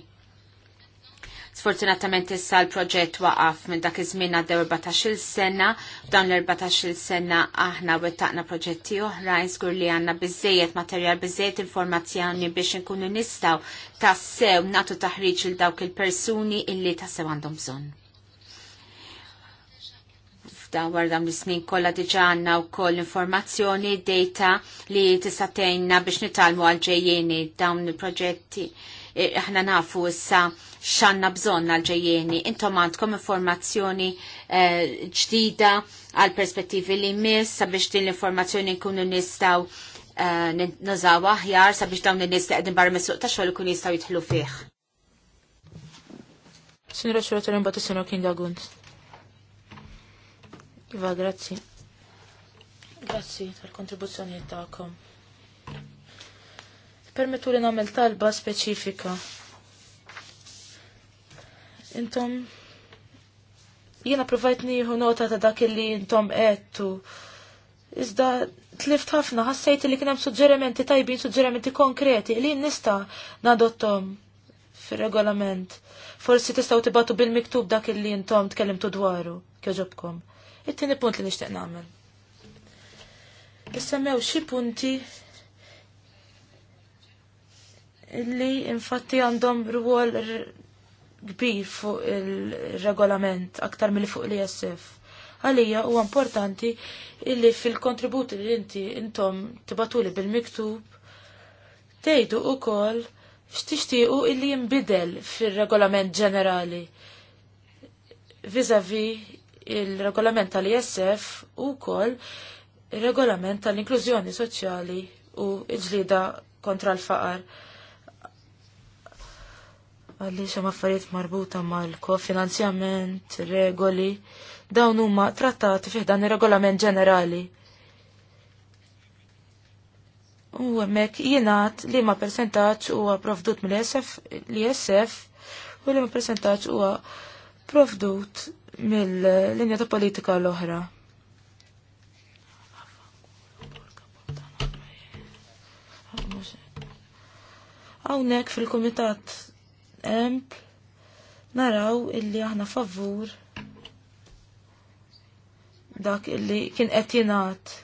Sfortunatament issa l-proġett waqaf minn dak iż-żmien għaddew 14-il sena, f'dawn l-14-il sena aħna wettaqna proġetti oħra, jżgur li għandna biżejjed materjal biżejjed informazzjoni biex inkunu nistgħu tassew nagħtu taħriġ il dawk il-persuni illi tassew għandhom bżonn f'dan war dawn l-snin kollha diġà għandna wkoll informazzjoni, data li tista' tgħinna biex nitalmu għal ġejjeni dawn il-proġetti e, aħna nafu issa xanna bżon għal-ġejjeni. Intom għandkom informazzjoni eh, ġdida għal perspettivi li mis sabiex din l-informazzjoni nkunu nistaw eh, nużaw aħjar sabiex dawn in-nies li qegħdin barra mis-suq ta' xogħol ikun jistgħu jidħlu fih. Sinra xorta l-imbagħad is kien dagunt. Iva, grazzi. Grazzi tal-kontribuzzjoni ta'kom. Permetu li namel talba speċifika. Intom, jiena provajt nieħu nota ta' dak li intom għettu. Iżda tlift ħafna, ħassejt li kienem suġġerimenti tajbin, suġġerimenti konkreti li nista nadottom fil-regolament. Forsi tistaw tibatu bil-miktub dak li intom tkellimtu dwaru, kjoġobkom. It-tieni punt li nixtieq nagħmel. Issemmew xi punti li infatti għandhom rwol kbir fuq il-regolament aktar mill fuq l jessif. Għalija u importanti illi fil-kontributi li inti intom tibatuli bil-miktub tgħidu ukoll x'tixtiequ illi jinbidel fir-regolament ġenerali vizavi il-regolament tal-ISF u kol il-regolament tal-inklużjoni soċjali u il-ġlida kontra l-faqar. Għalli xa affarijiet marbuta mal-kofinanzjament, regoli, dawn huma trattati fih dan ir-regolament ġenerali. U għemmek jienat li ma percentaċ u provdut mill-ISF, l-ISF, u li ma percentaċ u provdut mill-linja ta' politika l-oħra. Hawnhekk fil-Kumitat Emp naraw illi aħna favur dak illi kien qed jingħad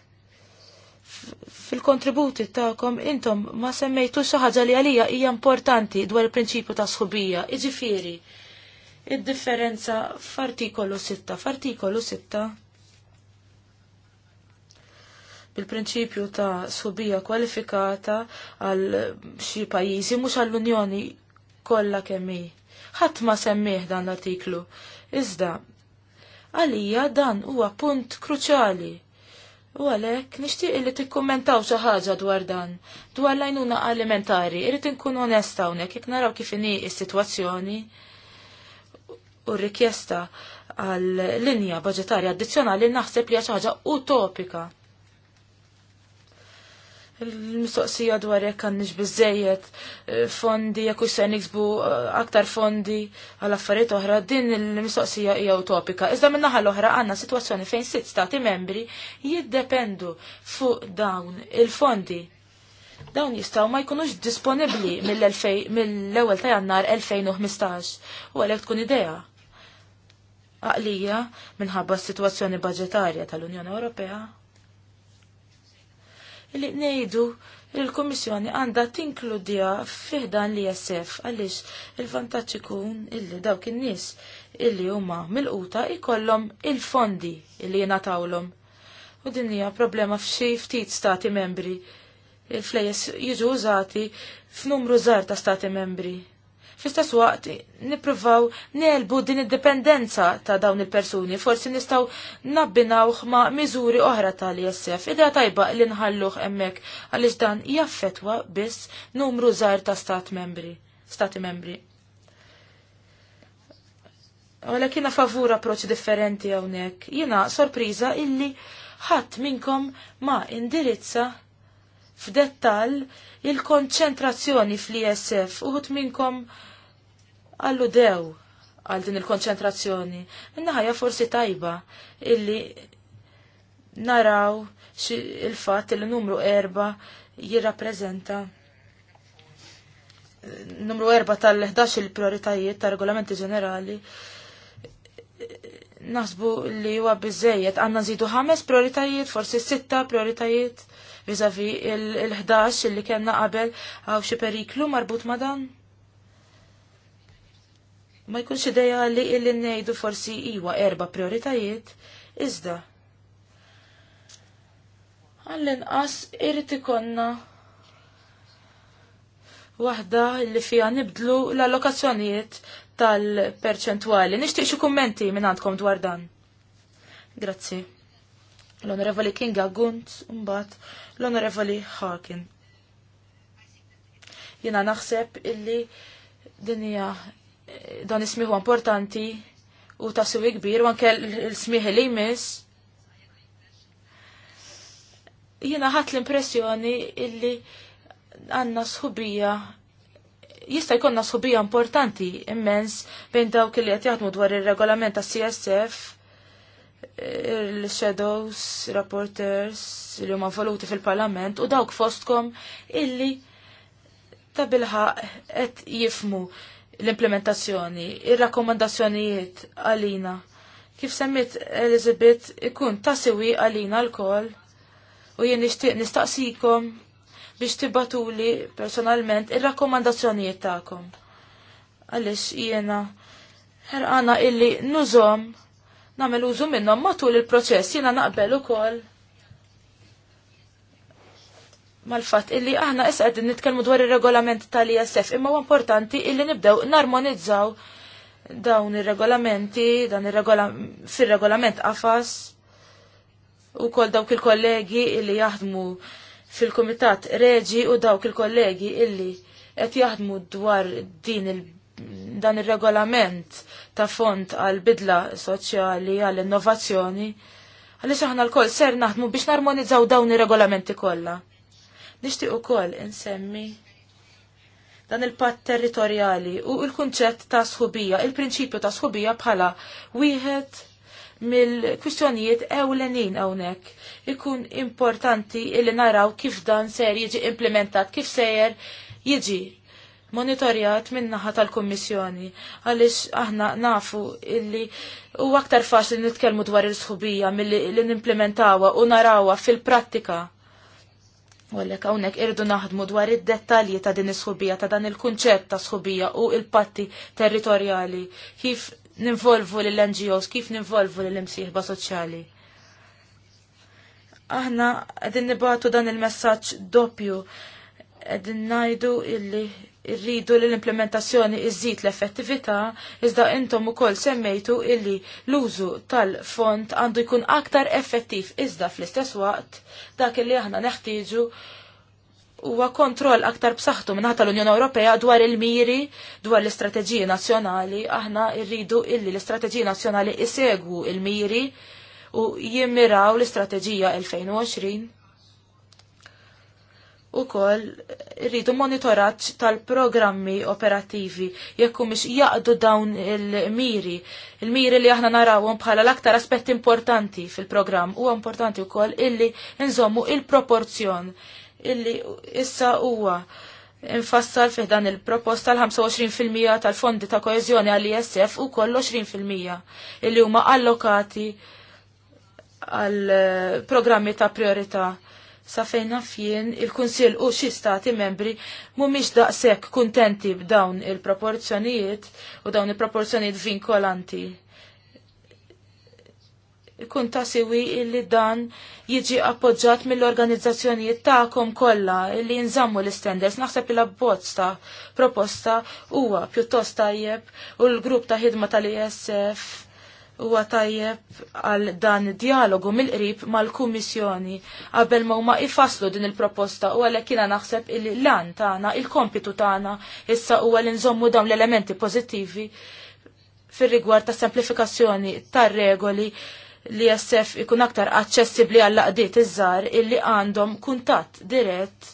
fil-kontributi tagħkom intom ma semmejtu xi ħaġa li għalija hija importanti dwar il-prinċipju ta' sħubija, iġifieri id-differenza f'artikolu 6. F'artikolu 6 bil-prinċipju ta' subija kwalifikata għal xi pajjiżi mhux għall-Unjoni kollha kemm hi. Ħadd ma semmih dan l-artiklu. Iżda għalija dan huwa punt kruċjali U għalek, nishtiq li t-kommentaw xaħġa dwar dan, dwar lajnuna alimentari, irrit nkun onesta unek, jek naraw kif ini s-situazzjoni, u rikjesta għal linja budgetarja addizzjonali naħseb li ħaġa utopika. Il-mistoqsija dwar jekk għandix biżejjed eh, fondi jekk se niksbu eh, aktar fondi għal affarijiet oħra, din il-mistoqsija hija utopika. Iżda minn naħa l-oħra għandna sitwazzjoni fejn sitt stati membri jiddependu fuq dawn il-fondi dawn jistgħu ma jkunux disponibbli mill-ewwel ta' jannar 2015 u għalhekk tkun idea għalija minħabba s-situazzjoni budgetarja tal-Unjoni Ewropea. Illi nejdu il l-Kommissjoni għandha tinkludja fiħdan li jessef għaliex il-vantaġġ ikun illi dawk in-nies illi huma mil quta ikollhom il-fondi illi tawlom. U din hija problema f'xi ftit stati membri. Il-flejes jiġu użati f'numru żgħar ta' stati membri Fl-istess waqt nippruvaw nelbu din id-dipendenza ta' dawn il-persuni, forsi nistgħu nabbinawh ma' miżuri oħra tal-ISF. Idea tajba li nħalluh hemmhekk għaliex dan jaffetwa biss numru żgħar ta' stat membri, stati membri. Għalek jina favur approċ differenti għawnek. Jina sorpriza illi ħadd minkom ma indirizza f'dettall il-konċentrazzjoni fl-ISF uħut minnkom alludew għal din il-konċentrazzjoni. Innaħja forsi tajba illi naraw il-fat il numru erba jirrapprezenta numru erba tal-11 il-prioritajiet tal regolamenti ġenerali nasbu li huwa bizzejiet għandna nżidu ħames prioritajiet, forsi sitta prioritajiet vizavi il-11 li kena qabel għaw xi periklu marbut ma dan? Ma jkunx ideja li illi nejdu forsi iwa erba prioritajiet, iżda. Għall-inqas irrit ikonna waħda li fija nibdlu l-allokazzjonijiet tal-perċentwali. Nixtieq xi kummenti minn għandkom dwar dan. Grazzi l-Onorevoli Kinga Gunt, mbagħad l-Onorevoli Harkin. Jiena naħseb illi din hija eh, dan ismiħu importanti u ta' suwi kbir, u anke l-smiħi li jmiss. Jiena ħat l-impressjoni illi għandna sħubija jista' jkollna sħubija importanti immens bejn dawk li qed jaħdmu dwar ir-regolament tas CSF il-shadows, rapporters li huma voluti fil-parlament u dawk fostkom illi ta' bilħa qed jifmu l-implementazzjoni, il rakkomandazzjonijiet għalina. Kif semmit Elizabeth ikun ta' sewi għalina l-kol u jien nixtieq nistaqsikom biex tibbatuli personalment ir-rakkomandazzjonijiet tagħkom. Għaliex jiena ħerqana illi nużom namel użu minnhom matul il-proċess jiena naqbel ukoll mal-fatt illi aħna issa qegħdin nitkellmu dwar ir-regolament tal-ISF imma huwa importanti illi nibdew narmonizzaw dawn ir-regolamenti, dan ir-regolament fir-regolament qafas u kol dawk il-kollegi illi jaħdmu fil-Kumitat Reġi u dawk il-kollegi illi qed jaħdmu dwar din il dan ir-regolament ta' font għal bidla soċjali għal innovazzjoni għaliex aħna l kol ser naħdmu biex narmonizzaw dawn ir-regolamenti kollha. Nixtieq ukoll insemmi dan il-patt territorjali u l-kunċett ta' sħubija, il-prinċipju ta' sħubija bħala wieħed mill-kwistjonijiet ewlenin hawnhekk ikun importanti illi naraw kif dan ser jiġi implementat, kif sejjer jiġi monitorjat min-naħa tal-Kummissjoni għaliex aħna nafu illi u aktar faċli nitkellmu dwar il-sħubija milli nimplementawa u narawa fil-prattika. U għallek hawnhekk irdu naħdmu dwar id-dettalji ta' din is-sħubija ta' dan il-kunċett ta' sħubija u il-patti territorjali kif ninvolvu lill-NGOs, kif ninvolvu lill-imsieħba soċjali aħna għedin nibatu dan il-messagġ doppju. Għedin najdu illi rridu li l-implementazzjoni iżid l-effettività, iżda intom ukoll semmejtu illi l-użu tal-font għandu jkun aktar effettiv iżda fl-istess waqt dak li aħna neħtieġu huwa kontroll aktar b'saħħtu minn tal-Unjoni Ewropea dwar il-miri, dwar l-istrateġiji nazzjonali, aħna rridu illi l-istrateġiji nazzjonali isegwu il-miri u jimmiraw l-istrateġija 2020 u kol rridu monitoraċ tal-programmi operativi jekku mux jaqdu dawn il-miri. Il-miri li aħna narawhom bħala l-aktar aspetti importanti fil-programm u importanti u kol illi nżommu il-proporzjon illi issa huwa infassal fih dan il-proposta l-25% tal-fondi ta' koezjoni għal ISF u koll 20% illi huma allokati għal programmi ta' priorità sa fejna fjien il-Kunsil u xi stati membri mhumiex daqshekk kuntenti b'dawn il-proporzjonijiet u dawn il-proporzjonijiet vinkolanti. Kun ta' siwi illi dan jiġi appoġġat mill-organizzazzjonijiet tagħkom kollha illi jinżammu l-istenders naħseb il abbozz ta' proposta huwa pjuttost tajjeb u l-grupp ta' ħidma tal-ISF huwa tajjeb għal dan dialogu mill-qrib mal-Kummissjoni qabel ma huma ifasslu din il-proposta u għalhekk jiena naħseb il lan tagħna il-kompitu tagħna issa huwa li nżommu dawn l-elementi pożittivi fir-rigward ta' semplifikazzjoni tar-regoli li jessef ikun aktar aċċessibbli għall laqdiet iż-żar illi għandhom kuntatt dirett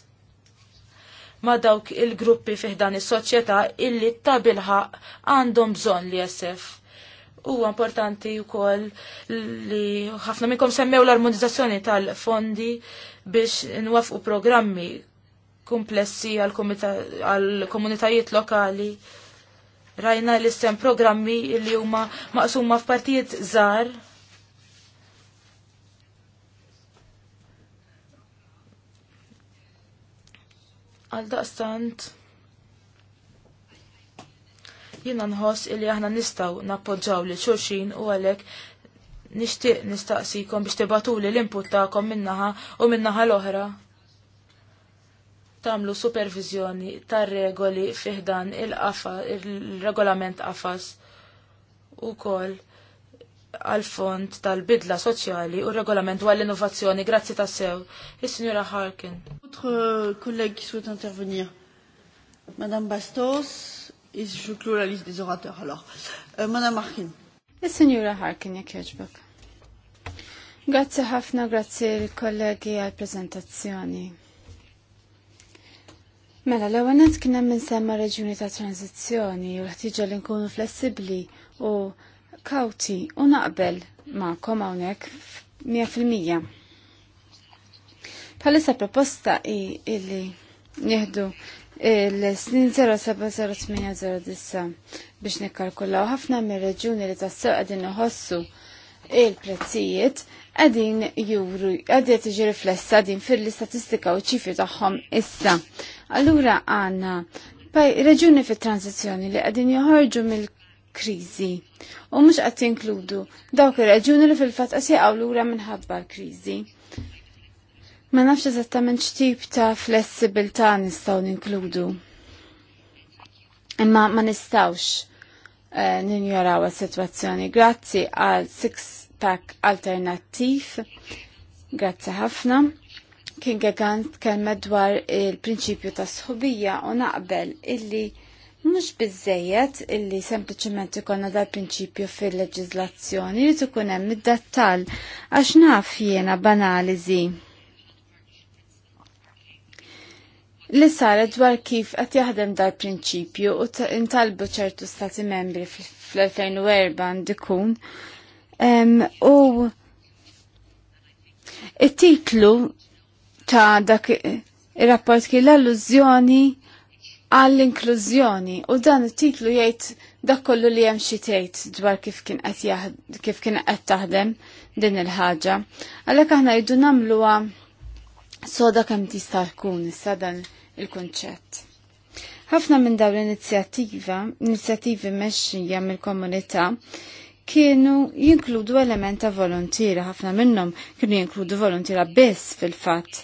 ma' dawk il-gruppi fiħdan is-soċjetà illi tabilħa għandhom bżonn li jessef Huwa importanti wkoll li ħafna minnkom semmew l-armonizzazzjoni tal-fondi biex nwafqu programmi komplessi għal komunitajiet lokali. Rajna li sem programmi li huma maqsuma f'partijiet żgħar għal daqstant. Jiena nħoss illi aħna nistgħu nappoġġaw lil xulxin u għalhekk nixtieq nistaqsikom biex tibatuli l-input tagħkom minnaħa u minnaħa l-oħra. Tamlu supervizjoni tar-regoli fiħdan il-qafa, il-regolament qafas u kol għal-fond tal-bidla soċjali u regolament u għall-innovazzjoni. Grazzi ta' sew. Il-Signora Harkin. Votre kolleg souhaite intervenir. Madame Bastos. Et je clôt la liste des orateurs alors. Euh, Madame Harkin. Il-Senjura Harkin, jek jħeġbek. Grazzi ħafna, grazzi l-kollegi għal-prezentazzjoni. Mela, l ewwel kien hemm insemma reġjuni ta' tranzizzjoni u l-ħtiġa li nkunu flessibli u kauti u naqbel ma' koma unek 100%. Palissa proposta i illi nieħdu il-snin 07080 biex nikkalkulaw ħafna mir-reġuni li tassew qegħdin iħossu il-prezzijiet qegħdin juru għadin tiġi riflessa din fil-istatistika u ċifri tagħhom issa. Allura għandna reġuni fit-tranzizzjoni li qegħdin joħorġu mill kriżi u mhux qed jinkludu dawk ir-reġuni li fil-fatt qed jaqgħu lura minħabba l-kriżi. Ma nafx eżattament x'tip ta' flessibilità nistgħu ninkludu. Imma ma nistgħux eh, ninjoraw is-sitwazzjoni. Grazzi għal six pack alternattiv. Grazzi ħafna. Kien għan tkellmet dwar il-prinċipju ta' sħubija u naqbel illi mhux biżejjed illi sempliċement ikollna dal prinċipju fil-leġiżlazzjoni li tkun hemm id-dettall għax naf jiena banaliżi. li saret dwar kif qed jaħdem dal prinċipju u intalbu ċertu stati membri fl-2004 dikun. U it-titlu ta' dak ir-rapport kien l-allużjoni għall-inklużjoni u dan it-titlu jgħid dak kollu li hemm xi tgħid dwar kif kien qed kif kien qed taħdem din il-ħaġa. Għalhekk aħna jdu nagħmluha soda kemm tista' tkun issa dan il-kunċett. Ħafna minn dawn l-inizjattiva, inizjattivi mexxija mill-komunità, kienu jinkludu elementa volontira, ħafna minnhom kienu jinkludu volontira biss fil-fatt.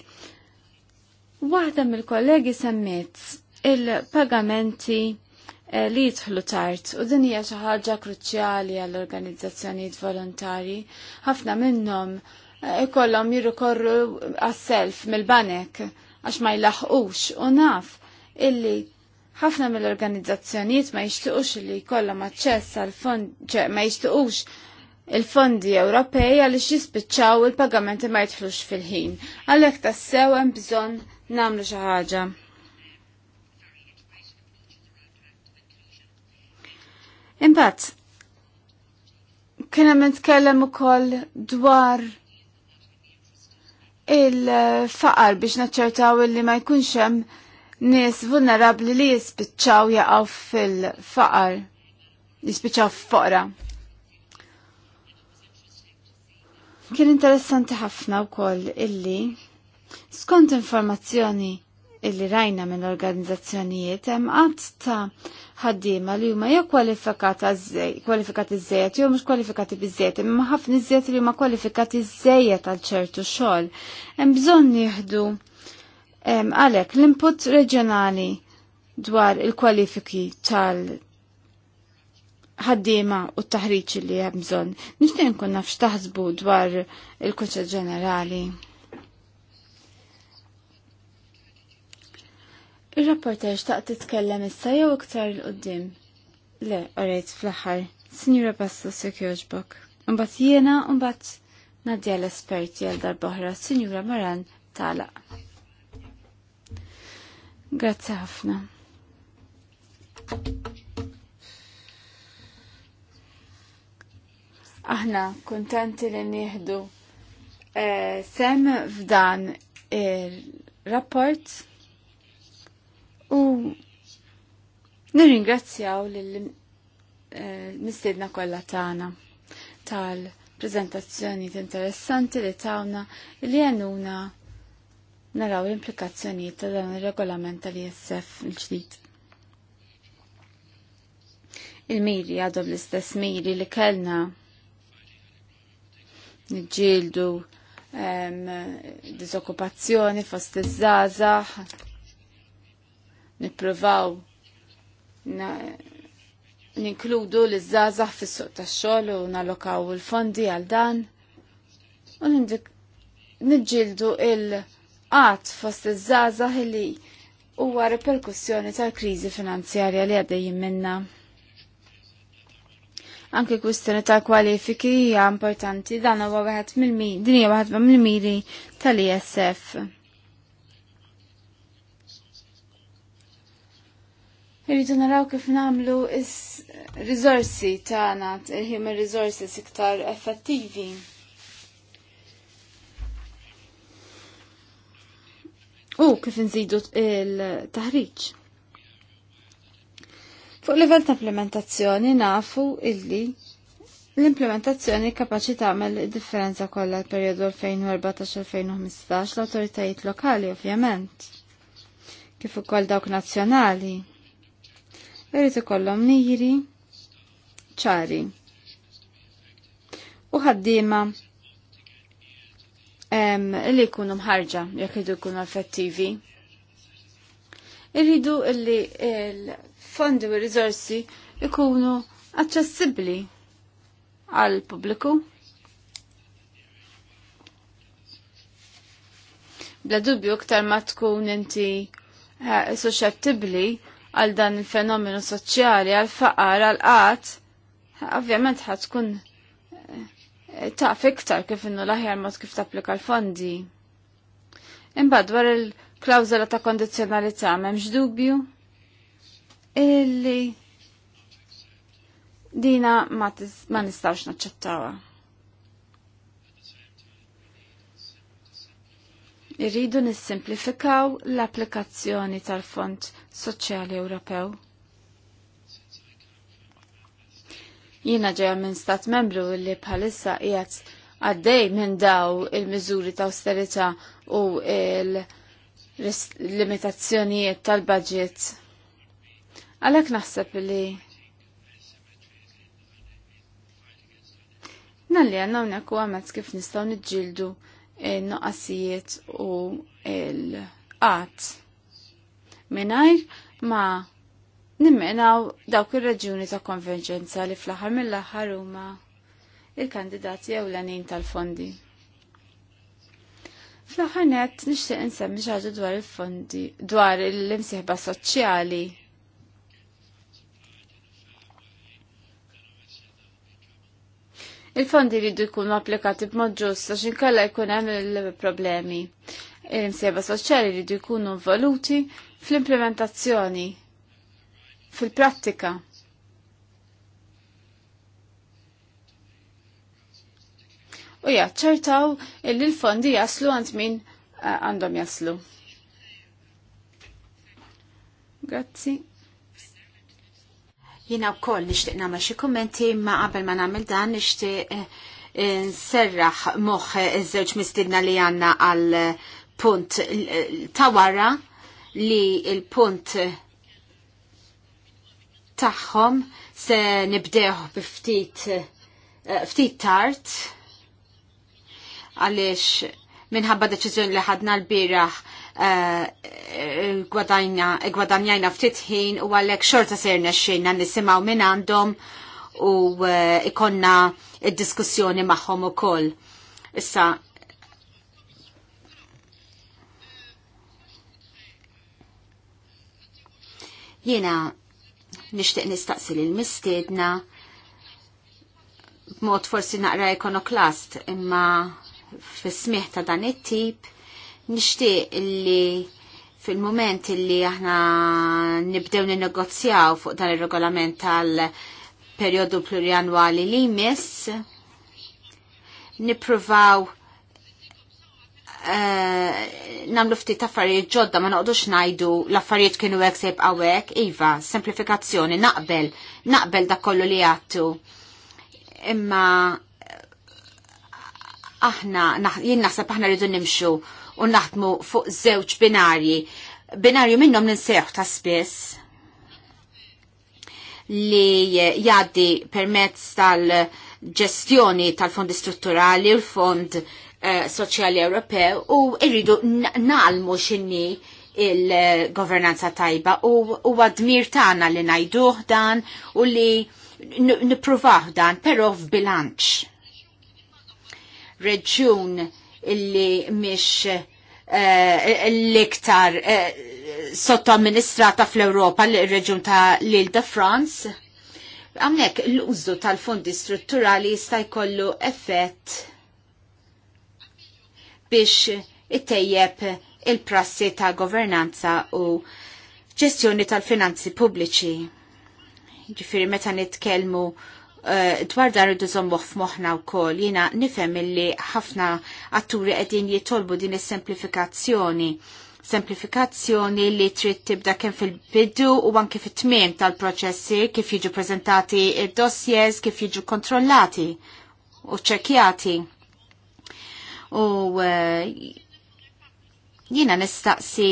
Waħda mill-kollegi semmiet il-pagamenti eh, li jidħlu tard u din hija xi ħaġa kruċjali għall-organizzazzjonijiet volontarji. Ħafna minnhom ikollhom eh, jirrikorru għas-self mill-banek għax ma jlaħqux u naf illi ħafna mill-organizzazzjonijiet ma jixtiqux li jkollhom aċċess għal fond ma jixtiqux il-fondi Ewropej għaliex jispiċċaw il-pagamenti ma jidħlux fil-ħin. Għalhekk tassew hemm bżonn nagħmlu xi ħaġa. Imbagħad kien hemm nitkellem ukoll dwar il-faqar biex naċċertaw li ma jkunx hemm nies vulnerabbli li jispiċċaw jaqgħu fil-faqar, jispiċċaw f'foqra. Kien interessanti ħafna wkoll illi skont informazzjoni illi rajna minn organizzazzjonijiet hemm ta' ħaddiema li huma jew kwalifikati żejjed jew mhux kwalifikati biżejjed, imma ħafna iżjed li huma kwalifikati żejjed għal ċertu xogħol. Hemm bżonn nieħdu għalhekk l-input reġjonali dwar il-kwalifiki tal ħaddiema u t taħriċ li hemm bżonn. Nixtieq nkun naf x'taħsbu dwar il kuċa ġenerali. Ir-rapporter xtaqt titkellem issa jew iktar il qoddim Le, orajt fl-aħħar. Sinjura Bassa Sekjoġbok. Unbat jiena u mbagħad ngħaddi l-esperti għal darb'oħra, Sinjura Maran tala. Grazzi ħafna. Aħna kontenti li nieħdu eh, sem f'dan ir-rapport U nirringrazzjaw l eh, mistedna kollha tagħna tal prezentazzjoni interessanti li tawna li għanuna naraw l-implikazzjonijiet ta' dan ir-regolament tal-ISF il-ġdid. Il-miri għadhom l-istess miri li kellna nġildu disokkupazzjoni fost iż żazax nippruvaw ninkludu l żgħażagħ fis-suq tax-xogħol u nallokaw il-fondi għal dan u niġġieldu il-qatt fost iż-żgħażagħ li huwa reperkussjoni tal-kriżi finanzjarja li għaddejjin minna. Anke kwistjoni ta' kwalifiki hija importanti dan huwa waħed mill-miri, din hija waħed mill-miri tal-ISF. Irridu naraw kif namlu is-rizorsi tagħna il-human resources iktar effettivi. U kif nżidu il-taħriġ. Fuq livell ta' implementazzjoni nafu illi l-implementazzjoni kapaċi tagħmel differenza kollha l-perjodu 2014-2015 l-awtoritajiet lokali ovvjament kif ukoll dawk nazzjonali. Irrid ikollhom niri ċari. U ħaddiema li jkunu mħarġa jekk idu jkunu effettivi. Irridu illi il-fondi u r-riżorsi ikunu aċċessibbli għal pubbliku. Bla dubju iktar ma tkun inti eh, suscettibbli għal dan il-fenomenu soċjali, għal faqar, għal qat, ovvjament ħat tkun eh, taf iktar kif innu laħjar mod kif tapplika l-fondi. Imbagħad war il-klawżola ta' kondizzjonalità m'hemmx dubju illi dina ma nistawx naċċettawha. Irridu nissimplifikaw l-applikazzjoni tal-Fond Soċjali Ewropew. Jiena ġeja minn stat membru li bħalissa qiegħed għaddej minn daw il-miżuri ta' austerità u il-limitazzjonijiet tal-budget. Għalhekk naħseb li Nalli għanna unek u għamet kif nistaw nidġildu il-noqqasijiet u il-qat. Minajr ma nimmenaw dawk il-raġuni ta' konverġenza li fl-ħar mill-ħar huma il-kandidati l-għanin tal-fondi. Fl-ħar net nixtieq insemmi xi dwar il-fondi dwar l-imsieħba soċjali Il-fondi ridu jkunu applikati b'mod ġust għax inkella jkun hemm il-problemi. Il-imsieba soċjali jridu jkunu valuti fl-implementazzjoni, fil-prattika. U jaċċertaw illi l-fondi jaslu għand min eh, għandhom jaslu. Grazzi. Jina u koll nishtiq namel xie kommenti ma qabel ma namel dan nishtiq eh, eh, nserraħ moħ iż-żewġ mistidna li għanna għal eh, punt tawara li il-punt taħħom se nibdeħ biftit ftit tart għalix minħabba deċiżjoni li ħadna l-biraħ eh, gwadanjajna ftit ħin u għalhekk xorta serna xejna nisimaw minn għandhom u eh, ikonna id-diskussjoni magħhom ukoll. Issa, Jiena nishtiq nistaqsi lil mistiedna b'mod forsi naqra ikonoklast imma fis-smieħ ta' dan it-tip nixtieq li fil-moment li aħna nibdew ninnegozjaw fuq dan ir-regolament tal-perjodu plurianwali li jmiss nippruvaw uh, namlu ftit affarijiet ġodda ma noqdux ngħidu l-affarijiet kienu hekk se jibqgħu hekk, iva, semplifikazzjoni, naqbel, naqbel dak kollu li għattu. Imma aħna, jien naħseb aħna rridu nimxu u naħdmu fuq żewġ binarji. Binarju minnhom ninsejħu ta' spiss li jaddi permezz tal-ġestjoni tal-fondi strutturali u l-fond eh, soċjali Ewropew u irridu nagħmlu xinni il-governanza tajba u huwa dmir tagħna li ngħiduh dan u li nippruvaw dan però f'bilanċ reġjun illi mish eh, l-iktar eh, amministrata fl-Europa l reġjun ta' l'Ile de France. Għamnek l-użu tal-fondi strutturali jista' jkollu effett biex it-tejjeb il-prassi ta' governanza u ġestjoni tal-finanzi pubbliċi. Ġifiri meta nitkellmu Eh, dwar dan rridu moħna f'moħħna wkoll jiena nifhem illi ħafna atturi qegħdin jitolbu din is-semplifikazzjoni semplifikazzjoni li trid tibda kemm fil-bidu u anke fit-tmiem tal-proċessi kif jiġu preżentati id-dossiers, kif jiġu kontrollati u ċekjati. U eh, jiena nistaqsi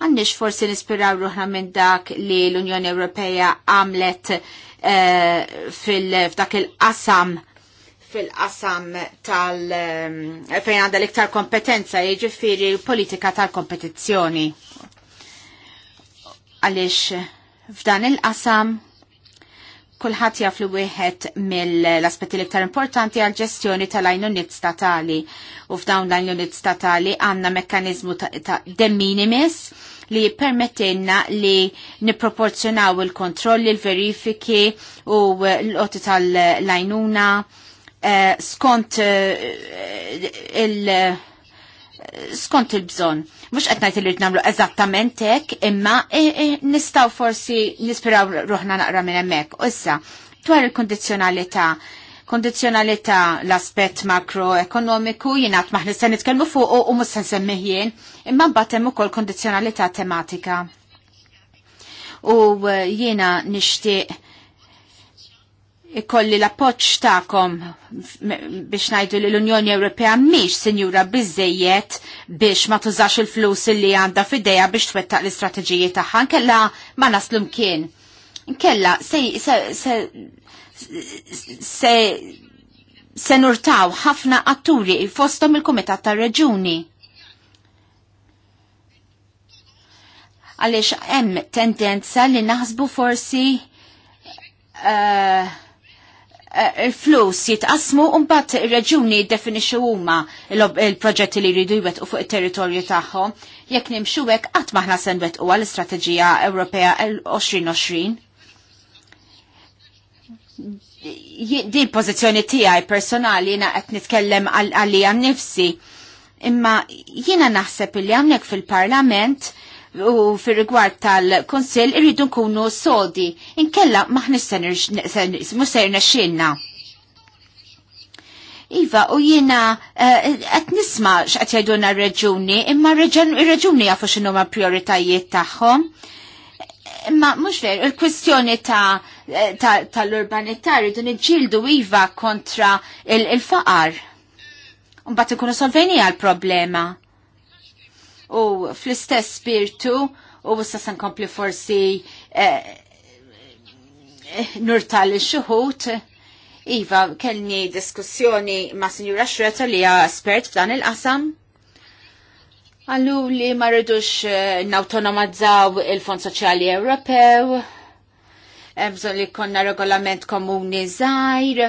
Għandix forsi nispiraw ruħna minn dak li l-Unjoni Ewropea għamlet eh, f'dak il-qasam fil-qasam tal- eh, fejn għandha l-iktar kompetenza jiġifieri politika tal-kompetizzjoni. Għaliex f'dan il-qasam kulħadd jaf li wieħed mill-aspetti l-iktar importanti għal ġestjoni tal-għajnuniet statali u f'dawn l-għajnuniet statali għandna mekkaniżmu ta' de minimis li permettenna li niproporzjonaw il-kontrolli, il-verifiki u l-qoti tal-lajnuna eh, skont eh, il- skont il-bżon. Mux għetnajt li namlu eżattament hekk, imma eh, nistaw forsi nispiraw ruħna naqra minn hemmhekk. Issa, dwar il-kondizjonalità Kondizjonalità l-aspett makroekonomiku jingħat maħni se nitkellmu fuq u mhux se nsemmih jien, imma mbagħad hemm ukoll kondizzjonalità tematika. U eh, jiena nixtieq ikolli l-appoċ ta'kom biex najdu li l-Unjoni Ewropea miex sinjura bizzejiet biex ma tużax il-flus li għanda fideja biex twettaq l-istrateġiji tagħha nkella ma naslum kien. Nkella se, se, se se se nurtaw ħafna atturi fostom il-Komitat tar reġuni Għaliex hemm tendenza li naħsbu forsi eh, eh, il-flus jitqasmu unbat il-reġuni definixu huma il-proġetti li jridu jwet u fuq il-territorju tagħhom jekk nimxu hekk qatt maħna senwet u għall-Istrateġija Ewropea 2020 din pożizzjoni tiegħi personali jiena qed nitkellem għalija nnifsi. Imma jiena naħseb li hawnhekk fil-Parlament u fir rigward tal-Konsil irridu nkunu sodi. Inkella ma ser nexxinna. Iva, u jiena qed eh, nisma x'qed jgħidulna r-reġuni, imma r-reġuni jafu x'inhuma prioritajiet tagħhom. Imma mhux ver, il-kwistjoni ta' Eh, tal urbanitar rridu niġġieldu iva kontra il-faqar. Un bat ikunu solveni għal-problema. U fl-istess spirtu, u wissa san kompli forsi eh, nurtali xuħut, Iva, kellni diskussjoni ma' Sinjura Xreta li hija espert f'dan il-qasam. Għallu li ma rridux eh, nawtonomazzaw il-Fond Soċjali Ewropew, bżon li konna regolament komuni zaħir.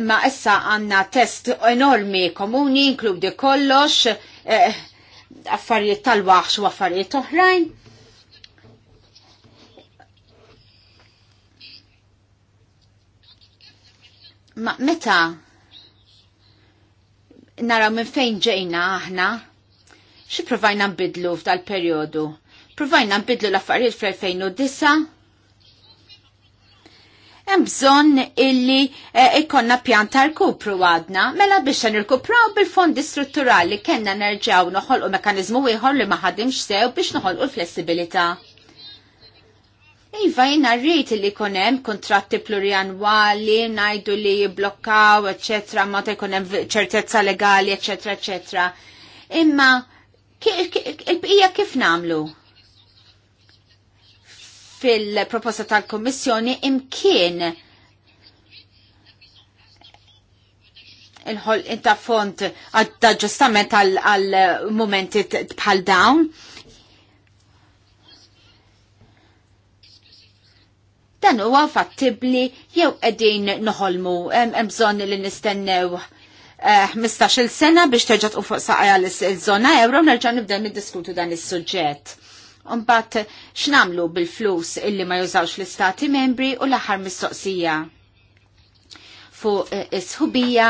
Imma issa għanna test enormi komuni, inkludi kollox, eh, affarijiet tal-waħx u affarijiet oħrajn. Ma meta naraw minn fejn ġejna aħna, xi provajna nbidlu f'dal perjodu? Provajna nbidlu l-affarijiet fl-2009, hemm bżonn illi eh, ikonna pjanta rkupru għadna, mela biex nirkupraw bil-fondi strutturali kellna nerġgħu noħolqu mekanizmu ieħor li ma ħadimx sew biex noħolqu l-flessibilità. Iva jina rrit li konem kontratti plurianwali, najdu li jiblokkaw, eccetera, ma ta' hemm ċertezza legali, eccetera, eccetera. Imma, il-bqija kif namlu? fil-proposta tal-Kommissjoni imkien il-ħol inta font għad-ġustament għal-momenti bħal dawn. Dan huwa għafattibli jew qegħdin noħolmu hemm bżonn li nistennew 15-il eh, sena biex terġa' u fuq saqja l zona euro nerġa' nibdew niddiskutu dan is-suġġett. Mbagħad x'namlu bil-flus illi ma jużawx l-istati membri u l-aħħar mistoqsija Fu eh, is-ħubija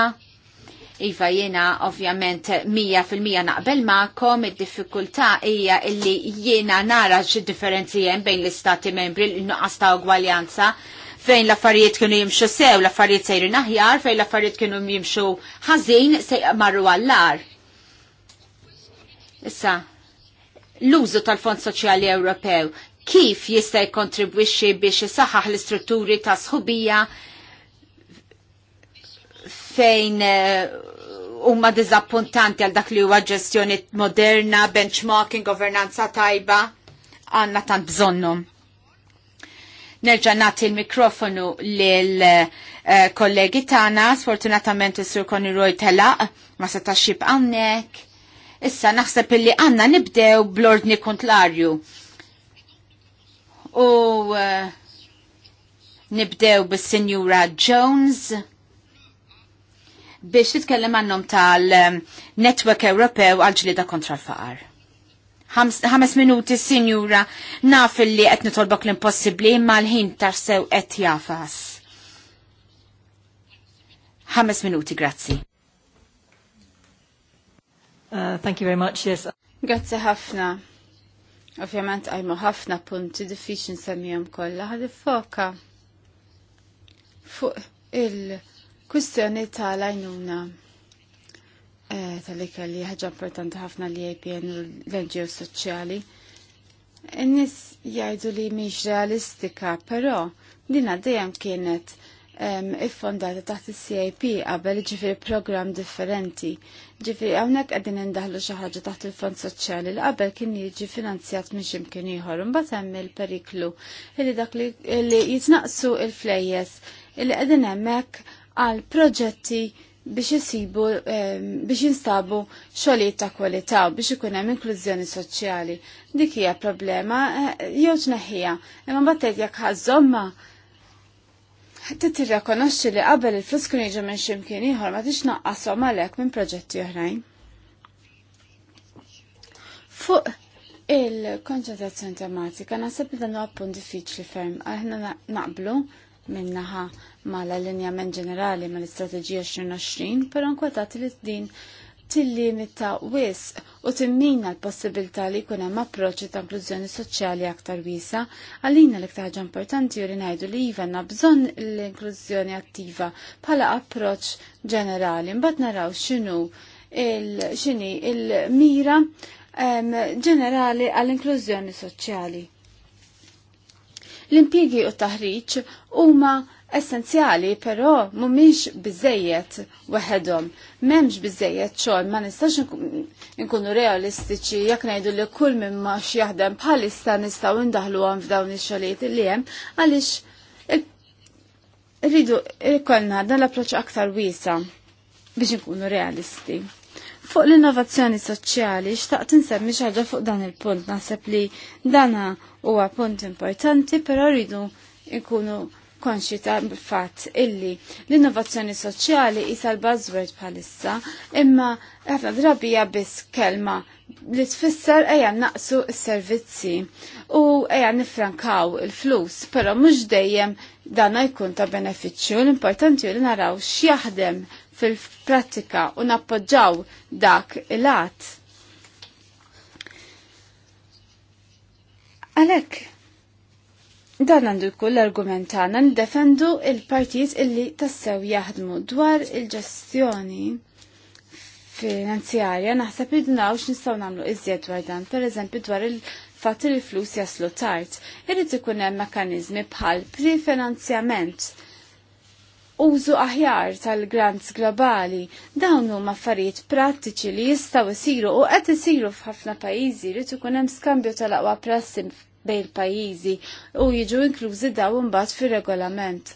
Iva jiena ovvjament 100% naqbel ma'kom, id-diffikultà hija illi jiena nara x differenzi jen bejn l-istati membri l-nuqqas ta' ugwaljanza fejn l-affarijiet kienu jimxu sew, l-affarijiet sejrin aħjar, fejn l-affarijiet kienu jimxu ħażin se marru għallar. Issa, l-użu tal-Fond Soċjali Ewropew kif jista' jkontribwixxi biex isaħħaħ l-istrutturi ta' sħubija fejn eh, huma diżappuntanti għal dak li huwa ġestjoni moderna, benchmarking, governanza tajba għandna tant bżonnhom. Nerġa' nagħti l-mikrofonu lil eh, kollegi tagħna, sfortunatament is-Sur Conny Roy telaq ma setax jibqa' hawnhekk Issa naħseb illi għanna nibdew bl-ordni kontlarju. U uh, nibdew bis-Sinjura Jones biex titkellem għannom tal-Network Ewropew għal-ġlida kontra l-faqar. Ħames minuti, sinjura, naf li qed nitolbok l-impossibbli mal l-ħin tarsew qed jafas. Ħames minuti, grazzi. Uh, thank you very much, yes. Grazie ħafna. Ovvjament għajmu ħafna punti diffiċin semmijom kolla ħad foka fuq il-kustjoni tal-għajnuna eh, tal-ikka li ħagġa importanti ħafna li IPN u l-NGO soċjali. In-nies jgħidu li miex realistika, pero dina dejjem kienet iffondata taħt il-CIP qabel ġifiri program differenti. Ġifiri għawnek għedin indaħlu xaħġa taħt il-fond soċjali li qabel kien jiġi finanzjat minn ximkien ieħor. Mbagħad hemm il-periklu li dak li jitnaqsu il-flejjes li qegħdin hemmhekk għal proġetti biex jisibu, biex jinstabu xogħlijiet ta' kwalità u biex ikun hemm inklużjoni soċjali. Dik hija problema eh, jew tneħħija, imma mbagħad jekk ħażomma Ħadd tirrakonoxxi li qabel il fluss kun jiġu minn x'imkien ieħor ma tix naqqashom għalhekk minn proġetti oħrajn. Fuq il-konċentrazzjoni tematika naħseb li dan huwa punt diffiċli ferm. Aħna naqblu minnaħa mal-allinjament ġenerali mal-istrateġija 2020, però nkwetati li din tillimita wis u timmina l-possibilità li jkun hemm approċċi ta' inklużjoni soċjali aktar wisa. għalina l ktaħġa importanti u rinajdu ngħidu li iva għandna bżonn l-inklużjoni attiva bħala approċċ ġenerali. Mbagħad naraw x'inhu il x'inhi il-mira ġenerali għall-inklużjoni soċjali. L-impjiegi u t taħriġ huma essenzjali, però mhumiex biżejjed waħedhom. M'hemmx bizzejiet xogħol, ma nistax inkunu realistiċi jekk ngħidu li kull minn ma jaħdem bħalissa nistgħu indaħluhom f'dawn ix-xogħlijiet li hemm għaliex rridu ikollna dan l-approċċ aktar wiesa biex inkunu realisti. Fuq l-innovazzjoni soċjali, xtaqt insemmi ħagġa fuq dan il-punt, naħseb li dana huwa punt importanti, però rridu ikunu konxi ta' fat illi l-innovazzjoni soċjali isa l-buzzword bħalissa imma ħafna drabija biss kelma li tfisser eja naqsu s-servizzi u eja nifrankaw il-flus, pero mux dejjem dana jkun ta' beneficju l-importanti li naraw x'jaħdem fil-prattika u nappoġġaw dak il għat Għalek, Dan għandu jkun l-argument tagħna nidefendu il-partijiet illi tassew jaħdmu dwar il-ġestjoni finanzjarja naħseb idnaw x'nistgħu nagħmlu iżjed dwar dan, pereżempju dwar il-fatt li l-flus jaslu tard. Irid ikun hemm mekkaniżmi bħal prefinanzjament użu aħjar tal-grants globali, dawn huma affarijiet prattiċi li jistgħu isiru u qed isiru f'ħafna pajjiżi rid ikun hemm skambju tal-aqwa prassi bejn pajjiżi u jiġu inklużi daw imbagħad fir-regolament.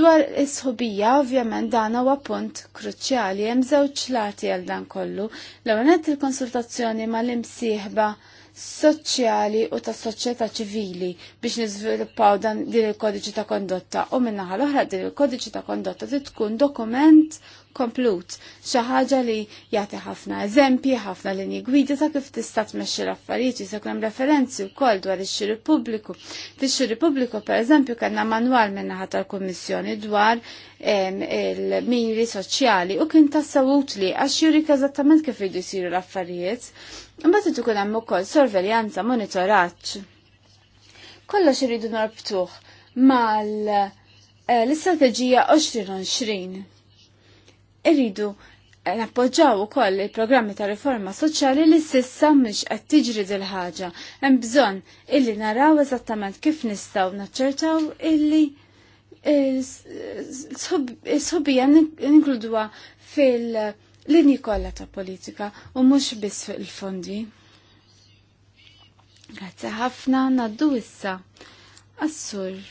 Dwar is-sħubija ovvjament dan huwa punt kruċjali hemm żewġ lati għal dan kollu l-ewwel il-konsultazzjoni mal-imsieħba soċjali u ta' soċjetà ċivili biex niżviluppaw dan din il-kodiċi ta' kondotta u minnaħa l-oħra din il-kodiċi ta' kondotta tkun dokument komplut, xi ħaġa li jagħti ħafna eżempji, ħafna linji gwida ta' kif tista' tmexxi l-affarijiet jista' hemm referenzi wkoll dwar ix-xiri pubbliku. Fix-xiri pubbliku pereżempju kellna manwal minnaħa tal-Kummissjoni dwar il-miri soċjali u kien tassawut li għax jurik eżattament kif jidu jsiru l-affarijiet. Imbagħad ikun hemm ukoll sorveljanza, monitoraġġ. Kollox iridu norbtuh mal eh, l-istrateġija 2020 irridu nappoġġaw ukoll il-programmi ta' riforma soċjali li sissa mhix qed tiġri dil ħaġa hemm bżonn illi naraw eżattament kif nistgħu naċċertaw illi sħubija ninkludwa fil-linji kollha ta' politika u mhux biss fil-fondi. Grazzi ħafna naddu issa assur eh,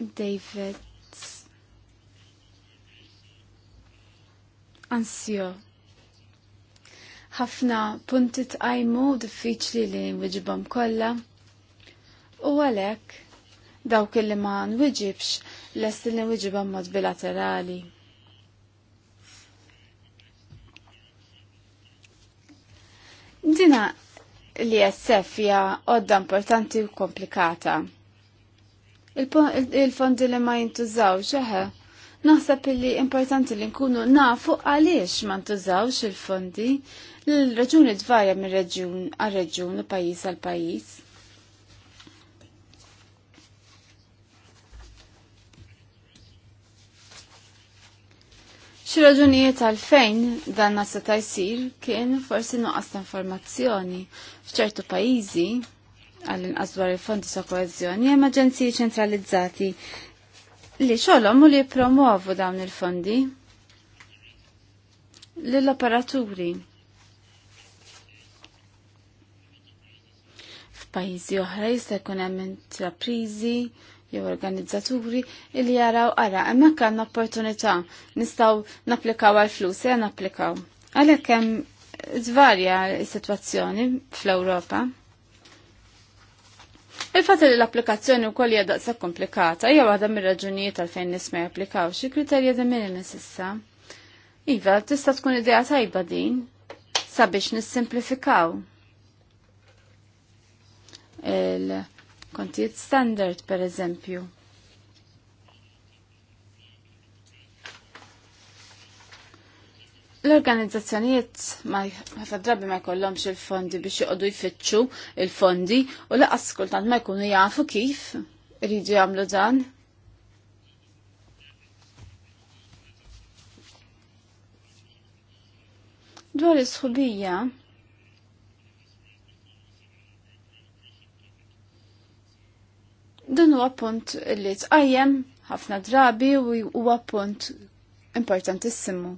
David Ansio. Ħafna punti tqajmu diffiċli li nwiġibhom kollha. U għalhekk dawk li ma nwiġibx lest li nwiġibhom mod bilaterali. Dina li jessef hija għodda importanti u komplikata. Il-fondi li ma jintużaw xeħe Naħseb illi importanti li nkunu nafu għaliex ma ntużawx il-fondi l-raġuni dvarja minn reġun għal reġun u pajjiż għal pajjiż. Xi raġunijiet għalfejn dan seta' jsir kien forsi nuqqas ta' informazzjoni f'ċertu pajjiżi għall-inqas dwar il-fondi ta' koeżjoni hemm aġenziji ċentralizzati li xolom u li promuovu dawn il-fondi l-operaturi f'pajjiżi oħra jista' jkun hemm intraprizi jew organizzaturi li jaraw ara hemmhekk għandna opportunità nistgħu napplikaw għal flus se napplikaw. Għalhekk hemm tvarja s-sitwazzjoni fl-Ewropa. Il-fat li l-applikazzjoni wkoll hija sa' komplikata jgħu għadha mir-raġunijiet għalfejn nisma japplikaw xi kriterja ta' min issa. Iva, tista' tkun idea tajba din sabiex nissimplifikaw il-kontijiet standard per eżempju. L-organizzazzjonijiet ma drabi ma jkollhomx il-fondi biex joqogħdu jfittxu il-fondi u laqas kultant ma jkunu jafu kif iridu jagħmlu dan. Dwar is-sħubija dan huwa punt li tqajjem ħafna drabi u huwa punt importantissimu.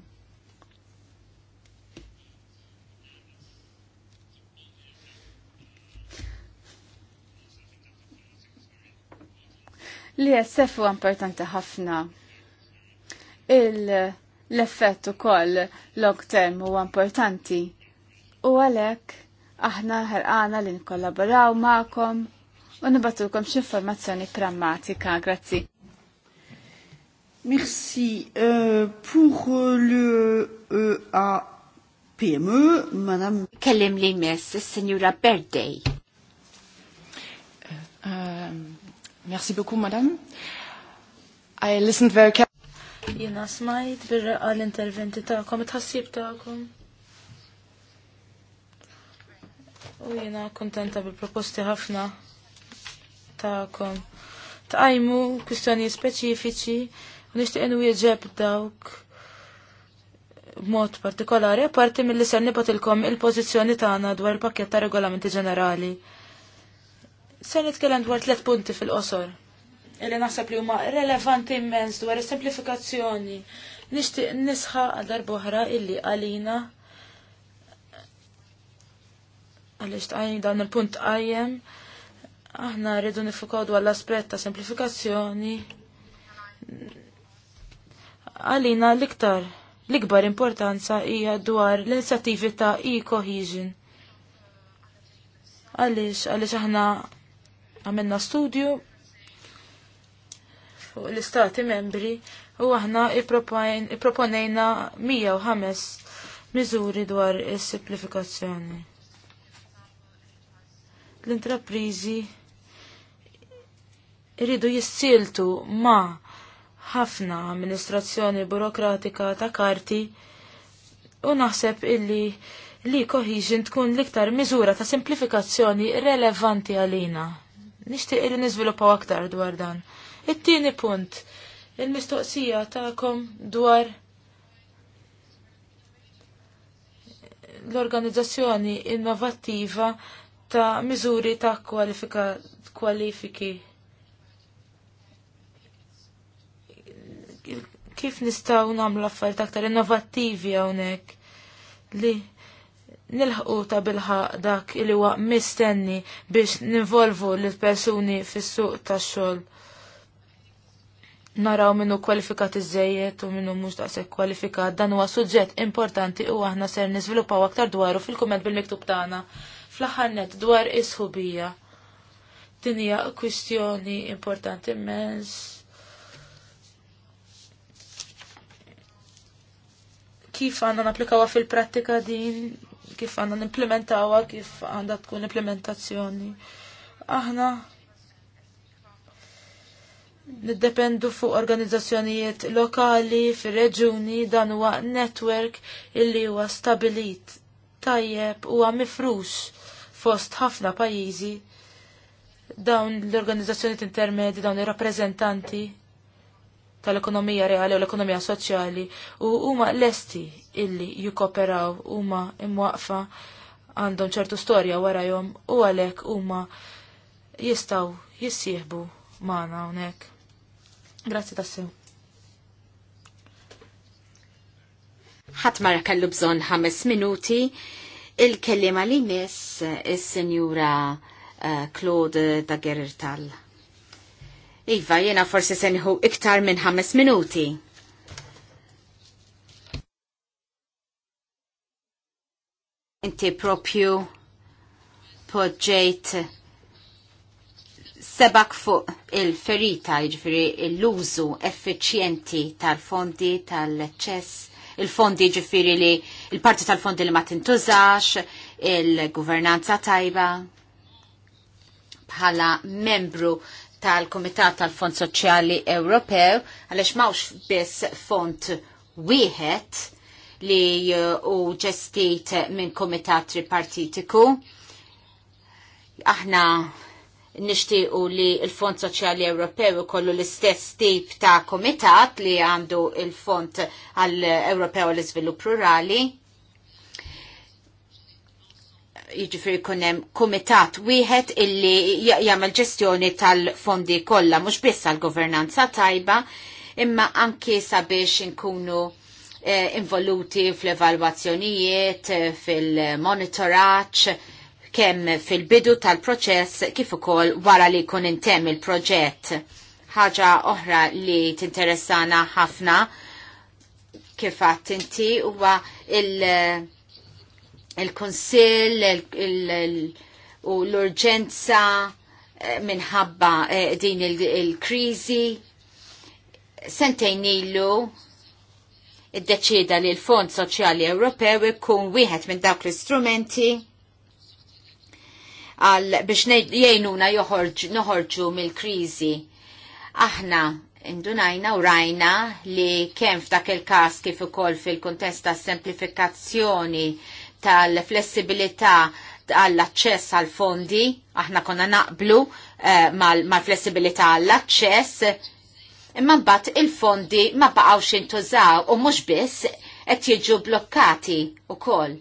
Li jessef u importanti ħafna. L-effett ukoll long term huwa importanti. U għalhekk aħna ħerqana li nkollaboraw ma'kom u nibatulkom xi informazzjoni prammatika. Grazzi. Merci. Euh, pour euh, le euh, PME, Madame. Kellim li mess, Signora Berdej. Uh, Merci beaucoup, madame. I listened very carefully. Jena smajt birra għal interventi ta'kom, tħassib ta'kom. U jena kontenta bil-proposti ħafna ta'kom. Taqajmu kustjoni speċifiċi u nishtiq inu jieġeb dawk b'mod partikolari, apparti mill-li ser il-pozizjoni tagħna dwar il-pakket ta' regolamenti ġenerali. Se nitkellem dwar tliet punti fil-qosor. Illi naħseb li huma relevanti immens dwar is-semplifikazzjoni. Nixtieq nisħa għal boħra illi għalina għaliex tajni dan il-punt qajjem aħna rridu nifukaw dwar l-aspett ta' semplifikazzjoni għalina l-iktar l-ikbar importanza hija dwar l-inizjattivi ta' e-cohesion. Għaliex, għaliex aħna Għamilna studju fuq l-istati membri u aħna i-proponejna 105 miżuri dwar is-simplifikazzjoni. L-intraprizi iridu jissiltu ma' ħafna amministrazzjoni burokratika ta' karti u naħseb illi li cohesion tkun liktar miżura ta' simplifikazzjoni relevanti għalina. Nixtieq li niżviluppaw aktar dwar dan. It-tieni punt, il-mistoqsija tagħkom dwar l-organizzazzjoni innovattiva ta' miżuri ta' kwalifika, kwalifiki. Kif nistaw namlu affarijiet aktar innovattivi hawnhekk li nilħqu ta' bilħa dak il huwa mistenni biex ninvolvu l-persuni fis-suq tax-xogħol. Naraw minnu kwalifikat iżejjed u minnu mhux daqshekk kwalifikat dan huwa suġġett importanti u aħna ser niżviluppaw aktar dwaru fil-kumment bil-miktub tagħna fl-aħħar net dwar is-ħubija. Din hija kwistjoni importanti immens. Kif għandna napplikawa fil-prattika din kif għandna implementawa kif għandha tkun implementazzjoni. Aħna niddependu fuq organizzazzjonijiet lokali, fir-reġuni, dan huwa netwerk illi huwa stabilit tajjeb huwa mifrux fost ħafna pajjiżi dawn l-organizzazzjonijiet intermedi, dawn ir rappreżentanti tal-ekonomija reali u l-ekonomija soċjali u huma lesti illi jikoperaw huma imwaqfa għandhom ċertu storja warajhom u għalhekk huma jistgħu jissieħbu magħna hawnhekk. Grazzi tassew. Ħadd mara kellu bżonn ħames minuti il kelliema li miss is-Sinjura eh, Claude Dagerirtal. Tal. Iva, jena forsi senħu iktar minn ħames minuti. Inti propju poġġejt sebak fuq il-ferita, ġifiri l-użu effiċjenti tal-fondi tal-ċess, il-fondi ġifiri li il-parti tal-fondi li ma tintużax, il-governanza tajba. Bħala membru tal-Komitat tal-Fond Soċjali Ewropew, għalix mawx biss fond wieħed li uh, u ġestit minn Komitat Tripartitiku. Aħna nishtiqu li il-Fond Soċjali Ewropew kollu l-istess tip ta' komitat li għandu il-Fond għal-Ewropew għal izvilup Rurali jiġifieri kunem hemm kumitat wieħed illi jagħmel ġestjoni tal-fondi kollha mhux biss għall-governanza tajba imma anki sabiex inkunu eh, involuti fl-evalwazzjonijiet, fil-monitoraċ, kemm fil-bidu tal-proċess kif ukoll wara li jkun intemm il-proġett. Ħaġa oħra li tinteressana ħafna kif inti huwa il- il-konsil u l-urġenza eh, minħabba eh, din il-krizi. Sentejn ilu id-deċida li l-Fond Soċjali Ewropew ikun wieħed minn dawk l-istrumenti għal biex jgħinuna noħorġu mill-krizi. Aħna indunajna u rajna li kemm f'dak il-każ kif ukoll fil-kuntest ta' semplifikazzjoni tal-flessibilità għall-aċċess għal fondi, aħna konna naqblu eh, mal flessibilità għall aċċess imma mbagħad il-fondi ma baqgħux jintużaw u mhux biss qed jiġu blokkati wkoll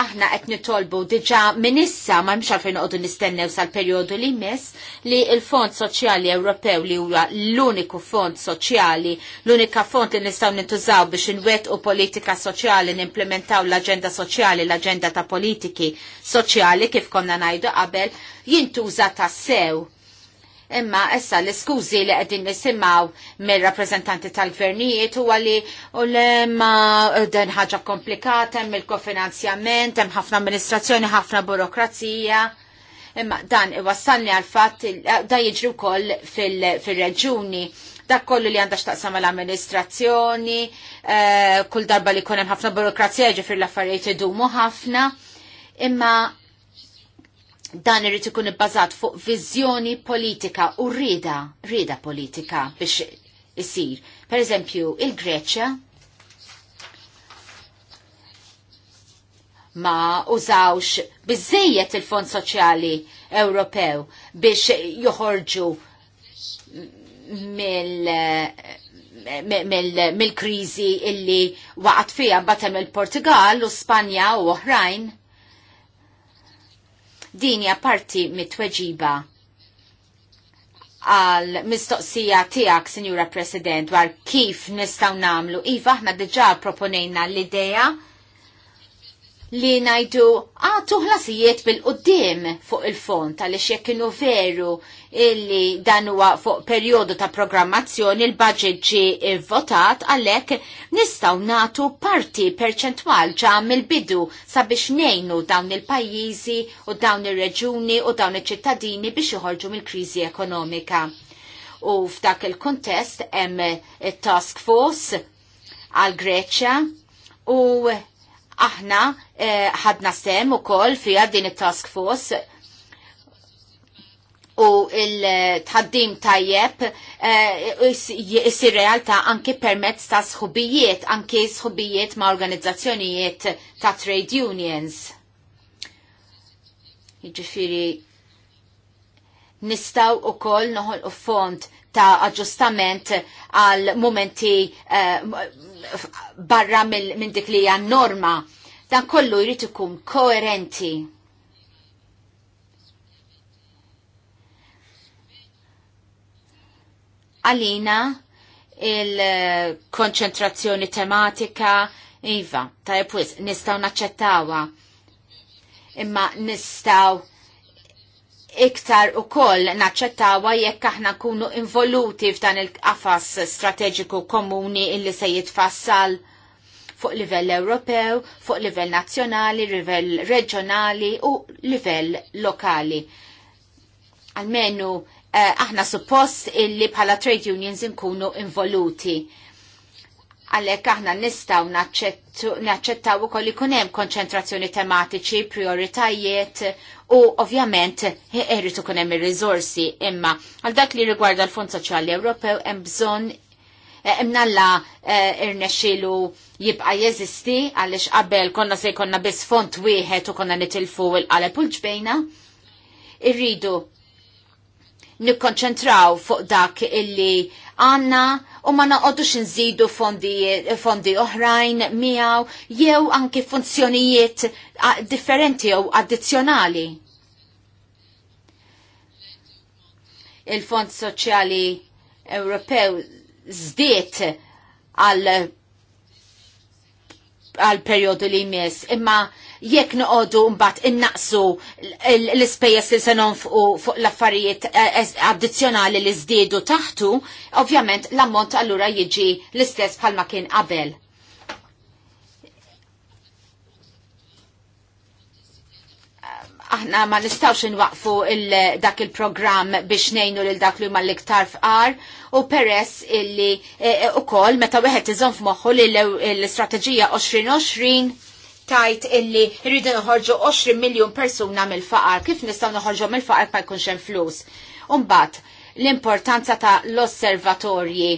aħna qed nitolbu diġà minn issa ma nix għalfejn noqogħdu nistennew sal-perjodu li jmiss li l-Fond Soċjali Ewropew li huwa l-uniku fond soċjali, l-unika fond li nistgħu nintużaw biex u politika soċjali nimplementaw l-aġenda soċjali, l-aġenda ta' politiki soċjali kif konna ngħidu qabel, jintuża ta' sew Imma issa l-iskużi li qegħdin nisimaw mir-rappreżentanti tal-gvernijiet huwa li u lemma den ħaġa komplikata hemm il-kofinanzjament, hemm ħafna amministrazzjoni, ħafna burokrazija. Imma dan iwassalni għal fatt eh, da jiġri wkoll fil-reġuni. Dak kollu li għandha x'taqsam l-amministrazzjoni, eh, kull darba li jkun hemm ħafna burokrazija ġifir l-affarijiet idumu ħafna. Imma dan irrid ikun ibbażat fuq viżjoni politika u rida, rida politika biex isir. Per eżempju, il-Greċja ma użawx bizzejiet il-Fond Soċjali Ewropew biex joħorġu mill-krizi mil, mil illi waqt fija batem il-Portugal u Spanja u oħrajn. Din hija parti mit għal mistoqsija tiegħek, Sinjura President, dwar kif nistgħu nagħmlu. Iva, aħna diġà proponejna l-idea li najdu għatu ah, ħlasijiet bil-qoddim fuq il-font għalix jekk kienu veru illi dan huwa fuq perjodu ta' programmazzjoni il-budget ġi votat għalek nistaw natu parti perċentwal ġa mill-bidu sabiex nejnu dawn il-pajjiżi u dawn ir-reġuni u dawn iċ-ċittadini biex joħorġu mill-kriżi ekonomika. U f'dak il-kontest hemm task force għal Greċja u Aħna eh, ħadna sem ukoll fiha din it-task force u il-tħaddim tajjeb eh, jisir realtà anki permezz ta' sħubijiet, anki sħubijiet ma' organizzazzjonijiet ta' trade unions. Jiġifieri nistaw u koll noħol u font ta' aġġustament għal momenti eh, barra minn dik li għan norma. Dan kollu jrid ikun koerenti. Alina il-konċentrazzjoni tematika, iva, ta' jepwis, nistaw naċċettawa, imma nistaw iktar u koll naċċettawa jekk aħna kunu involuti f'dan il-qafas strateġiku komuni illi se jitfassal fuq livell Ewropew, fuq livell nazzjonali, livell reġjonali u livell lokali. Almenu eh, aħna suppost illi bħala trade unions nkunu involuti għalek aħna nistaw naċċettaw u koll ikunem konċentrazzjoni tematiċi, prioritajiet u ovvjament irrid tu hemm ir rizorsi imma għal dak li rigwarda l-Fond Soċjali Ewropew hemm bżonn imna eh, la eh, irnexilu jibqa jeżisti għalix qabel konna se konna bis font wieħed u konna nitilfu il-qalep u l-ġbejna. Irridu nikkonċentraw fuq dak illi għanna u ma naqodux nżidu fondi, fondi oħrajn miegħu jew anki funzjonijiet differenti jew addizzjonali. Il-Fond Soċjali Ewropew żdiet għal għal periodu li jmiss, imma jekk noqogħdu mbagħad innaqsu l-ispejjeż li se nonfqu fuq l-affarijiet eh, addizzjonali li żdiedu taħtu, ovvjament l-ammont allura jiġi l-istess bħalma kien qabel. aħna ma nistawx nwaqfu dak il-programm biex nejnu lil dak li huma l-iktar fqar u peress illi e, eh, eh, u meta wieħed iżon f'moħħu li l-istrateġija 2020 tajt illi rridu noħorġu 20 miljon persuna mill-faqar, kif nistgħu noħorġu mill-faqar ma jkunx hemm flus. mbagħad l-importanza ta' l-osservatorji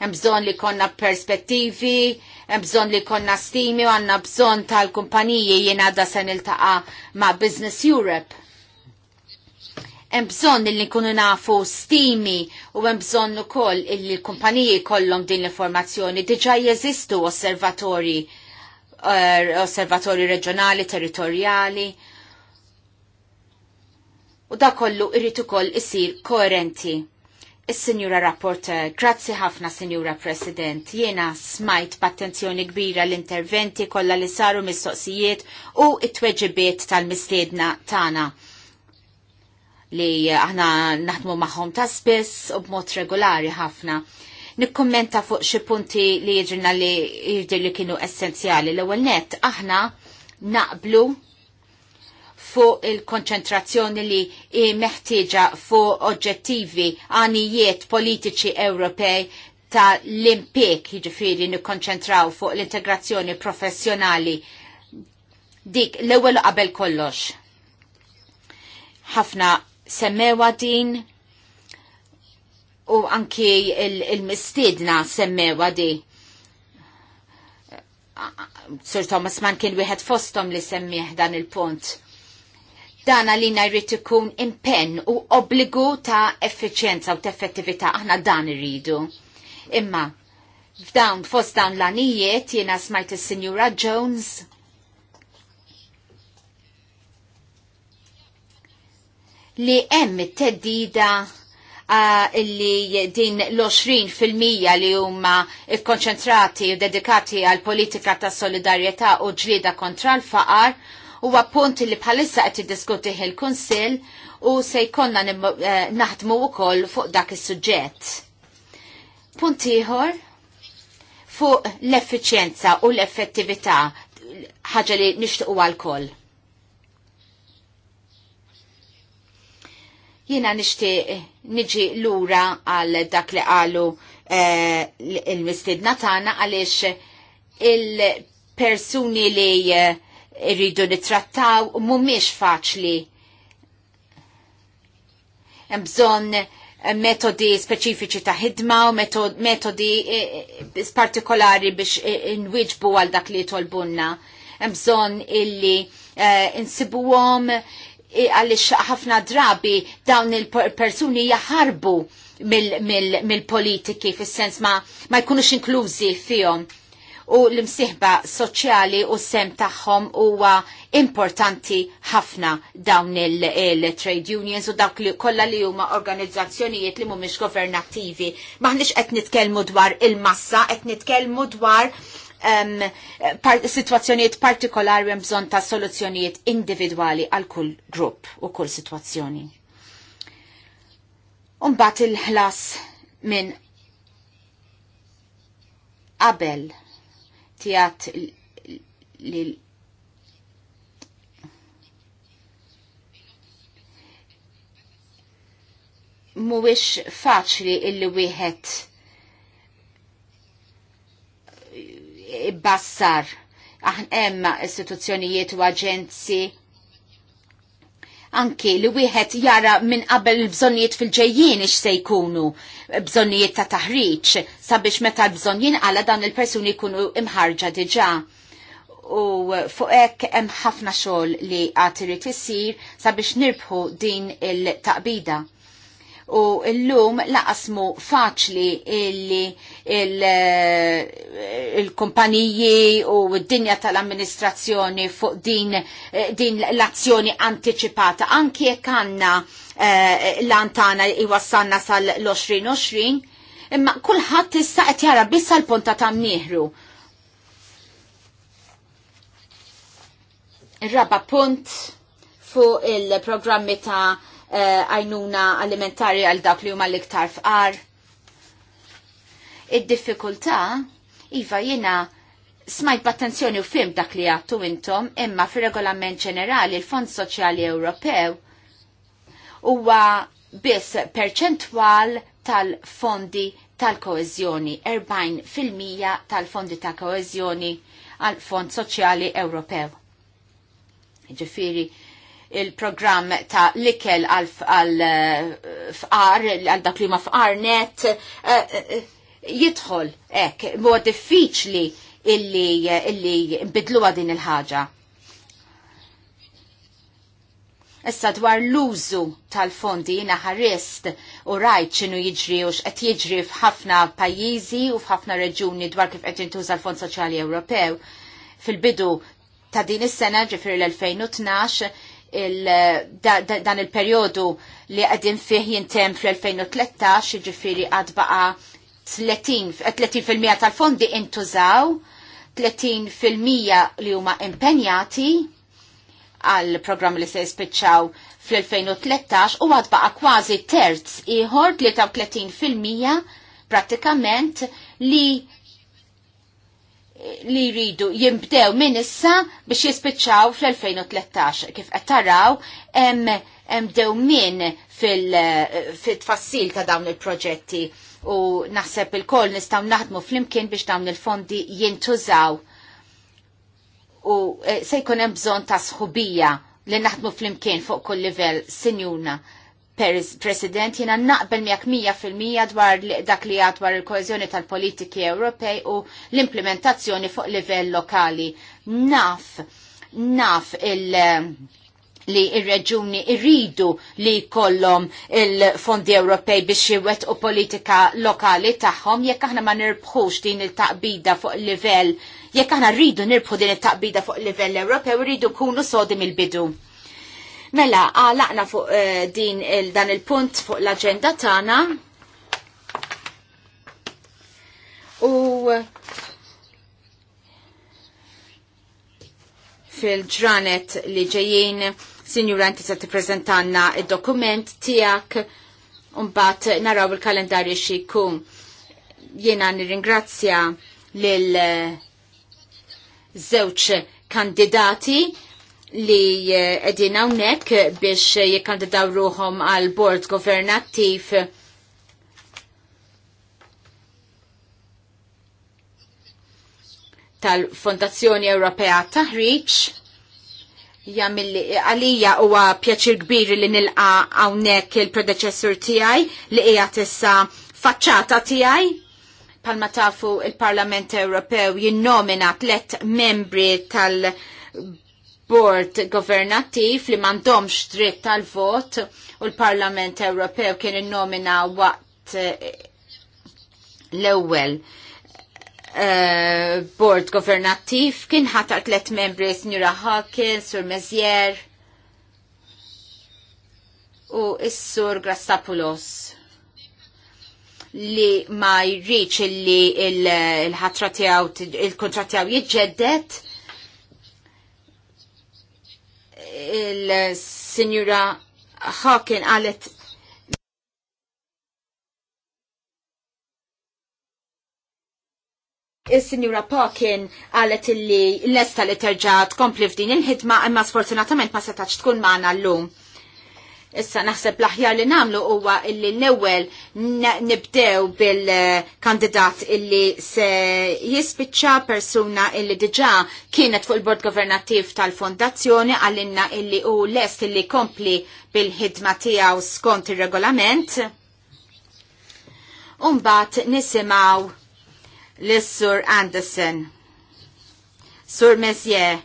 hemm bżonn li konna perspettivi, hemm bżonn li konna stimi u għandna bżonn tal-kumpaniji jiena da se niltaqa' ma' Business Europe. Hemm bżonn li nkunu nafu stimi u hemm bżonn ukoll li l-kumpaniji kollhom din l-informazzjoni diġà jeżistu osservatorji Er, osservatori reġjonali, territorjali. U da kollu irrit ukoll isir koerenti. Is-Sinjura Rapporter, grazzi ħafna Sinjura President, jiena smajt b'attenzjoni kbira l-interventi kollha li saru mistoqsijiet u it-tweġibiet tal-mistiedna tagħna li aħna naħdmu magħhom ta' spiss u b'mod regolari ħafna nikkommenta fuq xi punti li jiġrina li jidir li kienu essenzjali. L-ewwel nett, aħna naqblu fuq il-konċentrazzjoni li meħtieġa fuq oġġettivi għanijiet politiċi Ewropej ta' l-impik jiġifieri nikkonċentraw fuq l-integrazzjoni professjonali dik l-ewwel qabel kollox. Ħafna semmewa din u anki il-mistidna il semmewa di. Sir Thomas Mann kien wieħed fostom li semmieħ dan il-punt. Dan għalina jrid ikun impenn u obbligu ta' effiċjenza u ta' effettività aħna dan irridu. Imma f'dawn fost dawn l-anijiet jiena smajt is-Sinjura Jones li hemm it-teddida Ah, illi din l-20% li huma ikkonċentrati u dedikati għal politika ta' solidarjetà u ġlida kontra l-faqar huwa punt li bħalissa qed iddiskutih il-Kunsill u se jkollna eh, naħdmu wkoll fuq dak is-suġġett. Punt ieħor fuq l-effiċjenza u l-effettività ħaġa li nixtiequ għal-koll. Jina nixtieq niġi lura għal dak li qalu eh, il-mistidna tagħna għaliex il-persuni li eh, rridu nittrattaw mhumiex faċli. Hemm bżonn metodi speċifiċi ta' ħidma u metodi eh, partikolari biex inwiġbu għal dak li tolbunna. Mbżon bżonn illi uh, insibuhom għalix ħafna drabi dawn il-persuni jaħarbu mill-politiki fis-sens ma, ma jkunux inklużi fihom. U l-imsiħba soċjali u sem tagħhom huwa importanti ħafna dawn il-trade unions u dawk li kollha li huma organizzazzjonijiet li mhumiex governattivi. Maħniex qed nitkellmu dwar il-massa, qed nitkellmu dwar um, par situazzjoniet partikolari hemm bżonn ta' soluzzjonijiet individwali għal kull grupp u kull situazzjoni. Umbat il-ħlas minn qabel tijat li muwix faċli illi wieħed bassar hemm istituzzjonijiet u aġenzi anki li wieħed jara minn qabel il-bżonnijiet fil-ġejjien ix se jkunu bżonnijiet ta' taħriġ sabiex meta l bżonnijin għala dan il-persuni jkunu imħarġa diġà. U fuq hekk hemm ħafna xogħol li għad irid isir sabiex nirbħu din il-taqbida u l-lum laqasmu faċli illi eh, il-kumpaniji u d-dinja tal-amministrazzjoni fuq din, eh, din l-azzjoni anticipata anki jekk għandna eh, l-antana wassanna sal-2020 imma kulħadd issa qed jara biss l-punta ta' mnieħru. Ir-raba punt fuq il-programmi ta' Eh, għajnuna uh, alimentari għal dak li huma l-iktar fqar. Id-diffikultà, Iva, jiena, smajt b'attenzjoni u fim dak li għattu intom, imma fir-regolament ġenerali il-Fond Soċjali Ewropew huwa biss perċentwal tal-fondi tal-koezjoni, 40% tal-fondi tal-koezjoni għal Fond Soċjali Ewropew. Ġifiri, il-programm ta' likel għal-fqar, eh, għal dak li ma fqar net, eh, eh, jidħol ek, mod diffiċli illi bidlu din il-ħaġa. Issa dwar l-użu tal-fondi jina ħarrist u rajt xinu jiġri u xqed jiġri f'ħafna pajjiżi u f'ħafna reġuni dwar kif qed jintuża l-Fond Soċjali Ewropew. Fil-bidu ta' din is-sena ġifir l-2012 il, da, da, dan il-periodu li għadin fih jintem fl-2013, ġifiri għadbaqa 30% tal-fondi intużaw, 30% li huma impenjati għal programm li se jispiċċaw fl-2013 u għadbaqa kważi terz iħor 33% pratikament li li jridu jimbdew minn issa biex jispiċċaw fl-2013. Kif qed taraw hemm bdew min fil-tfassil ta' dawn il-proġetti u naħseb il-koll nistgħu naħdmu flimkien biex dawn il-fondi jintużaw u eh, se jkun hemm bżonn ta' sħubija li naħdmu flimkien fuq kull livell sinjuna President, jina naqbel miak mija fil-mija dwar dak li dwar il-koezjoni tal-politiki Ewropej u l-implementazzjoni fuq livell lokali. Naf, naf il- li ir-reġuni irridu li kollom il-fondi Ewropej biex jiwet u politika lokali tagħhom jekk aħna ma nirbħux din il-taqbida fuq livell jekk aħna rridu nirbħu din il-taqbida fuq livell Ewropew rridu kunu sodi mill-bidu. Mela, għalaqna fuq eh, din il dan il-punt fuq l-agenda tagħna. U fil-ġranet li ġejjin, sinjura inti se tippreżentanna id-dokument tiegħek u mbagħad naraw il-kalendarju xi jkun. Jiena nirringrazzja lil eh, żewġ kandidati li eh, edin hawnhekk biex eh, jikkandidaw ruhom għal bord governattiv tal-Fondazzjoni Ewropea Taħriġ. Jamilli għalija huwa pjaċir kbir li nilqa hawnhekk il-predeċessur tiegħi li hija tessa faċċata tiegħi palma tafu il-Parlament Ewropew jinnomina tlet membri tal- bord governattiv li mandom dritt tal-vot u l-Parlament Ewropew kien innomina waqt eh, l-ewwel board eh, bord governattiv kien ħatar tlet membri Sinjura Hawkins, Sur Mezier u s-Sur Grassapulos li ma jriċ li il-ħatra il il il-Sinjura Hawking għalet il-Sinjura Pokin għalet illi l-esta li terġa tkompli f'din il-ħidma imma sfortunatament ma setax tkun maħna l-lum. Issa naħseb l-aħjar li namlu huwa illi l-ewwel nibdew bil-kandidat illi se jispiċċa persuna illi diġà kienet fuq il-bord governattiv tal-fondazzjoni għalinna illi hu lest illi kompli bil-ħidma tiegħu skont ir-regolament. Umbat nisimaw l-Sur Anderson. Sur Messier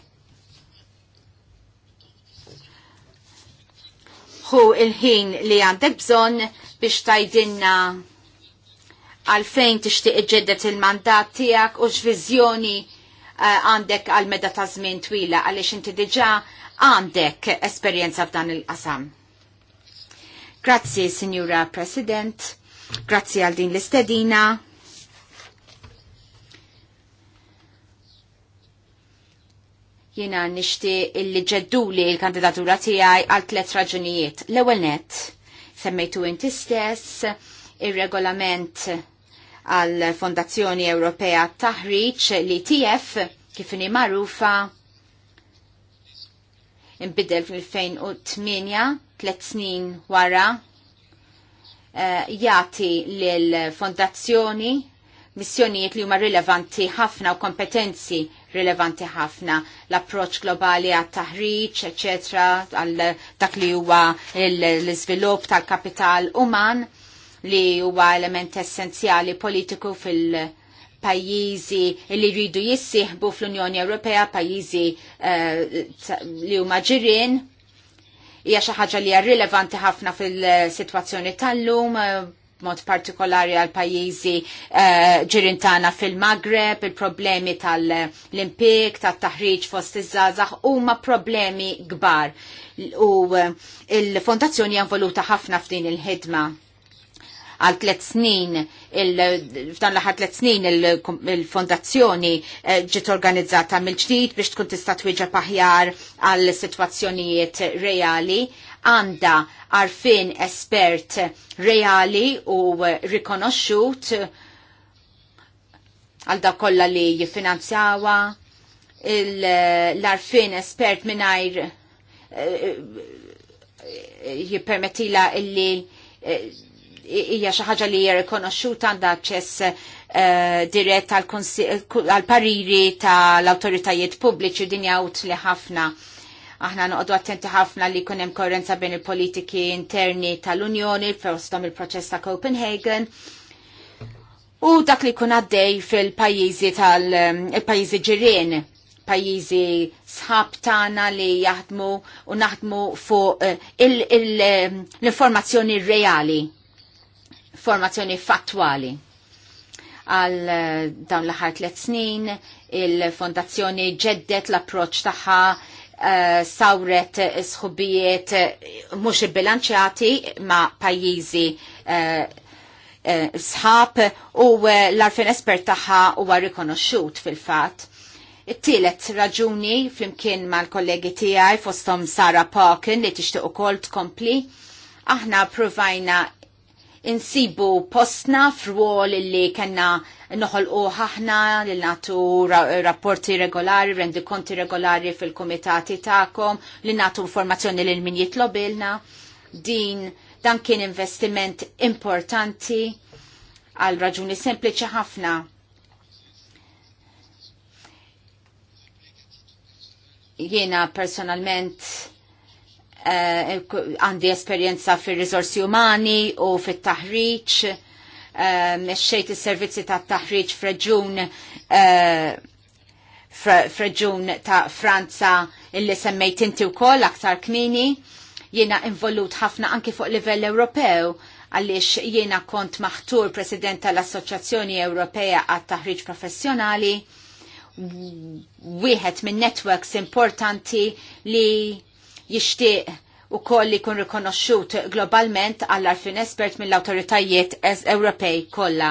ħu il-ħin li għandek bżon biex tajdinna għalfejn tixtieq iġġeddet il-mandat tiegħek u x'viżjoni eh, għandek għal meda ta' żmien twila għaliex inti diġà għandek esperjenza f'dan il-qasam. Grazzi, Signora President. Grazzi għal din l-istedina. jina nishti illi li il-kandidatura tijaj għal tlet raġunijiet. L-ewel net, semmejtu inti stess, il-regolament għal Fondazzjoni Ewropea Taħriċ li TF kifini marufa imbidel fil-2008, tlet snin wara, eh, jati l-fondazzjoni missjonijiet li huma rilevanti ħafna u kompetenzi rilevanti ħafna. L-approċ globali għat taħriġ eccetera, għal dak li huwa l-iżvilupp tal-kapital uman li huwa element essenzjali politiku fil- pajjiżi li rridu jissieħbu fl-Unjoni Ewropea, pajjiżi uh, li huma ġirien, hija xi ħaġa li hija rilevanti ħafna fil-sitwazzjoni tal-lum, uh, mod partikolari għal pajjiżi eh, ġirintana uh, fil-Magreb, il-problemi tal-impik, tal-taħriġ fost iż-żazax, huma problemi kbar. U eh, il-fondazzjoni voluta ħafna f'din il-ħidma għal tlet snin, f'dan l tlet snin il-fondazzjoni eh, ġiet organizzata mill-ġdid biex tkun tista' twieġa paħjar għal situazzjonijiet reali għanda għarfin espert reali u rikonoxxut għal da kolla li jifinanzjawa l-arfin espert minnajr eh, eh, jippermettila illi eh, hija xi ħaġa li hija rikonoxxut għandha aċċess dirett għal pariri tal-awtoritajiet pubbliċi din jgħut li ħafna Aħna noqdu attenti ħafna li kunem korrenza bejn il-politiki interni tal-Unjoni, fostom il-proċess ta' Copenhagen. U dak li kun għaddej fil-pajizi tal-pajizi ehm, ġirien, pajizi sħab tana li jaħdmu u naħdmu fuq eh, ehm, l-informazzjoni reali, informazzjoni fattwali għal eh, dawn l-ħar tliet snin, il-fondazzjoni ġeddet l-approċ tagħha Eh, sawret sħubijiet eh, mhux ibbilanċjati ma' pajjiżi eh, sħab u l-arfin esper tagħha huwa rikonoxxut fil-fatt. It-tielet raġuni flimkien mal-kollegi tiegħi fosthom Sara Parkin li tixtieq ukoll tkompli aħna provajna insibu postna f'rwol li kena noħolqu uħahna li natu rapporti regolari, rendi konti regolari fil-komitati ta'kom, li natu informazzjoni li min jitlobilna. Din dan kien investiment importanti għal raġuni sempliċi ħafna. Jiena personalment Eh, għandi esperjenza fir rizorsi umani u fit-taħriġ, eh, xejt is-servizzi tat-taħriġ fraġun eh, fraġun ta' Franza illi semmejt inti wkoll aktar kmini, jiena involut ħafna anki fuq livell Ewropew għaliex jiena kont maħtur President tal-Assoċjazzjoni Ewropea għat taħriġ Professjonali, wieħed minn networks importanti li jixtieq u koll li kun rikonoxxut globalment għall-arfin espert mill-autoritajiet Ewropej kollha.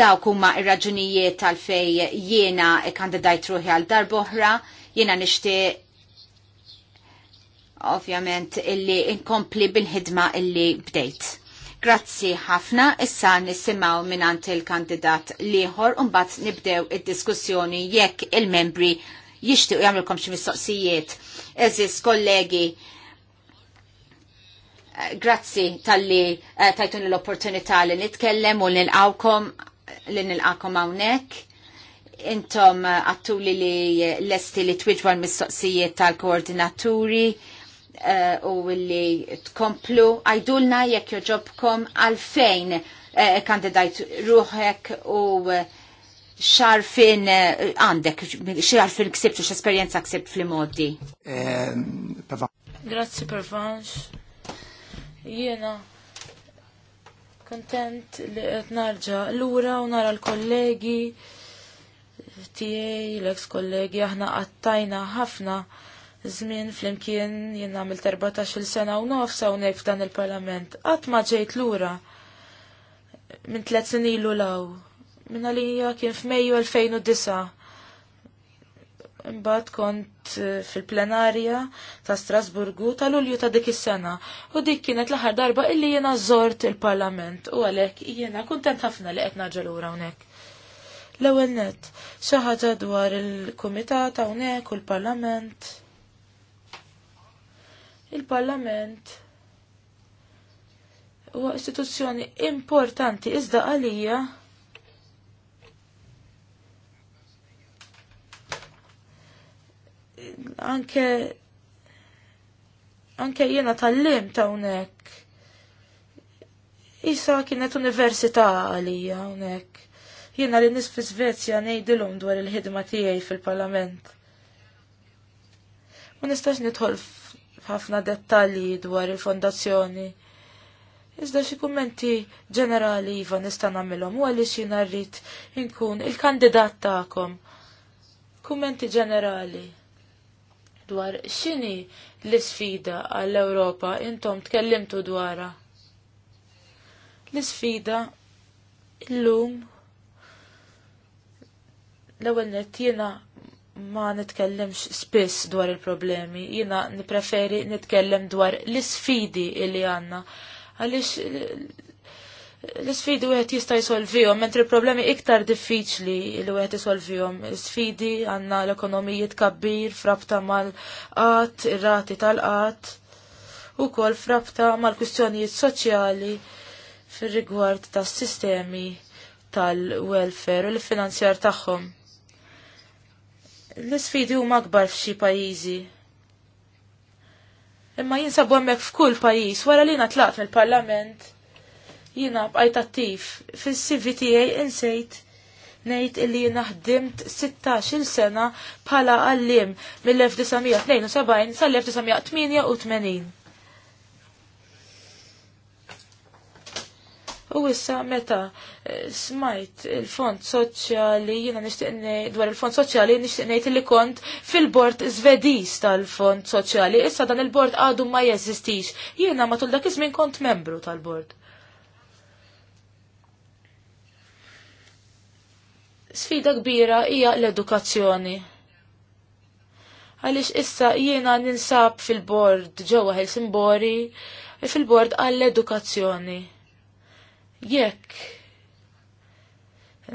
Dawk huma irraġunijiet raġunijiet għalfej jiena kandidajt ruħi għal darboħra, jiena nixtieq ovvjament illi inkompli bil-ħidma illi bdejt. Grazzi ħafna, issa nisimaw minant il-kandidat liħor unbat nibdew id-diskussjoni jekk il-membri jishtiq jamlukom xi mistoqsijiet eżis kollegi. Grazzi tal-li eh, tajtun l-opportunità li nitkellem u nil-għawkom li nil-għawkom għawnek. Intom eh, għattuli li eh, l-esti li twiġwa l-mistoqsijiet tal-koordinaturi u li tkomplu għajdulna jekk joġobkom għalfejn kandidajt ruħek u uh, xarfin eh, għandek, xarfin ksibtu, x'esperjenza ksibt fl-modi? Ehm, Grazzi per Jena, kontent li qed narġa lura u nara l-kollegi tiegħi l-ex kollegi aħna qattajna ħafna żmien flimkien jien għamil 14-il sena u nofs hawnhekk f'dan il-Parlament. Qatt ma ġejt lura minn tliet snin ilu law minna li kien f'Mejju 2009. Imbagħad kont eh, fil-plenarja ta' Strasburgu ta' Lulju ta' dik is-sena u dik kienet l-aħħar darba illi jiena żort il-Parlament u għalhekk jiena kuntent ħafna li qed naġġel lura hawnhekk. L-ewwel nett xi ħaġa dwar il-kumitat hawnhekk u l-Parlament. Il-Parlament huwa istituzzjoni importanti iżda għalija anke anke jiena tal-lim ta' unek. Isa kienet università għalija unek. Jiena li nisfi fi Svezja nejdilum dwar il-ħidma tiegħi fil-parlament. Ma nistax nidħol ħafna dettalji dwar il-fondazzjoni. Iżda xi kummenti ġenerali iva nista' nagħmilhom u għaliex jiena rrid inkun il-kandidat tagħkom. Kummenti ġenerali dwar x'inhi l-isfida għall-Ewropa intom tkellimtu dwarha. L-isfida illum l-ewwel net jina ma nitkellimx spiss dwar il-problemi, jiena nippreferi nitkellem dwar l-isfidi li għandna Għalix l-sfidi wieħed jista' jsolvihom, mentri problemi iktar diffiċli li wieħed isolvihom. Sfidi għandna l-ekonomiji tkabbir frabta mal għat ir-rati tal u kol frabta mal-kwistjonijiet soċjali fir-rigward tas-sistemi tal-welfare u l-finanzjar tagħhom. L-sfidi huma akbar f'xi pajjiżi. Imma jinsabu hemmhekk f'kull pajjiż wara li natlaqt mill-Parlament Jiena bqajt attiv fis cvta insejt ngħid illi jina ħdimt 16-il sena bħala għallim mill-1972 sal-1988. U issa meta eh, smajt il-fond soċjali, jiena nixtieq dwar il-fond soċjali nixtieq ngħid li kont fil-bord zvedis tal-fond soċjali, issa dan il-bord għadu ma jeżistix. Jiena matul dak iż-żmien kont membru tal-bord. sfida kbira hija l-edukazzjoni. Għaliex issa jiena ninsab fil-bord ġewwa Helsinbori fil-bord għall-edukazzjoni. Jekk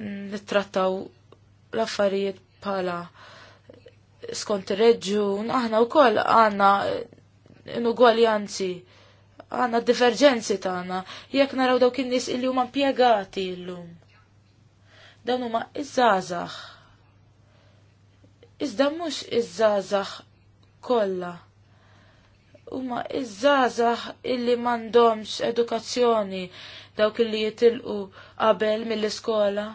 nittrattaw l-affarijiet bħala skont ir-reġjun, aħna wkoll għandna inugwaljanzi għanna divergenzi tagħna jekk naraw dawk in-nies illi huma impjegati llum dawn huma iż-żgħażagħ. Iżda mhux iż-żgħażagħ kollha. Huma iż-żgħażagħ illi m'għandhomx edukazzjoni dawk illi jitilqu qabel mill-iskola.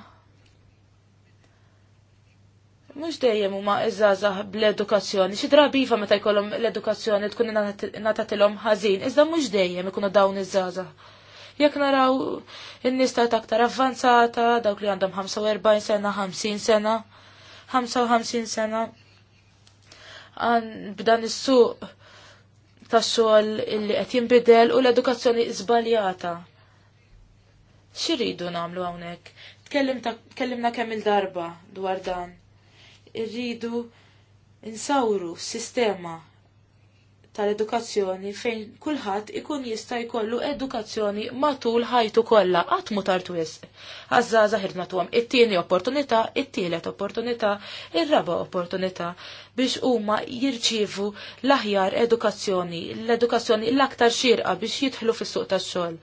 Mhux dejjem huma iż-żgħażagħ bl-edukazzjoni, xi drabiva meta jkollhom l-edukazzjoni tkun natatilhom ħażin, iżda mhux dejjem ikunu dawn iż-żgħażagħ Jekk naraw in-nies ta' aktar avvanzata, dawk li għandhom 45 sena, 50 sena, 55 sena. Għan b'dan is-suq tax-xogħol illi qed jinbidel u l-edukazzjoni żbaljata. X'iridu nagħmlu hawnhekk? Tkellimna kemm il-darba dwar dan. Irridu insawru s sistema tal-edukazzjoni fejn kulħadd ikun jista' jkollu edukazzjoni matul ħajtu kollha qatt mu tartu wisq. Għażza zaħir nagħtuhom it-tieni opportunità, it-tielet opportunità, ir-raba opportunità biex huma jirċievu l-aħjar edukazzjoni, l-edukazzjoni l-aktar xirqa biex jidħlu fis-suq tax-xogħol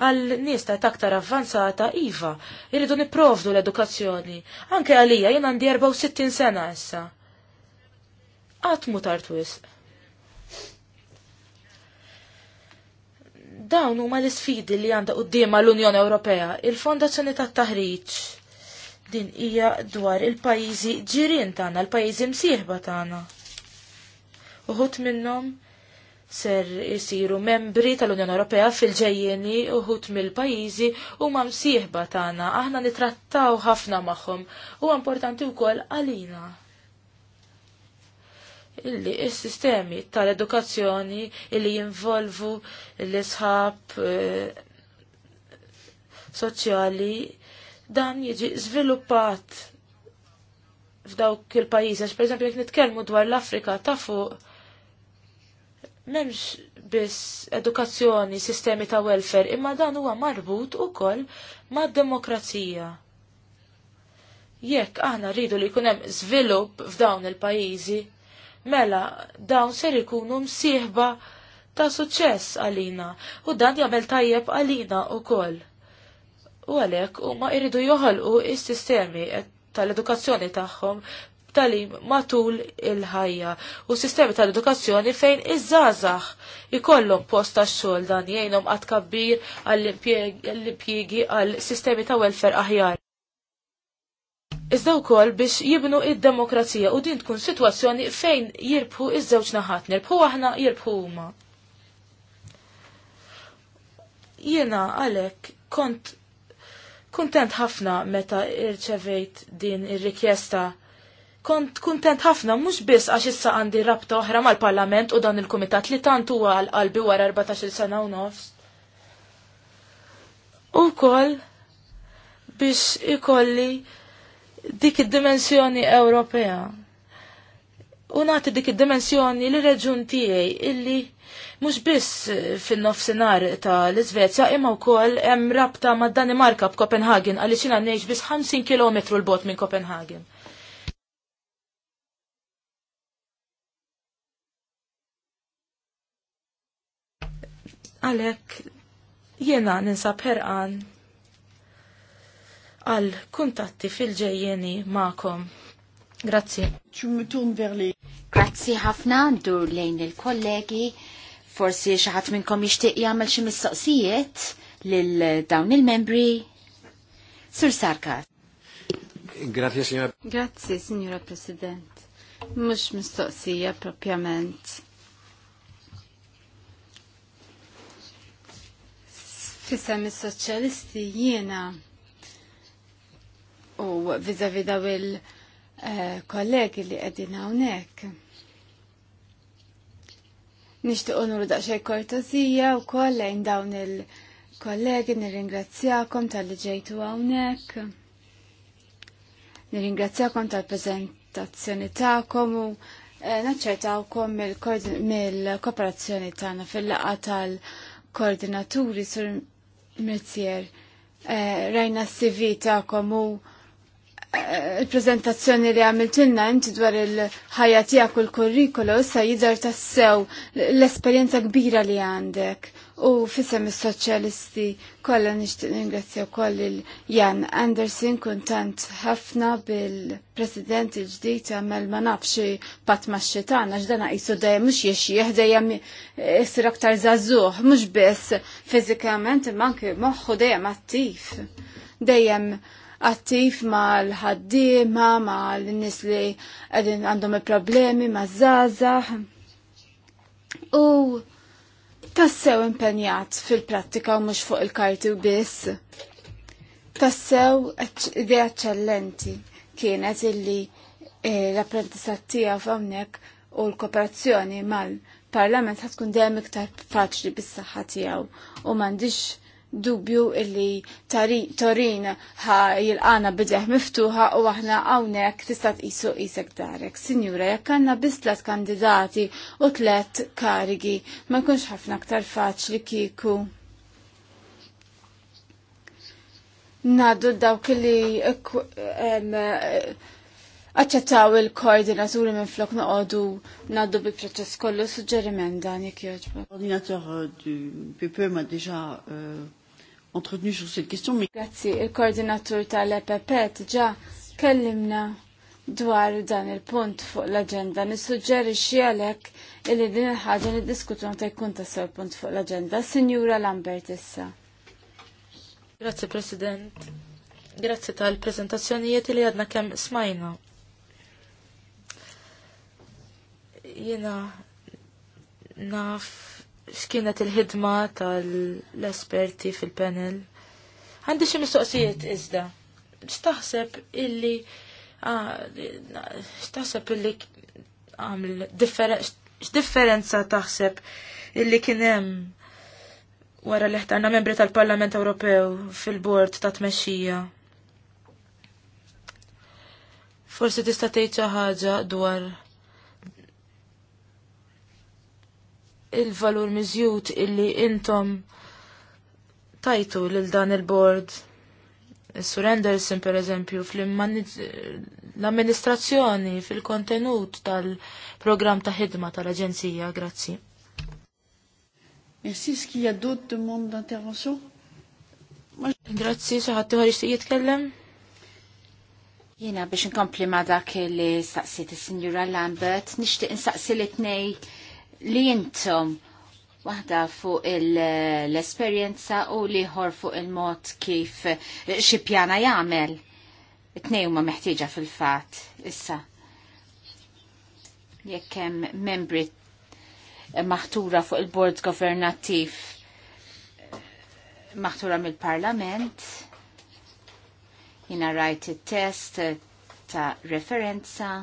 għal nies ta' aktar avvanzata iva, irridu niprovdu l-edukazzjoni. Anke għalija jien għandi 64 sena issa. Għatmu tartwis. Dawn huma l-isfidi li għandha qudiema l-Unjoni Ewropea, il-Fondazzjoni tat-Taħriġ. Din hija dwar il-pajjiżi ġirien tagħna, l-pajjiżi msieħba tagħna. Uħut minnhom ser isiru membri tal-Unjoni Ewropea fil-ġejjeni uħut mill-pajjiżi huma msieħba tagħna, aħna nitrattaw ħafna magħhom, huwa importanti wkoll għalina illi il-sistemi tal-edukazzjoni illi jinvolvu l-isħab eh, soċjali dan jiġi sviluppat f'dawk il-pajjiżi għax pereżempju jekk nitkellmu dwar l-Afrika ta' fuq m'hemmx biss edukazzjoni, sistemi ta' welfare, imma dan huwa marbut ukoll mad-demokrazija. Jekk aħna rridu li jkun hemm żvilupp f'dawn il-pajjiżi, mela dawn ser ikunu msieħba ta' suċċess għalina u dan jagħmel tajjeb għalina ukoll. U għalhekk huma jridu joħolqu s sistemi tal-edukazzjoni tagħhom talim matul il-ħajja u sistemi tal-edukazzjoni fejn iż-żazax ikollhom post tax-xogħol dan jgħinhom għad kabbir għall-impjiegi għall-sistemi ta' welfare aħjar. Iżda wkoll biex jibnu id-demokrazija u din tkun sitwazzjoni fejn jirbħu iż-żewġ naħat, nirbħu aħna jirbħu huma. Jiena għalhekk kont kuntent ħafna meta irċevejt din ir-rikjesta. Kont kuntent ħafna mhux biss għax issa għandi rabta oħra mal-Parlament u dan il-Kumitat li tant huwa għal-qalbi wara 14-il sena u nofs. Ukoll biex ikolli dik id-dimensjoni Ewropea. U nagħti dik id-dimensjoni li reġun tiegħi illi mhux biss fin-nofsinhar ta' l-Iżvezja imma wkoll hemm rabta mad Danimarka b'Kopenhagen għaliex jiena ngħix biss 50 km l-bot minn Kopenhagen. Għalhekk jiena ninsab ħerqan għal kuntatti fil-ġejjeni ma'kom. Grazzi. Ċumtun verli. Grazzi ħafna dur lejn il-kollegi. Forsi xaħat minnkom jixtieq jagħmel xi mistoqsijiet lil dawn il-membri. Sur Sarkas. Grazie, signora. Grazie, signora President. Mux mistoqsija propjament. Fisem is-soċjalisti jiena u vizavi daw il-kollegi li għedin għawnek. Nishtu unru daqxej kortozija u kollejn dawn il-kollegi nirringrazzjakom tal-li ġejtu għawnek. Nirringrazzjakom tal-prezentazzjoni ta'kom u eh, naċċertawkom mill-kooperazzjoni tagħna fil-laqgħa tal-koordinaturi sur mirzjer eh, rajna s sivita ta'kom u Eh, il-prezentazzjoni li għamiltinna inti dwar il-ħajja tiegħek u l-kurrikulu sa jidher tassew l-esperjenza kbira li għandek. U fisem is-soċjalisti kollha nixtieq ningrazzja wkoll il-Jan Anderson kuntant ħafna bil-President il-ġdid għamel ma nafx pat max xitana għax qisu dejjem mhux jexxieħ dejjem isir aktar żagħżugħ mhux biss fiżikament imma anke moħħu dejjem attiv. Dejjem attiv mal ħaddiema mal nies li qegħdin għandhom problemi maż-żgħażagħ. U tassew impenjat fil-prattika u mhux fuq il-karti u biss. Tassew idea eccellenti kienet illi eh, l-apprentissat tiegħu f'hawnhekk u l-kooperazzjoni mal-parlament ħatkun dejjem iktar faċli bis-saħħa tiegħu u m'għandix dubju illi Torin ħa jilqana bideħ miftuħa u aħna hawnhekk tista' tqisu qisek darek. Sinjura, jekk għandna biss tlet kandidati u tlet karigi, ma jkunx ħafna aktar faċli kieku. Naddu dawk li Aċċettaw il-koordinaturi minn flok naqodu naddu bi proċess kollu suġġeriment dan jek joġba. Koordinatur eh, du PP e ma diġa entretenu sur cette question. Mais... Grazie, il-koordinatur tal-EPP già kellimna dwar dan il-punt fuq l-agenda. Nissuġġerixxi għalhekk illi din il-ħaġa diskutu meta jkun tassew il-punt fuq l-agenda. Sinjura Lambert issa. Grazie President. Grazie tal-prezentazzjonijiet li għadna kemm smajna. Jiena naf x'kienet il-ħidma tal-esperti fil-panel. Għandi xi mistoqsijiet iżda. X'taħseb illi ah, x'taħseb illi għamil x'differenza taħseb illi kien hemm wara li ħtarna membri tal-Parlament Ewropew fil-bord ta' tmexxija. Forsi tista' tgħid xi ħaġa dwar il-valur miżjut illi intom tajtu lil dan il-bord. Sur Anderson, per eżempju, fl amministrazzjoni fil-kontenut tal program ta' ħidma tal-Aġenzija, grazzi. Merci, ski jaddu d-mond d'intervention? Grazzi, xaħat tuħar ixtiq jitkellem? Jena biex nkompli ma dak li saqsi il Signora Lambert, nishtiq nsaqsi li t-nej li jintom waħda fuq l-esperienza u liħor fuq il-mod kif xipjana jagħmel. It-tnejn huma meħtieġa fil-fatt. Issa. Jekk hemm membri maħtura fuq il-bord governattiv maħtura mill-parlament, jina rajt il-test ta' referenza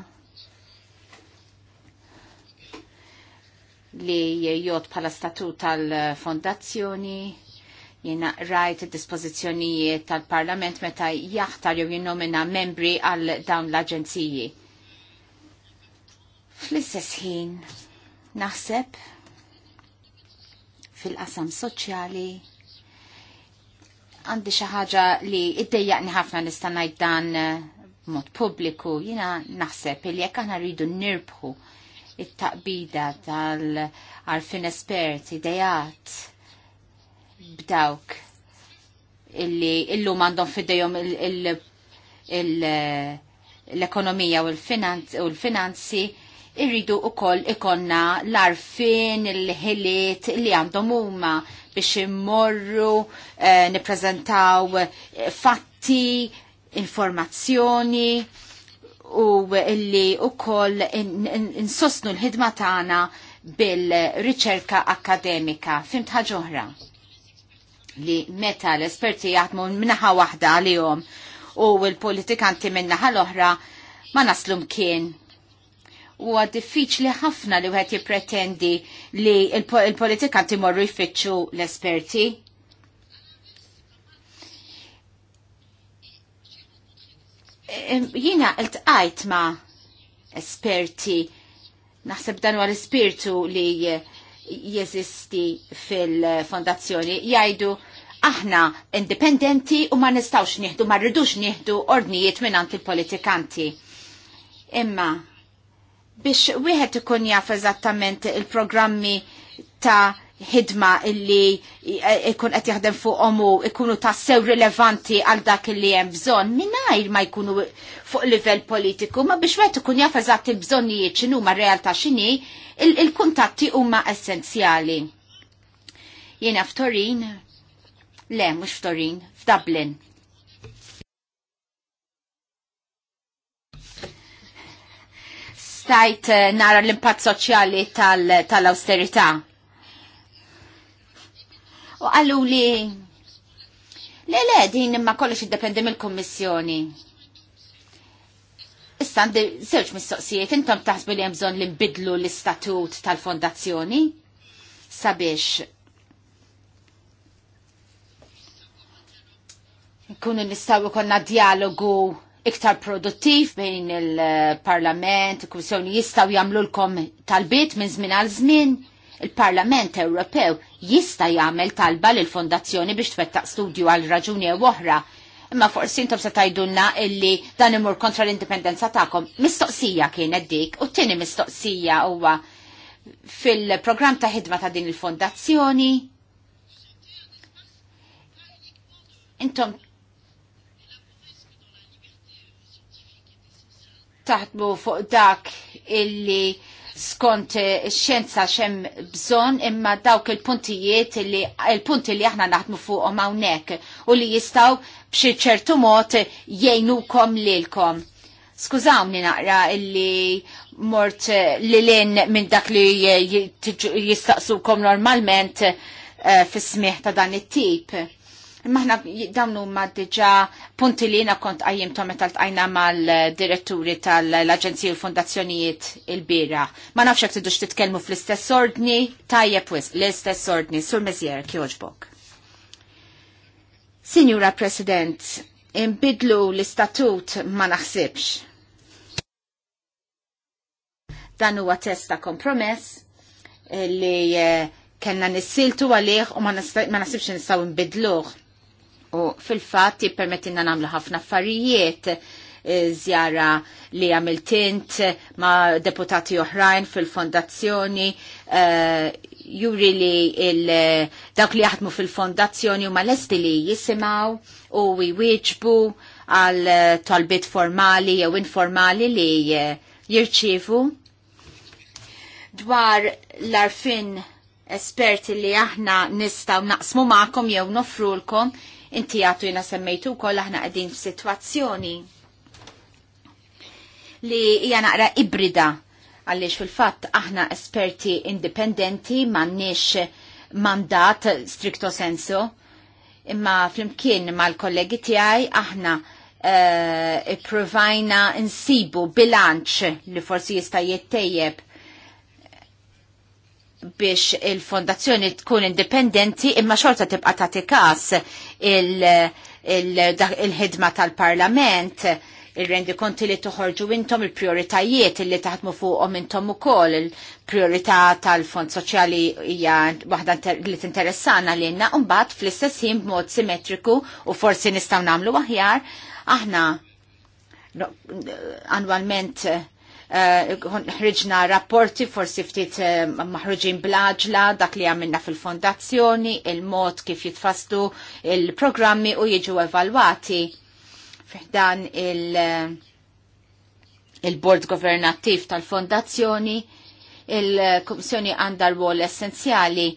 li jgħod bħala statut tal-fondazzjoni jina rajt il dispozizjoni tal-parlament meta jaħtar jew jinnomina membri għal dawn l-aġenziji. Fl-istess ħin, naħseb fil-qasam soċjali għandi xi ħaġa li iddejjaqni ħafna nista' ngħid dan mod pubbliku, jina naħseb li jekk aħna rridu nirbħu it-taqbida tal-arfin esperti, dejat b'dawk illi illu għandhom fidejhom l-ekonomija u l-finanzi irridu u koll ikonna l-arfin, il-ħiliet li għandhom huma biex immorru, eh, niprezentaw fatti, informazzjoni u illi u koll insostnu l-ħidma tagħna bil-riċerka akademika. Fimt ħagħuħra li meta l-esperti jaħdmu minnaħa waħda għalihom u l-politikanti minnaħa l-oħra ma naslu mkien. U diffiċli ħafna li wieħed jippretendi li l politikanti morru jfittxu l-esperti Jina il-tqajt ma esperti, naħseb dan għal spiritu li jeżisti fil-fondazzjoni, jajdu aħna indipendenti u ma nistawx nieħdu, ma rridux nieħdu ordnijiet minn il-politikanti. Imma, biex wieħed ikun jaf eżattament il-programmi ta' ħidma illi ikun qed jaħdem fuq u ikunu tassew rilevanti għal dak illi hemm bżonn mingħajr ma jkunu fuq livell politiku, ma biex wieħed ikun jaf eżatt il-bżonnijiet x'inhu ma realtà x'inhi, il-kuntatti huma essenzjali. Jiena f'Torin, le mhux f'Torin, f'Dublin. Stajt eh, nara l-impatt soċjali tal-austerità. Tal u għallu li le le din imma kollox id-dependi mill-kommissjoni. Issa għandi mis mistoqsijiet, intom taħsbu li hemm bżonn li mbidlu l-istatut tal-fondazzjoni sabiex Kunu nistaw konna dialogu iktar produttiv bejn il-parlament, il kommissjoni jistaw jamlu l-kom tal-bit minn żmien għal żmien il-Parlament Ewropew jista' jagħmel talba lil fondazzjoni biex twettaq studju għal raġuni oħra. Imma forsi intom se tajdunna illi dan imur kontra l-indipendenza tagħkom. Mistoqsija kienet dik u t-tieni mistoqsija huwa fil-programm ta' ħidma ta' din il-fondazzjoni. Intom taħdmu fuq dak illi skont eh, xjenza xem bżon imma dawk il-puntijiet li il-punti li aħna naħdmu fuqhom hawnhekk u li jistgħu b'xi ċertu mod jgħinukom lilkom. Skużawni naqra illi mort eh, li lin minn dak li eh, jistaqsukom normalment fis-smieħ ta' dan it-tip Maħna dawnu ma diġa punti li jena kont għajjimtom meta l-tqajna mal-diretturi tal-Aġenzija u Fondazzjonijiet il-bira. Ma nafx jek tidux titkellmu fl-istess ordni, tajjeb wis, l-istess ordni, sur mezzjer, kjoġbok. Signora President, imbidlu l-istatut ma naħsibx. Dan huwa testa kompromess eh, li eh, kellna nissiltu għalih u ma nasibx nistaw nbidluħ. U fil-fat jippermettinna namlu ħafna affarijiet e, zjara li għamiltint ma' deputati oħrajn fil-fondazzjoni e, juri li il, dawk li jaħdmu fil-fondazzjoni u ma' lesti li jisimaw u jwieġbu għal talbit formali jew informali li e, jirċivu dwar l-arfin esperti li aħna nistaw naqsmu ma'kom jew nofrulkom Inti għatu jina semmejtu kol aħna għedin situazzjoni li hija naqra ibrida għalliex fil-fatt aħna esperti indipendenti m'għandniex mandat stricto sensu imma flimkien mal-kollegi tiegħi aħna uh, eh, provajna insibu bilanċ li forsi jista' jittejjeb biex il-fondazzjoni tkun indipendenti imma xorta tibqa tagħti każ il-ħidma tal-Parlament il-rendi konti li toħorġu intom il-prioritajiet li taħdmu fuqhom intom ukoll il-priorità tal-Fond Soċjali hija waħda li tinteressana lilna u mbagħad fl-istess ħin b'mod simmetriku u forsi nistgħu nagħmlu aħjar aħna annwalment Eh, ħriġna rapporti forsi ftit eh, maħruġin blaġla dak li għamilna fil-fondazzjoni, il-mod kif jitfastu il-programmi u jiġu evalwati fiħdan eh, il-Board Governattiv tal-Fondazzjoni, il-Komissjoni għandha rwol essenzjali.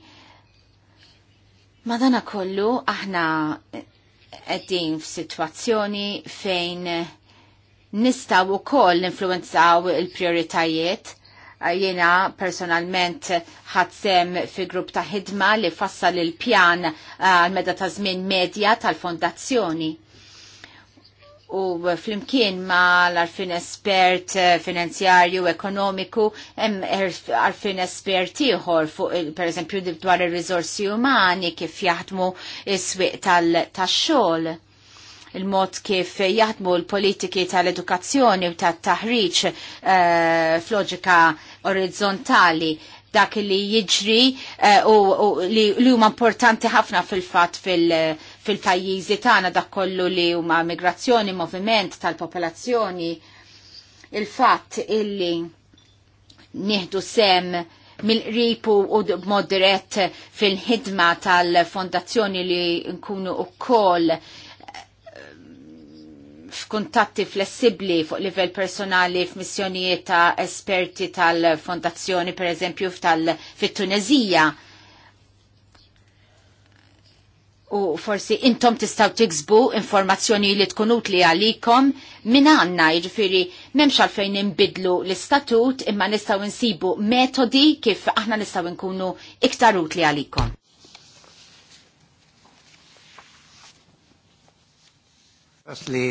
Madana kollu aħna qegħdin f'sitwazzjoni fejn nistaw u koll influenzaw il-prioritajiet jena personalment ħadsem fi grupp ta' ħidma li fassal il-pjan eh, għal meda ta' żmien medja tal-fondazzjoni. U flimkien ma l-arfin espert eh, finanzjarju ekonomiku, hemm arfin espert ieħor fuq per eżempju dwar ir-riżorsi umani kif jaħdmu is-swieq tal-xogħol. Tal il-mod kif jaħdmu l-politiki tal-edukazzjoni u tat-taħriġ uh, f'loġika orizzontali dak li jiġri eh, u, uh, li huma importanti ħafna fil-fatt fil-, fil pajjiżi tagħna dak kollu li huma migrazzjoni, moviment tal-popolazzjoni, il-fatt illi nieħdu sem mill-qrib u b'mod dirett fil-ħidma tal-fondazzjoni li nkunu uh, f'kuntatti flessibli fuq livell personali f'missjonijiet ta' esperti tal-fondazzjoni, per eżempju, fit-Tunezija. U forsi intom tistaw tiksbu informazzjoni li tkun utli għalikom minn għanna, jġifiri memx għalfejn imbidlu l-istatut imma nistaw insibu metodi kif aħna nistaw nkunu iktar utli għalikom. Firstly,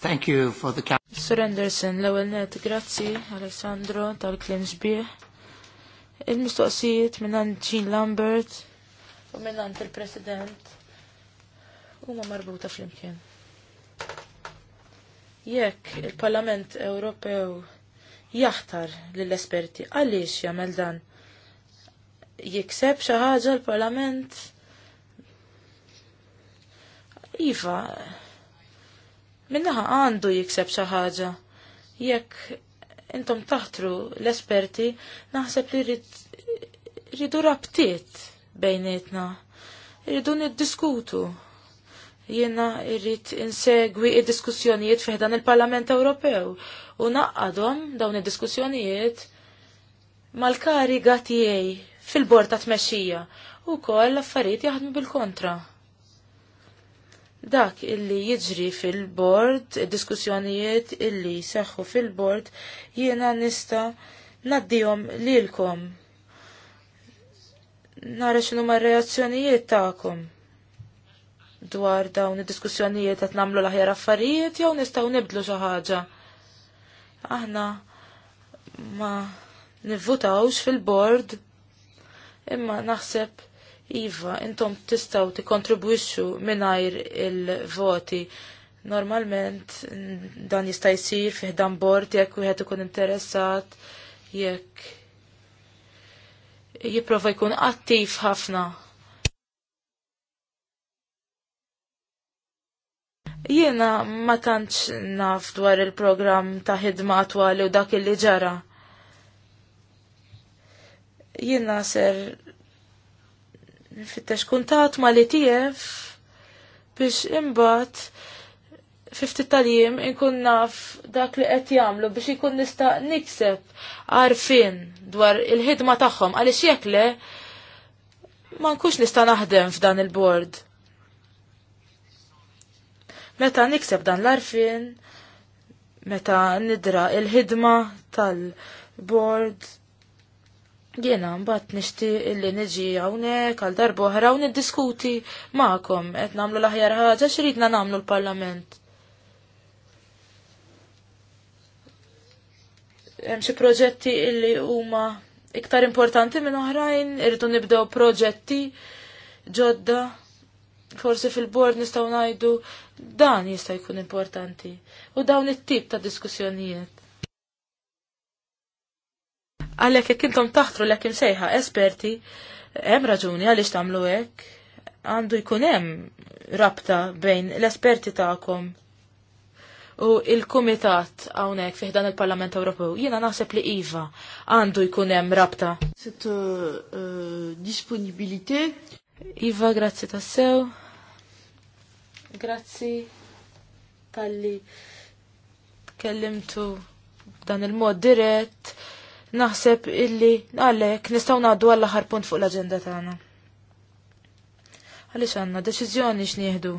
Thank you for the cap. Sir Anderson, l-ewel net, grazzi, Alessandro, tal-klim sbieħ. Il-mistoqsijiet minnant Jean Lambert u minnant il-President u ma marbuta fl-imkien. Jekk il-Parlament Ewropew jaħtar lill-esperti, għaliex jagħmel dan? Jikseb xi ħaġa l-Parlament? Iva, minnaħa għandu jikseb xi ħaġa. Jekk intom taħtru l-esperti, naħseb li rridu rabtiet bejnietna. Rridu niddiskutu. Jiena irrid insegwi id-diskussjonijiet fih dan il-Parlament Ewropew u naqadhom dawn id-diskussjonijiet mal-kariga tiegħi fil-bord ta' tmexxija u koll affarijiet jaħdmu bil-kontra dak illi jiġri fil-bord, diskussjonijiet illi seħħu fil-bord, jiena nista naddijom lilkom. Nara xinu ma reazzjonijiet ta'kom dwar dawn id-diskussjonijiet qed nagħmlu l-aħjar affarijiet jew nistgħu nibdlu xi ħaġa. Aħna ma nivvutawx fil-bord imma naħseb Iva, intom tistaw ti kontribwixxu mingħajr il-voti. Normalment mm, dan jista' jsir fih dan bord jekk wieħed ikun interessat jekk jipprova jkun attiv ħafna. Jiena ma tantx naf dwar il-programm ta' ħidma twali u dak li ġara. Jiena ser nfittex kuntat ma li tijef biex imbat fifti tal-jiem inkun naf dak li qed jagħmlu biex ikun nista' nikseb għarfien dwar il-ħidma tagħhom għaliex jekk le ma nkunx nista' naħdem f'dan il-bord. Meta nikseb dan l-arfin, meta nidra il-ħidma tal-bord, Jena, mbatt nishti illi niġi għawnek għal darbo ħra u diskuti maħkom, et namlu laħjar ħagġa xridna namlu l-parlament. Hemm xi proġetti illi huma iktar importanti minn oħrajn, irridu nibdew proġetti ġodda, forsi fil-bord nistgħu ngħidu dan jista' jkun importanti. U dawn it-tip ta' diskussjonijiet. Għalhekk jekk intom taħtru l sejħa esperti, hemm raġuni għaliex tagħmlu hekk, għandu jkun hemm rabta bejn l-esperti tagħkom u il-kumitat hawnhekk fih dan il-Parlament Ewropew. Jiena naħseb li iva għandu jkun hemm rabta. Set euh, disponibilité. Iva, grazzi tassew. Grazzi tal-li kellimtu dan il-mod dirett naħseb illi għallek nistaw naħdu għall aħar punt fuq l-agenda tagħna. Għaliex għandna deċiżjoni x'nieħdu.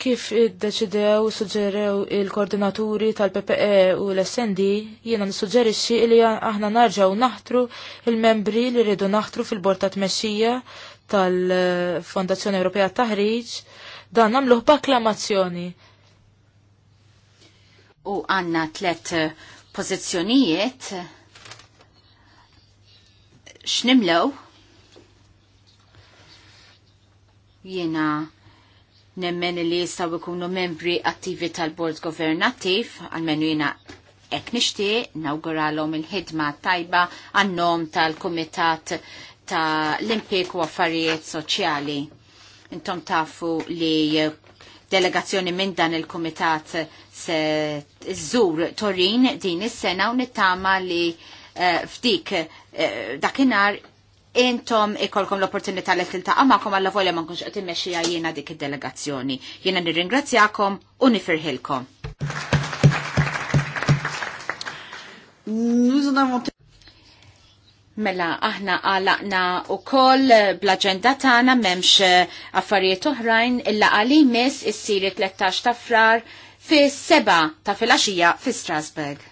Kif iddeċidew suġġerew il-koordinaturi tal-PPE u l-SND, jiena nissuġġerixxi li aħna narġaw naħtru il-membri li rridu naħtru fil-bord ta' tmexxija tal-Fondazzjoni Ewropea Taħriġ dan nagħmluh b'akklamazzjoni u għanna tlet eh, pozizjonijiet x'nimlew jiena nemmen li jistaw ikunu membri attivi tal-bord governattiv, għalmenu jiena ek nishtiq nawguralom il-ħidma tajba għannom tal-Kumitat ta' l-Impik u Affarijiet Soċjali. Intom tafu li delegazzjoni minn dan il-Kumitat se żżur Torin din is-sena u nittama li eh, f'dik eh, dakinhar intom ikolkom l-opportunità li tiltaqa' magħkom alla volja ma nkunx qed immexxija jiena dik id-delegazzjoni. Jiena nirringrazzjakom u nifirħilkom. Mela, aħna għalaqna u koll bl-agenda tagħna m'hemmx eh, affarijiet oħrajn illa għalimis is-siri 13 ta' frar fis seba ta' filgħaxija fi Strasbourg.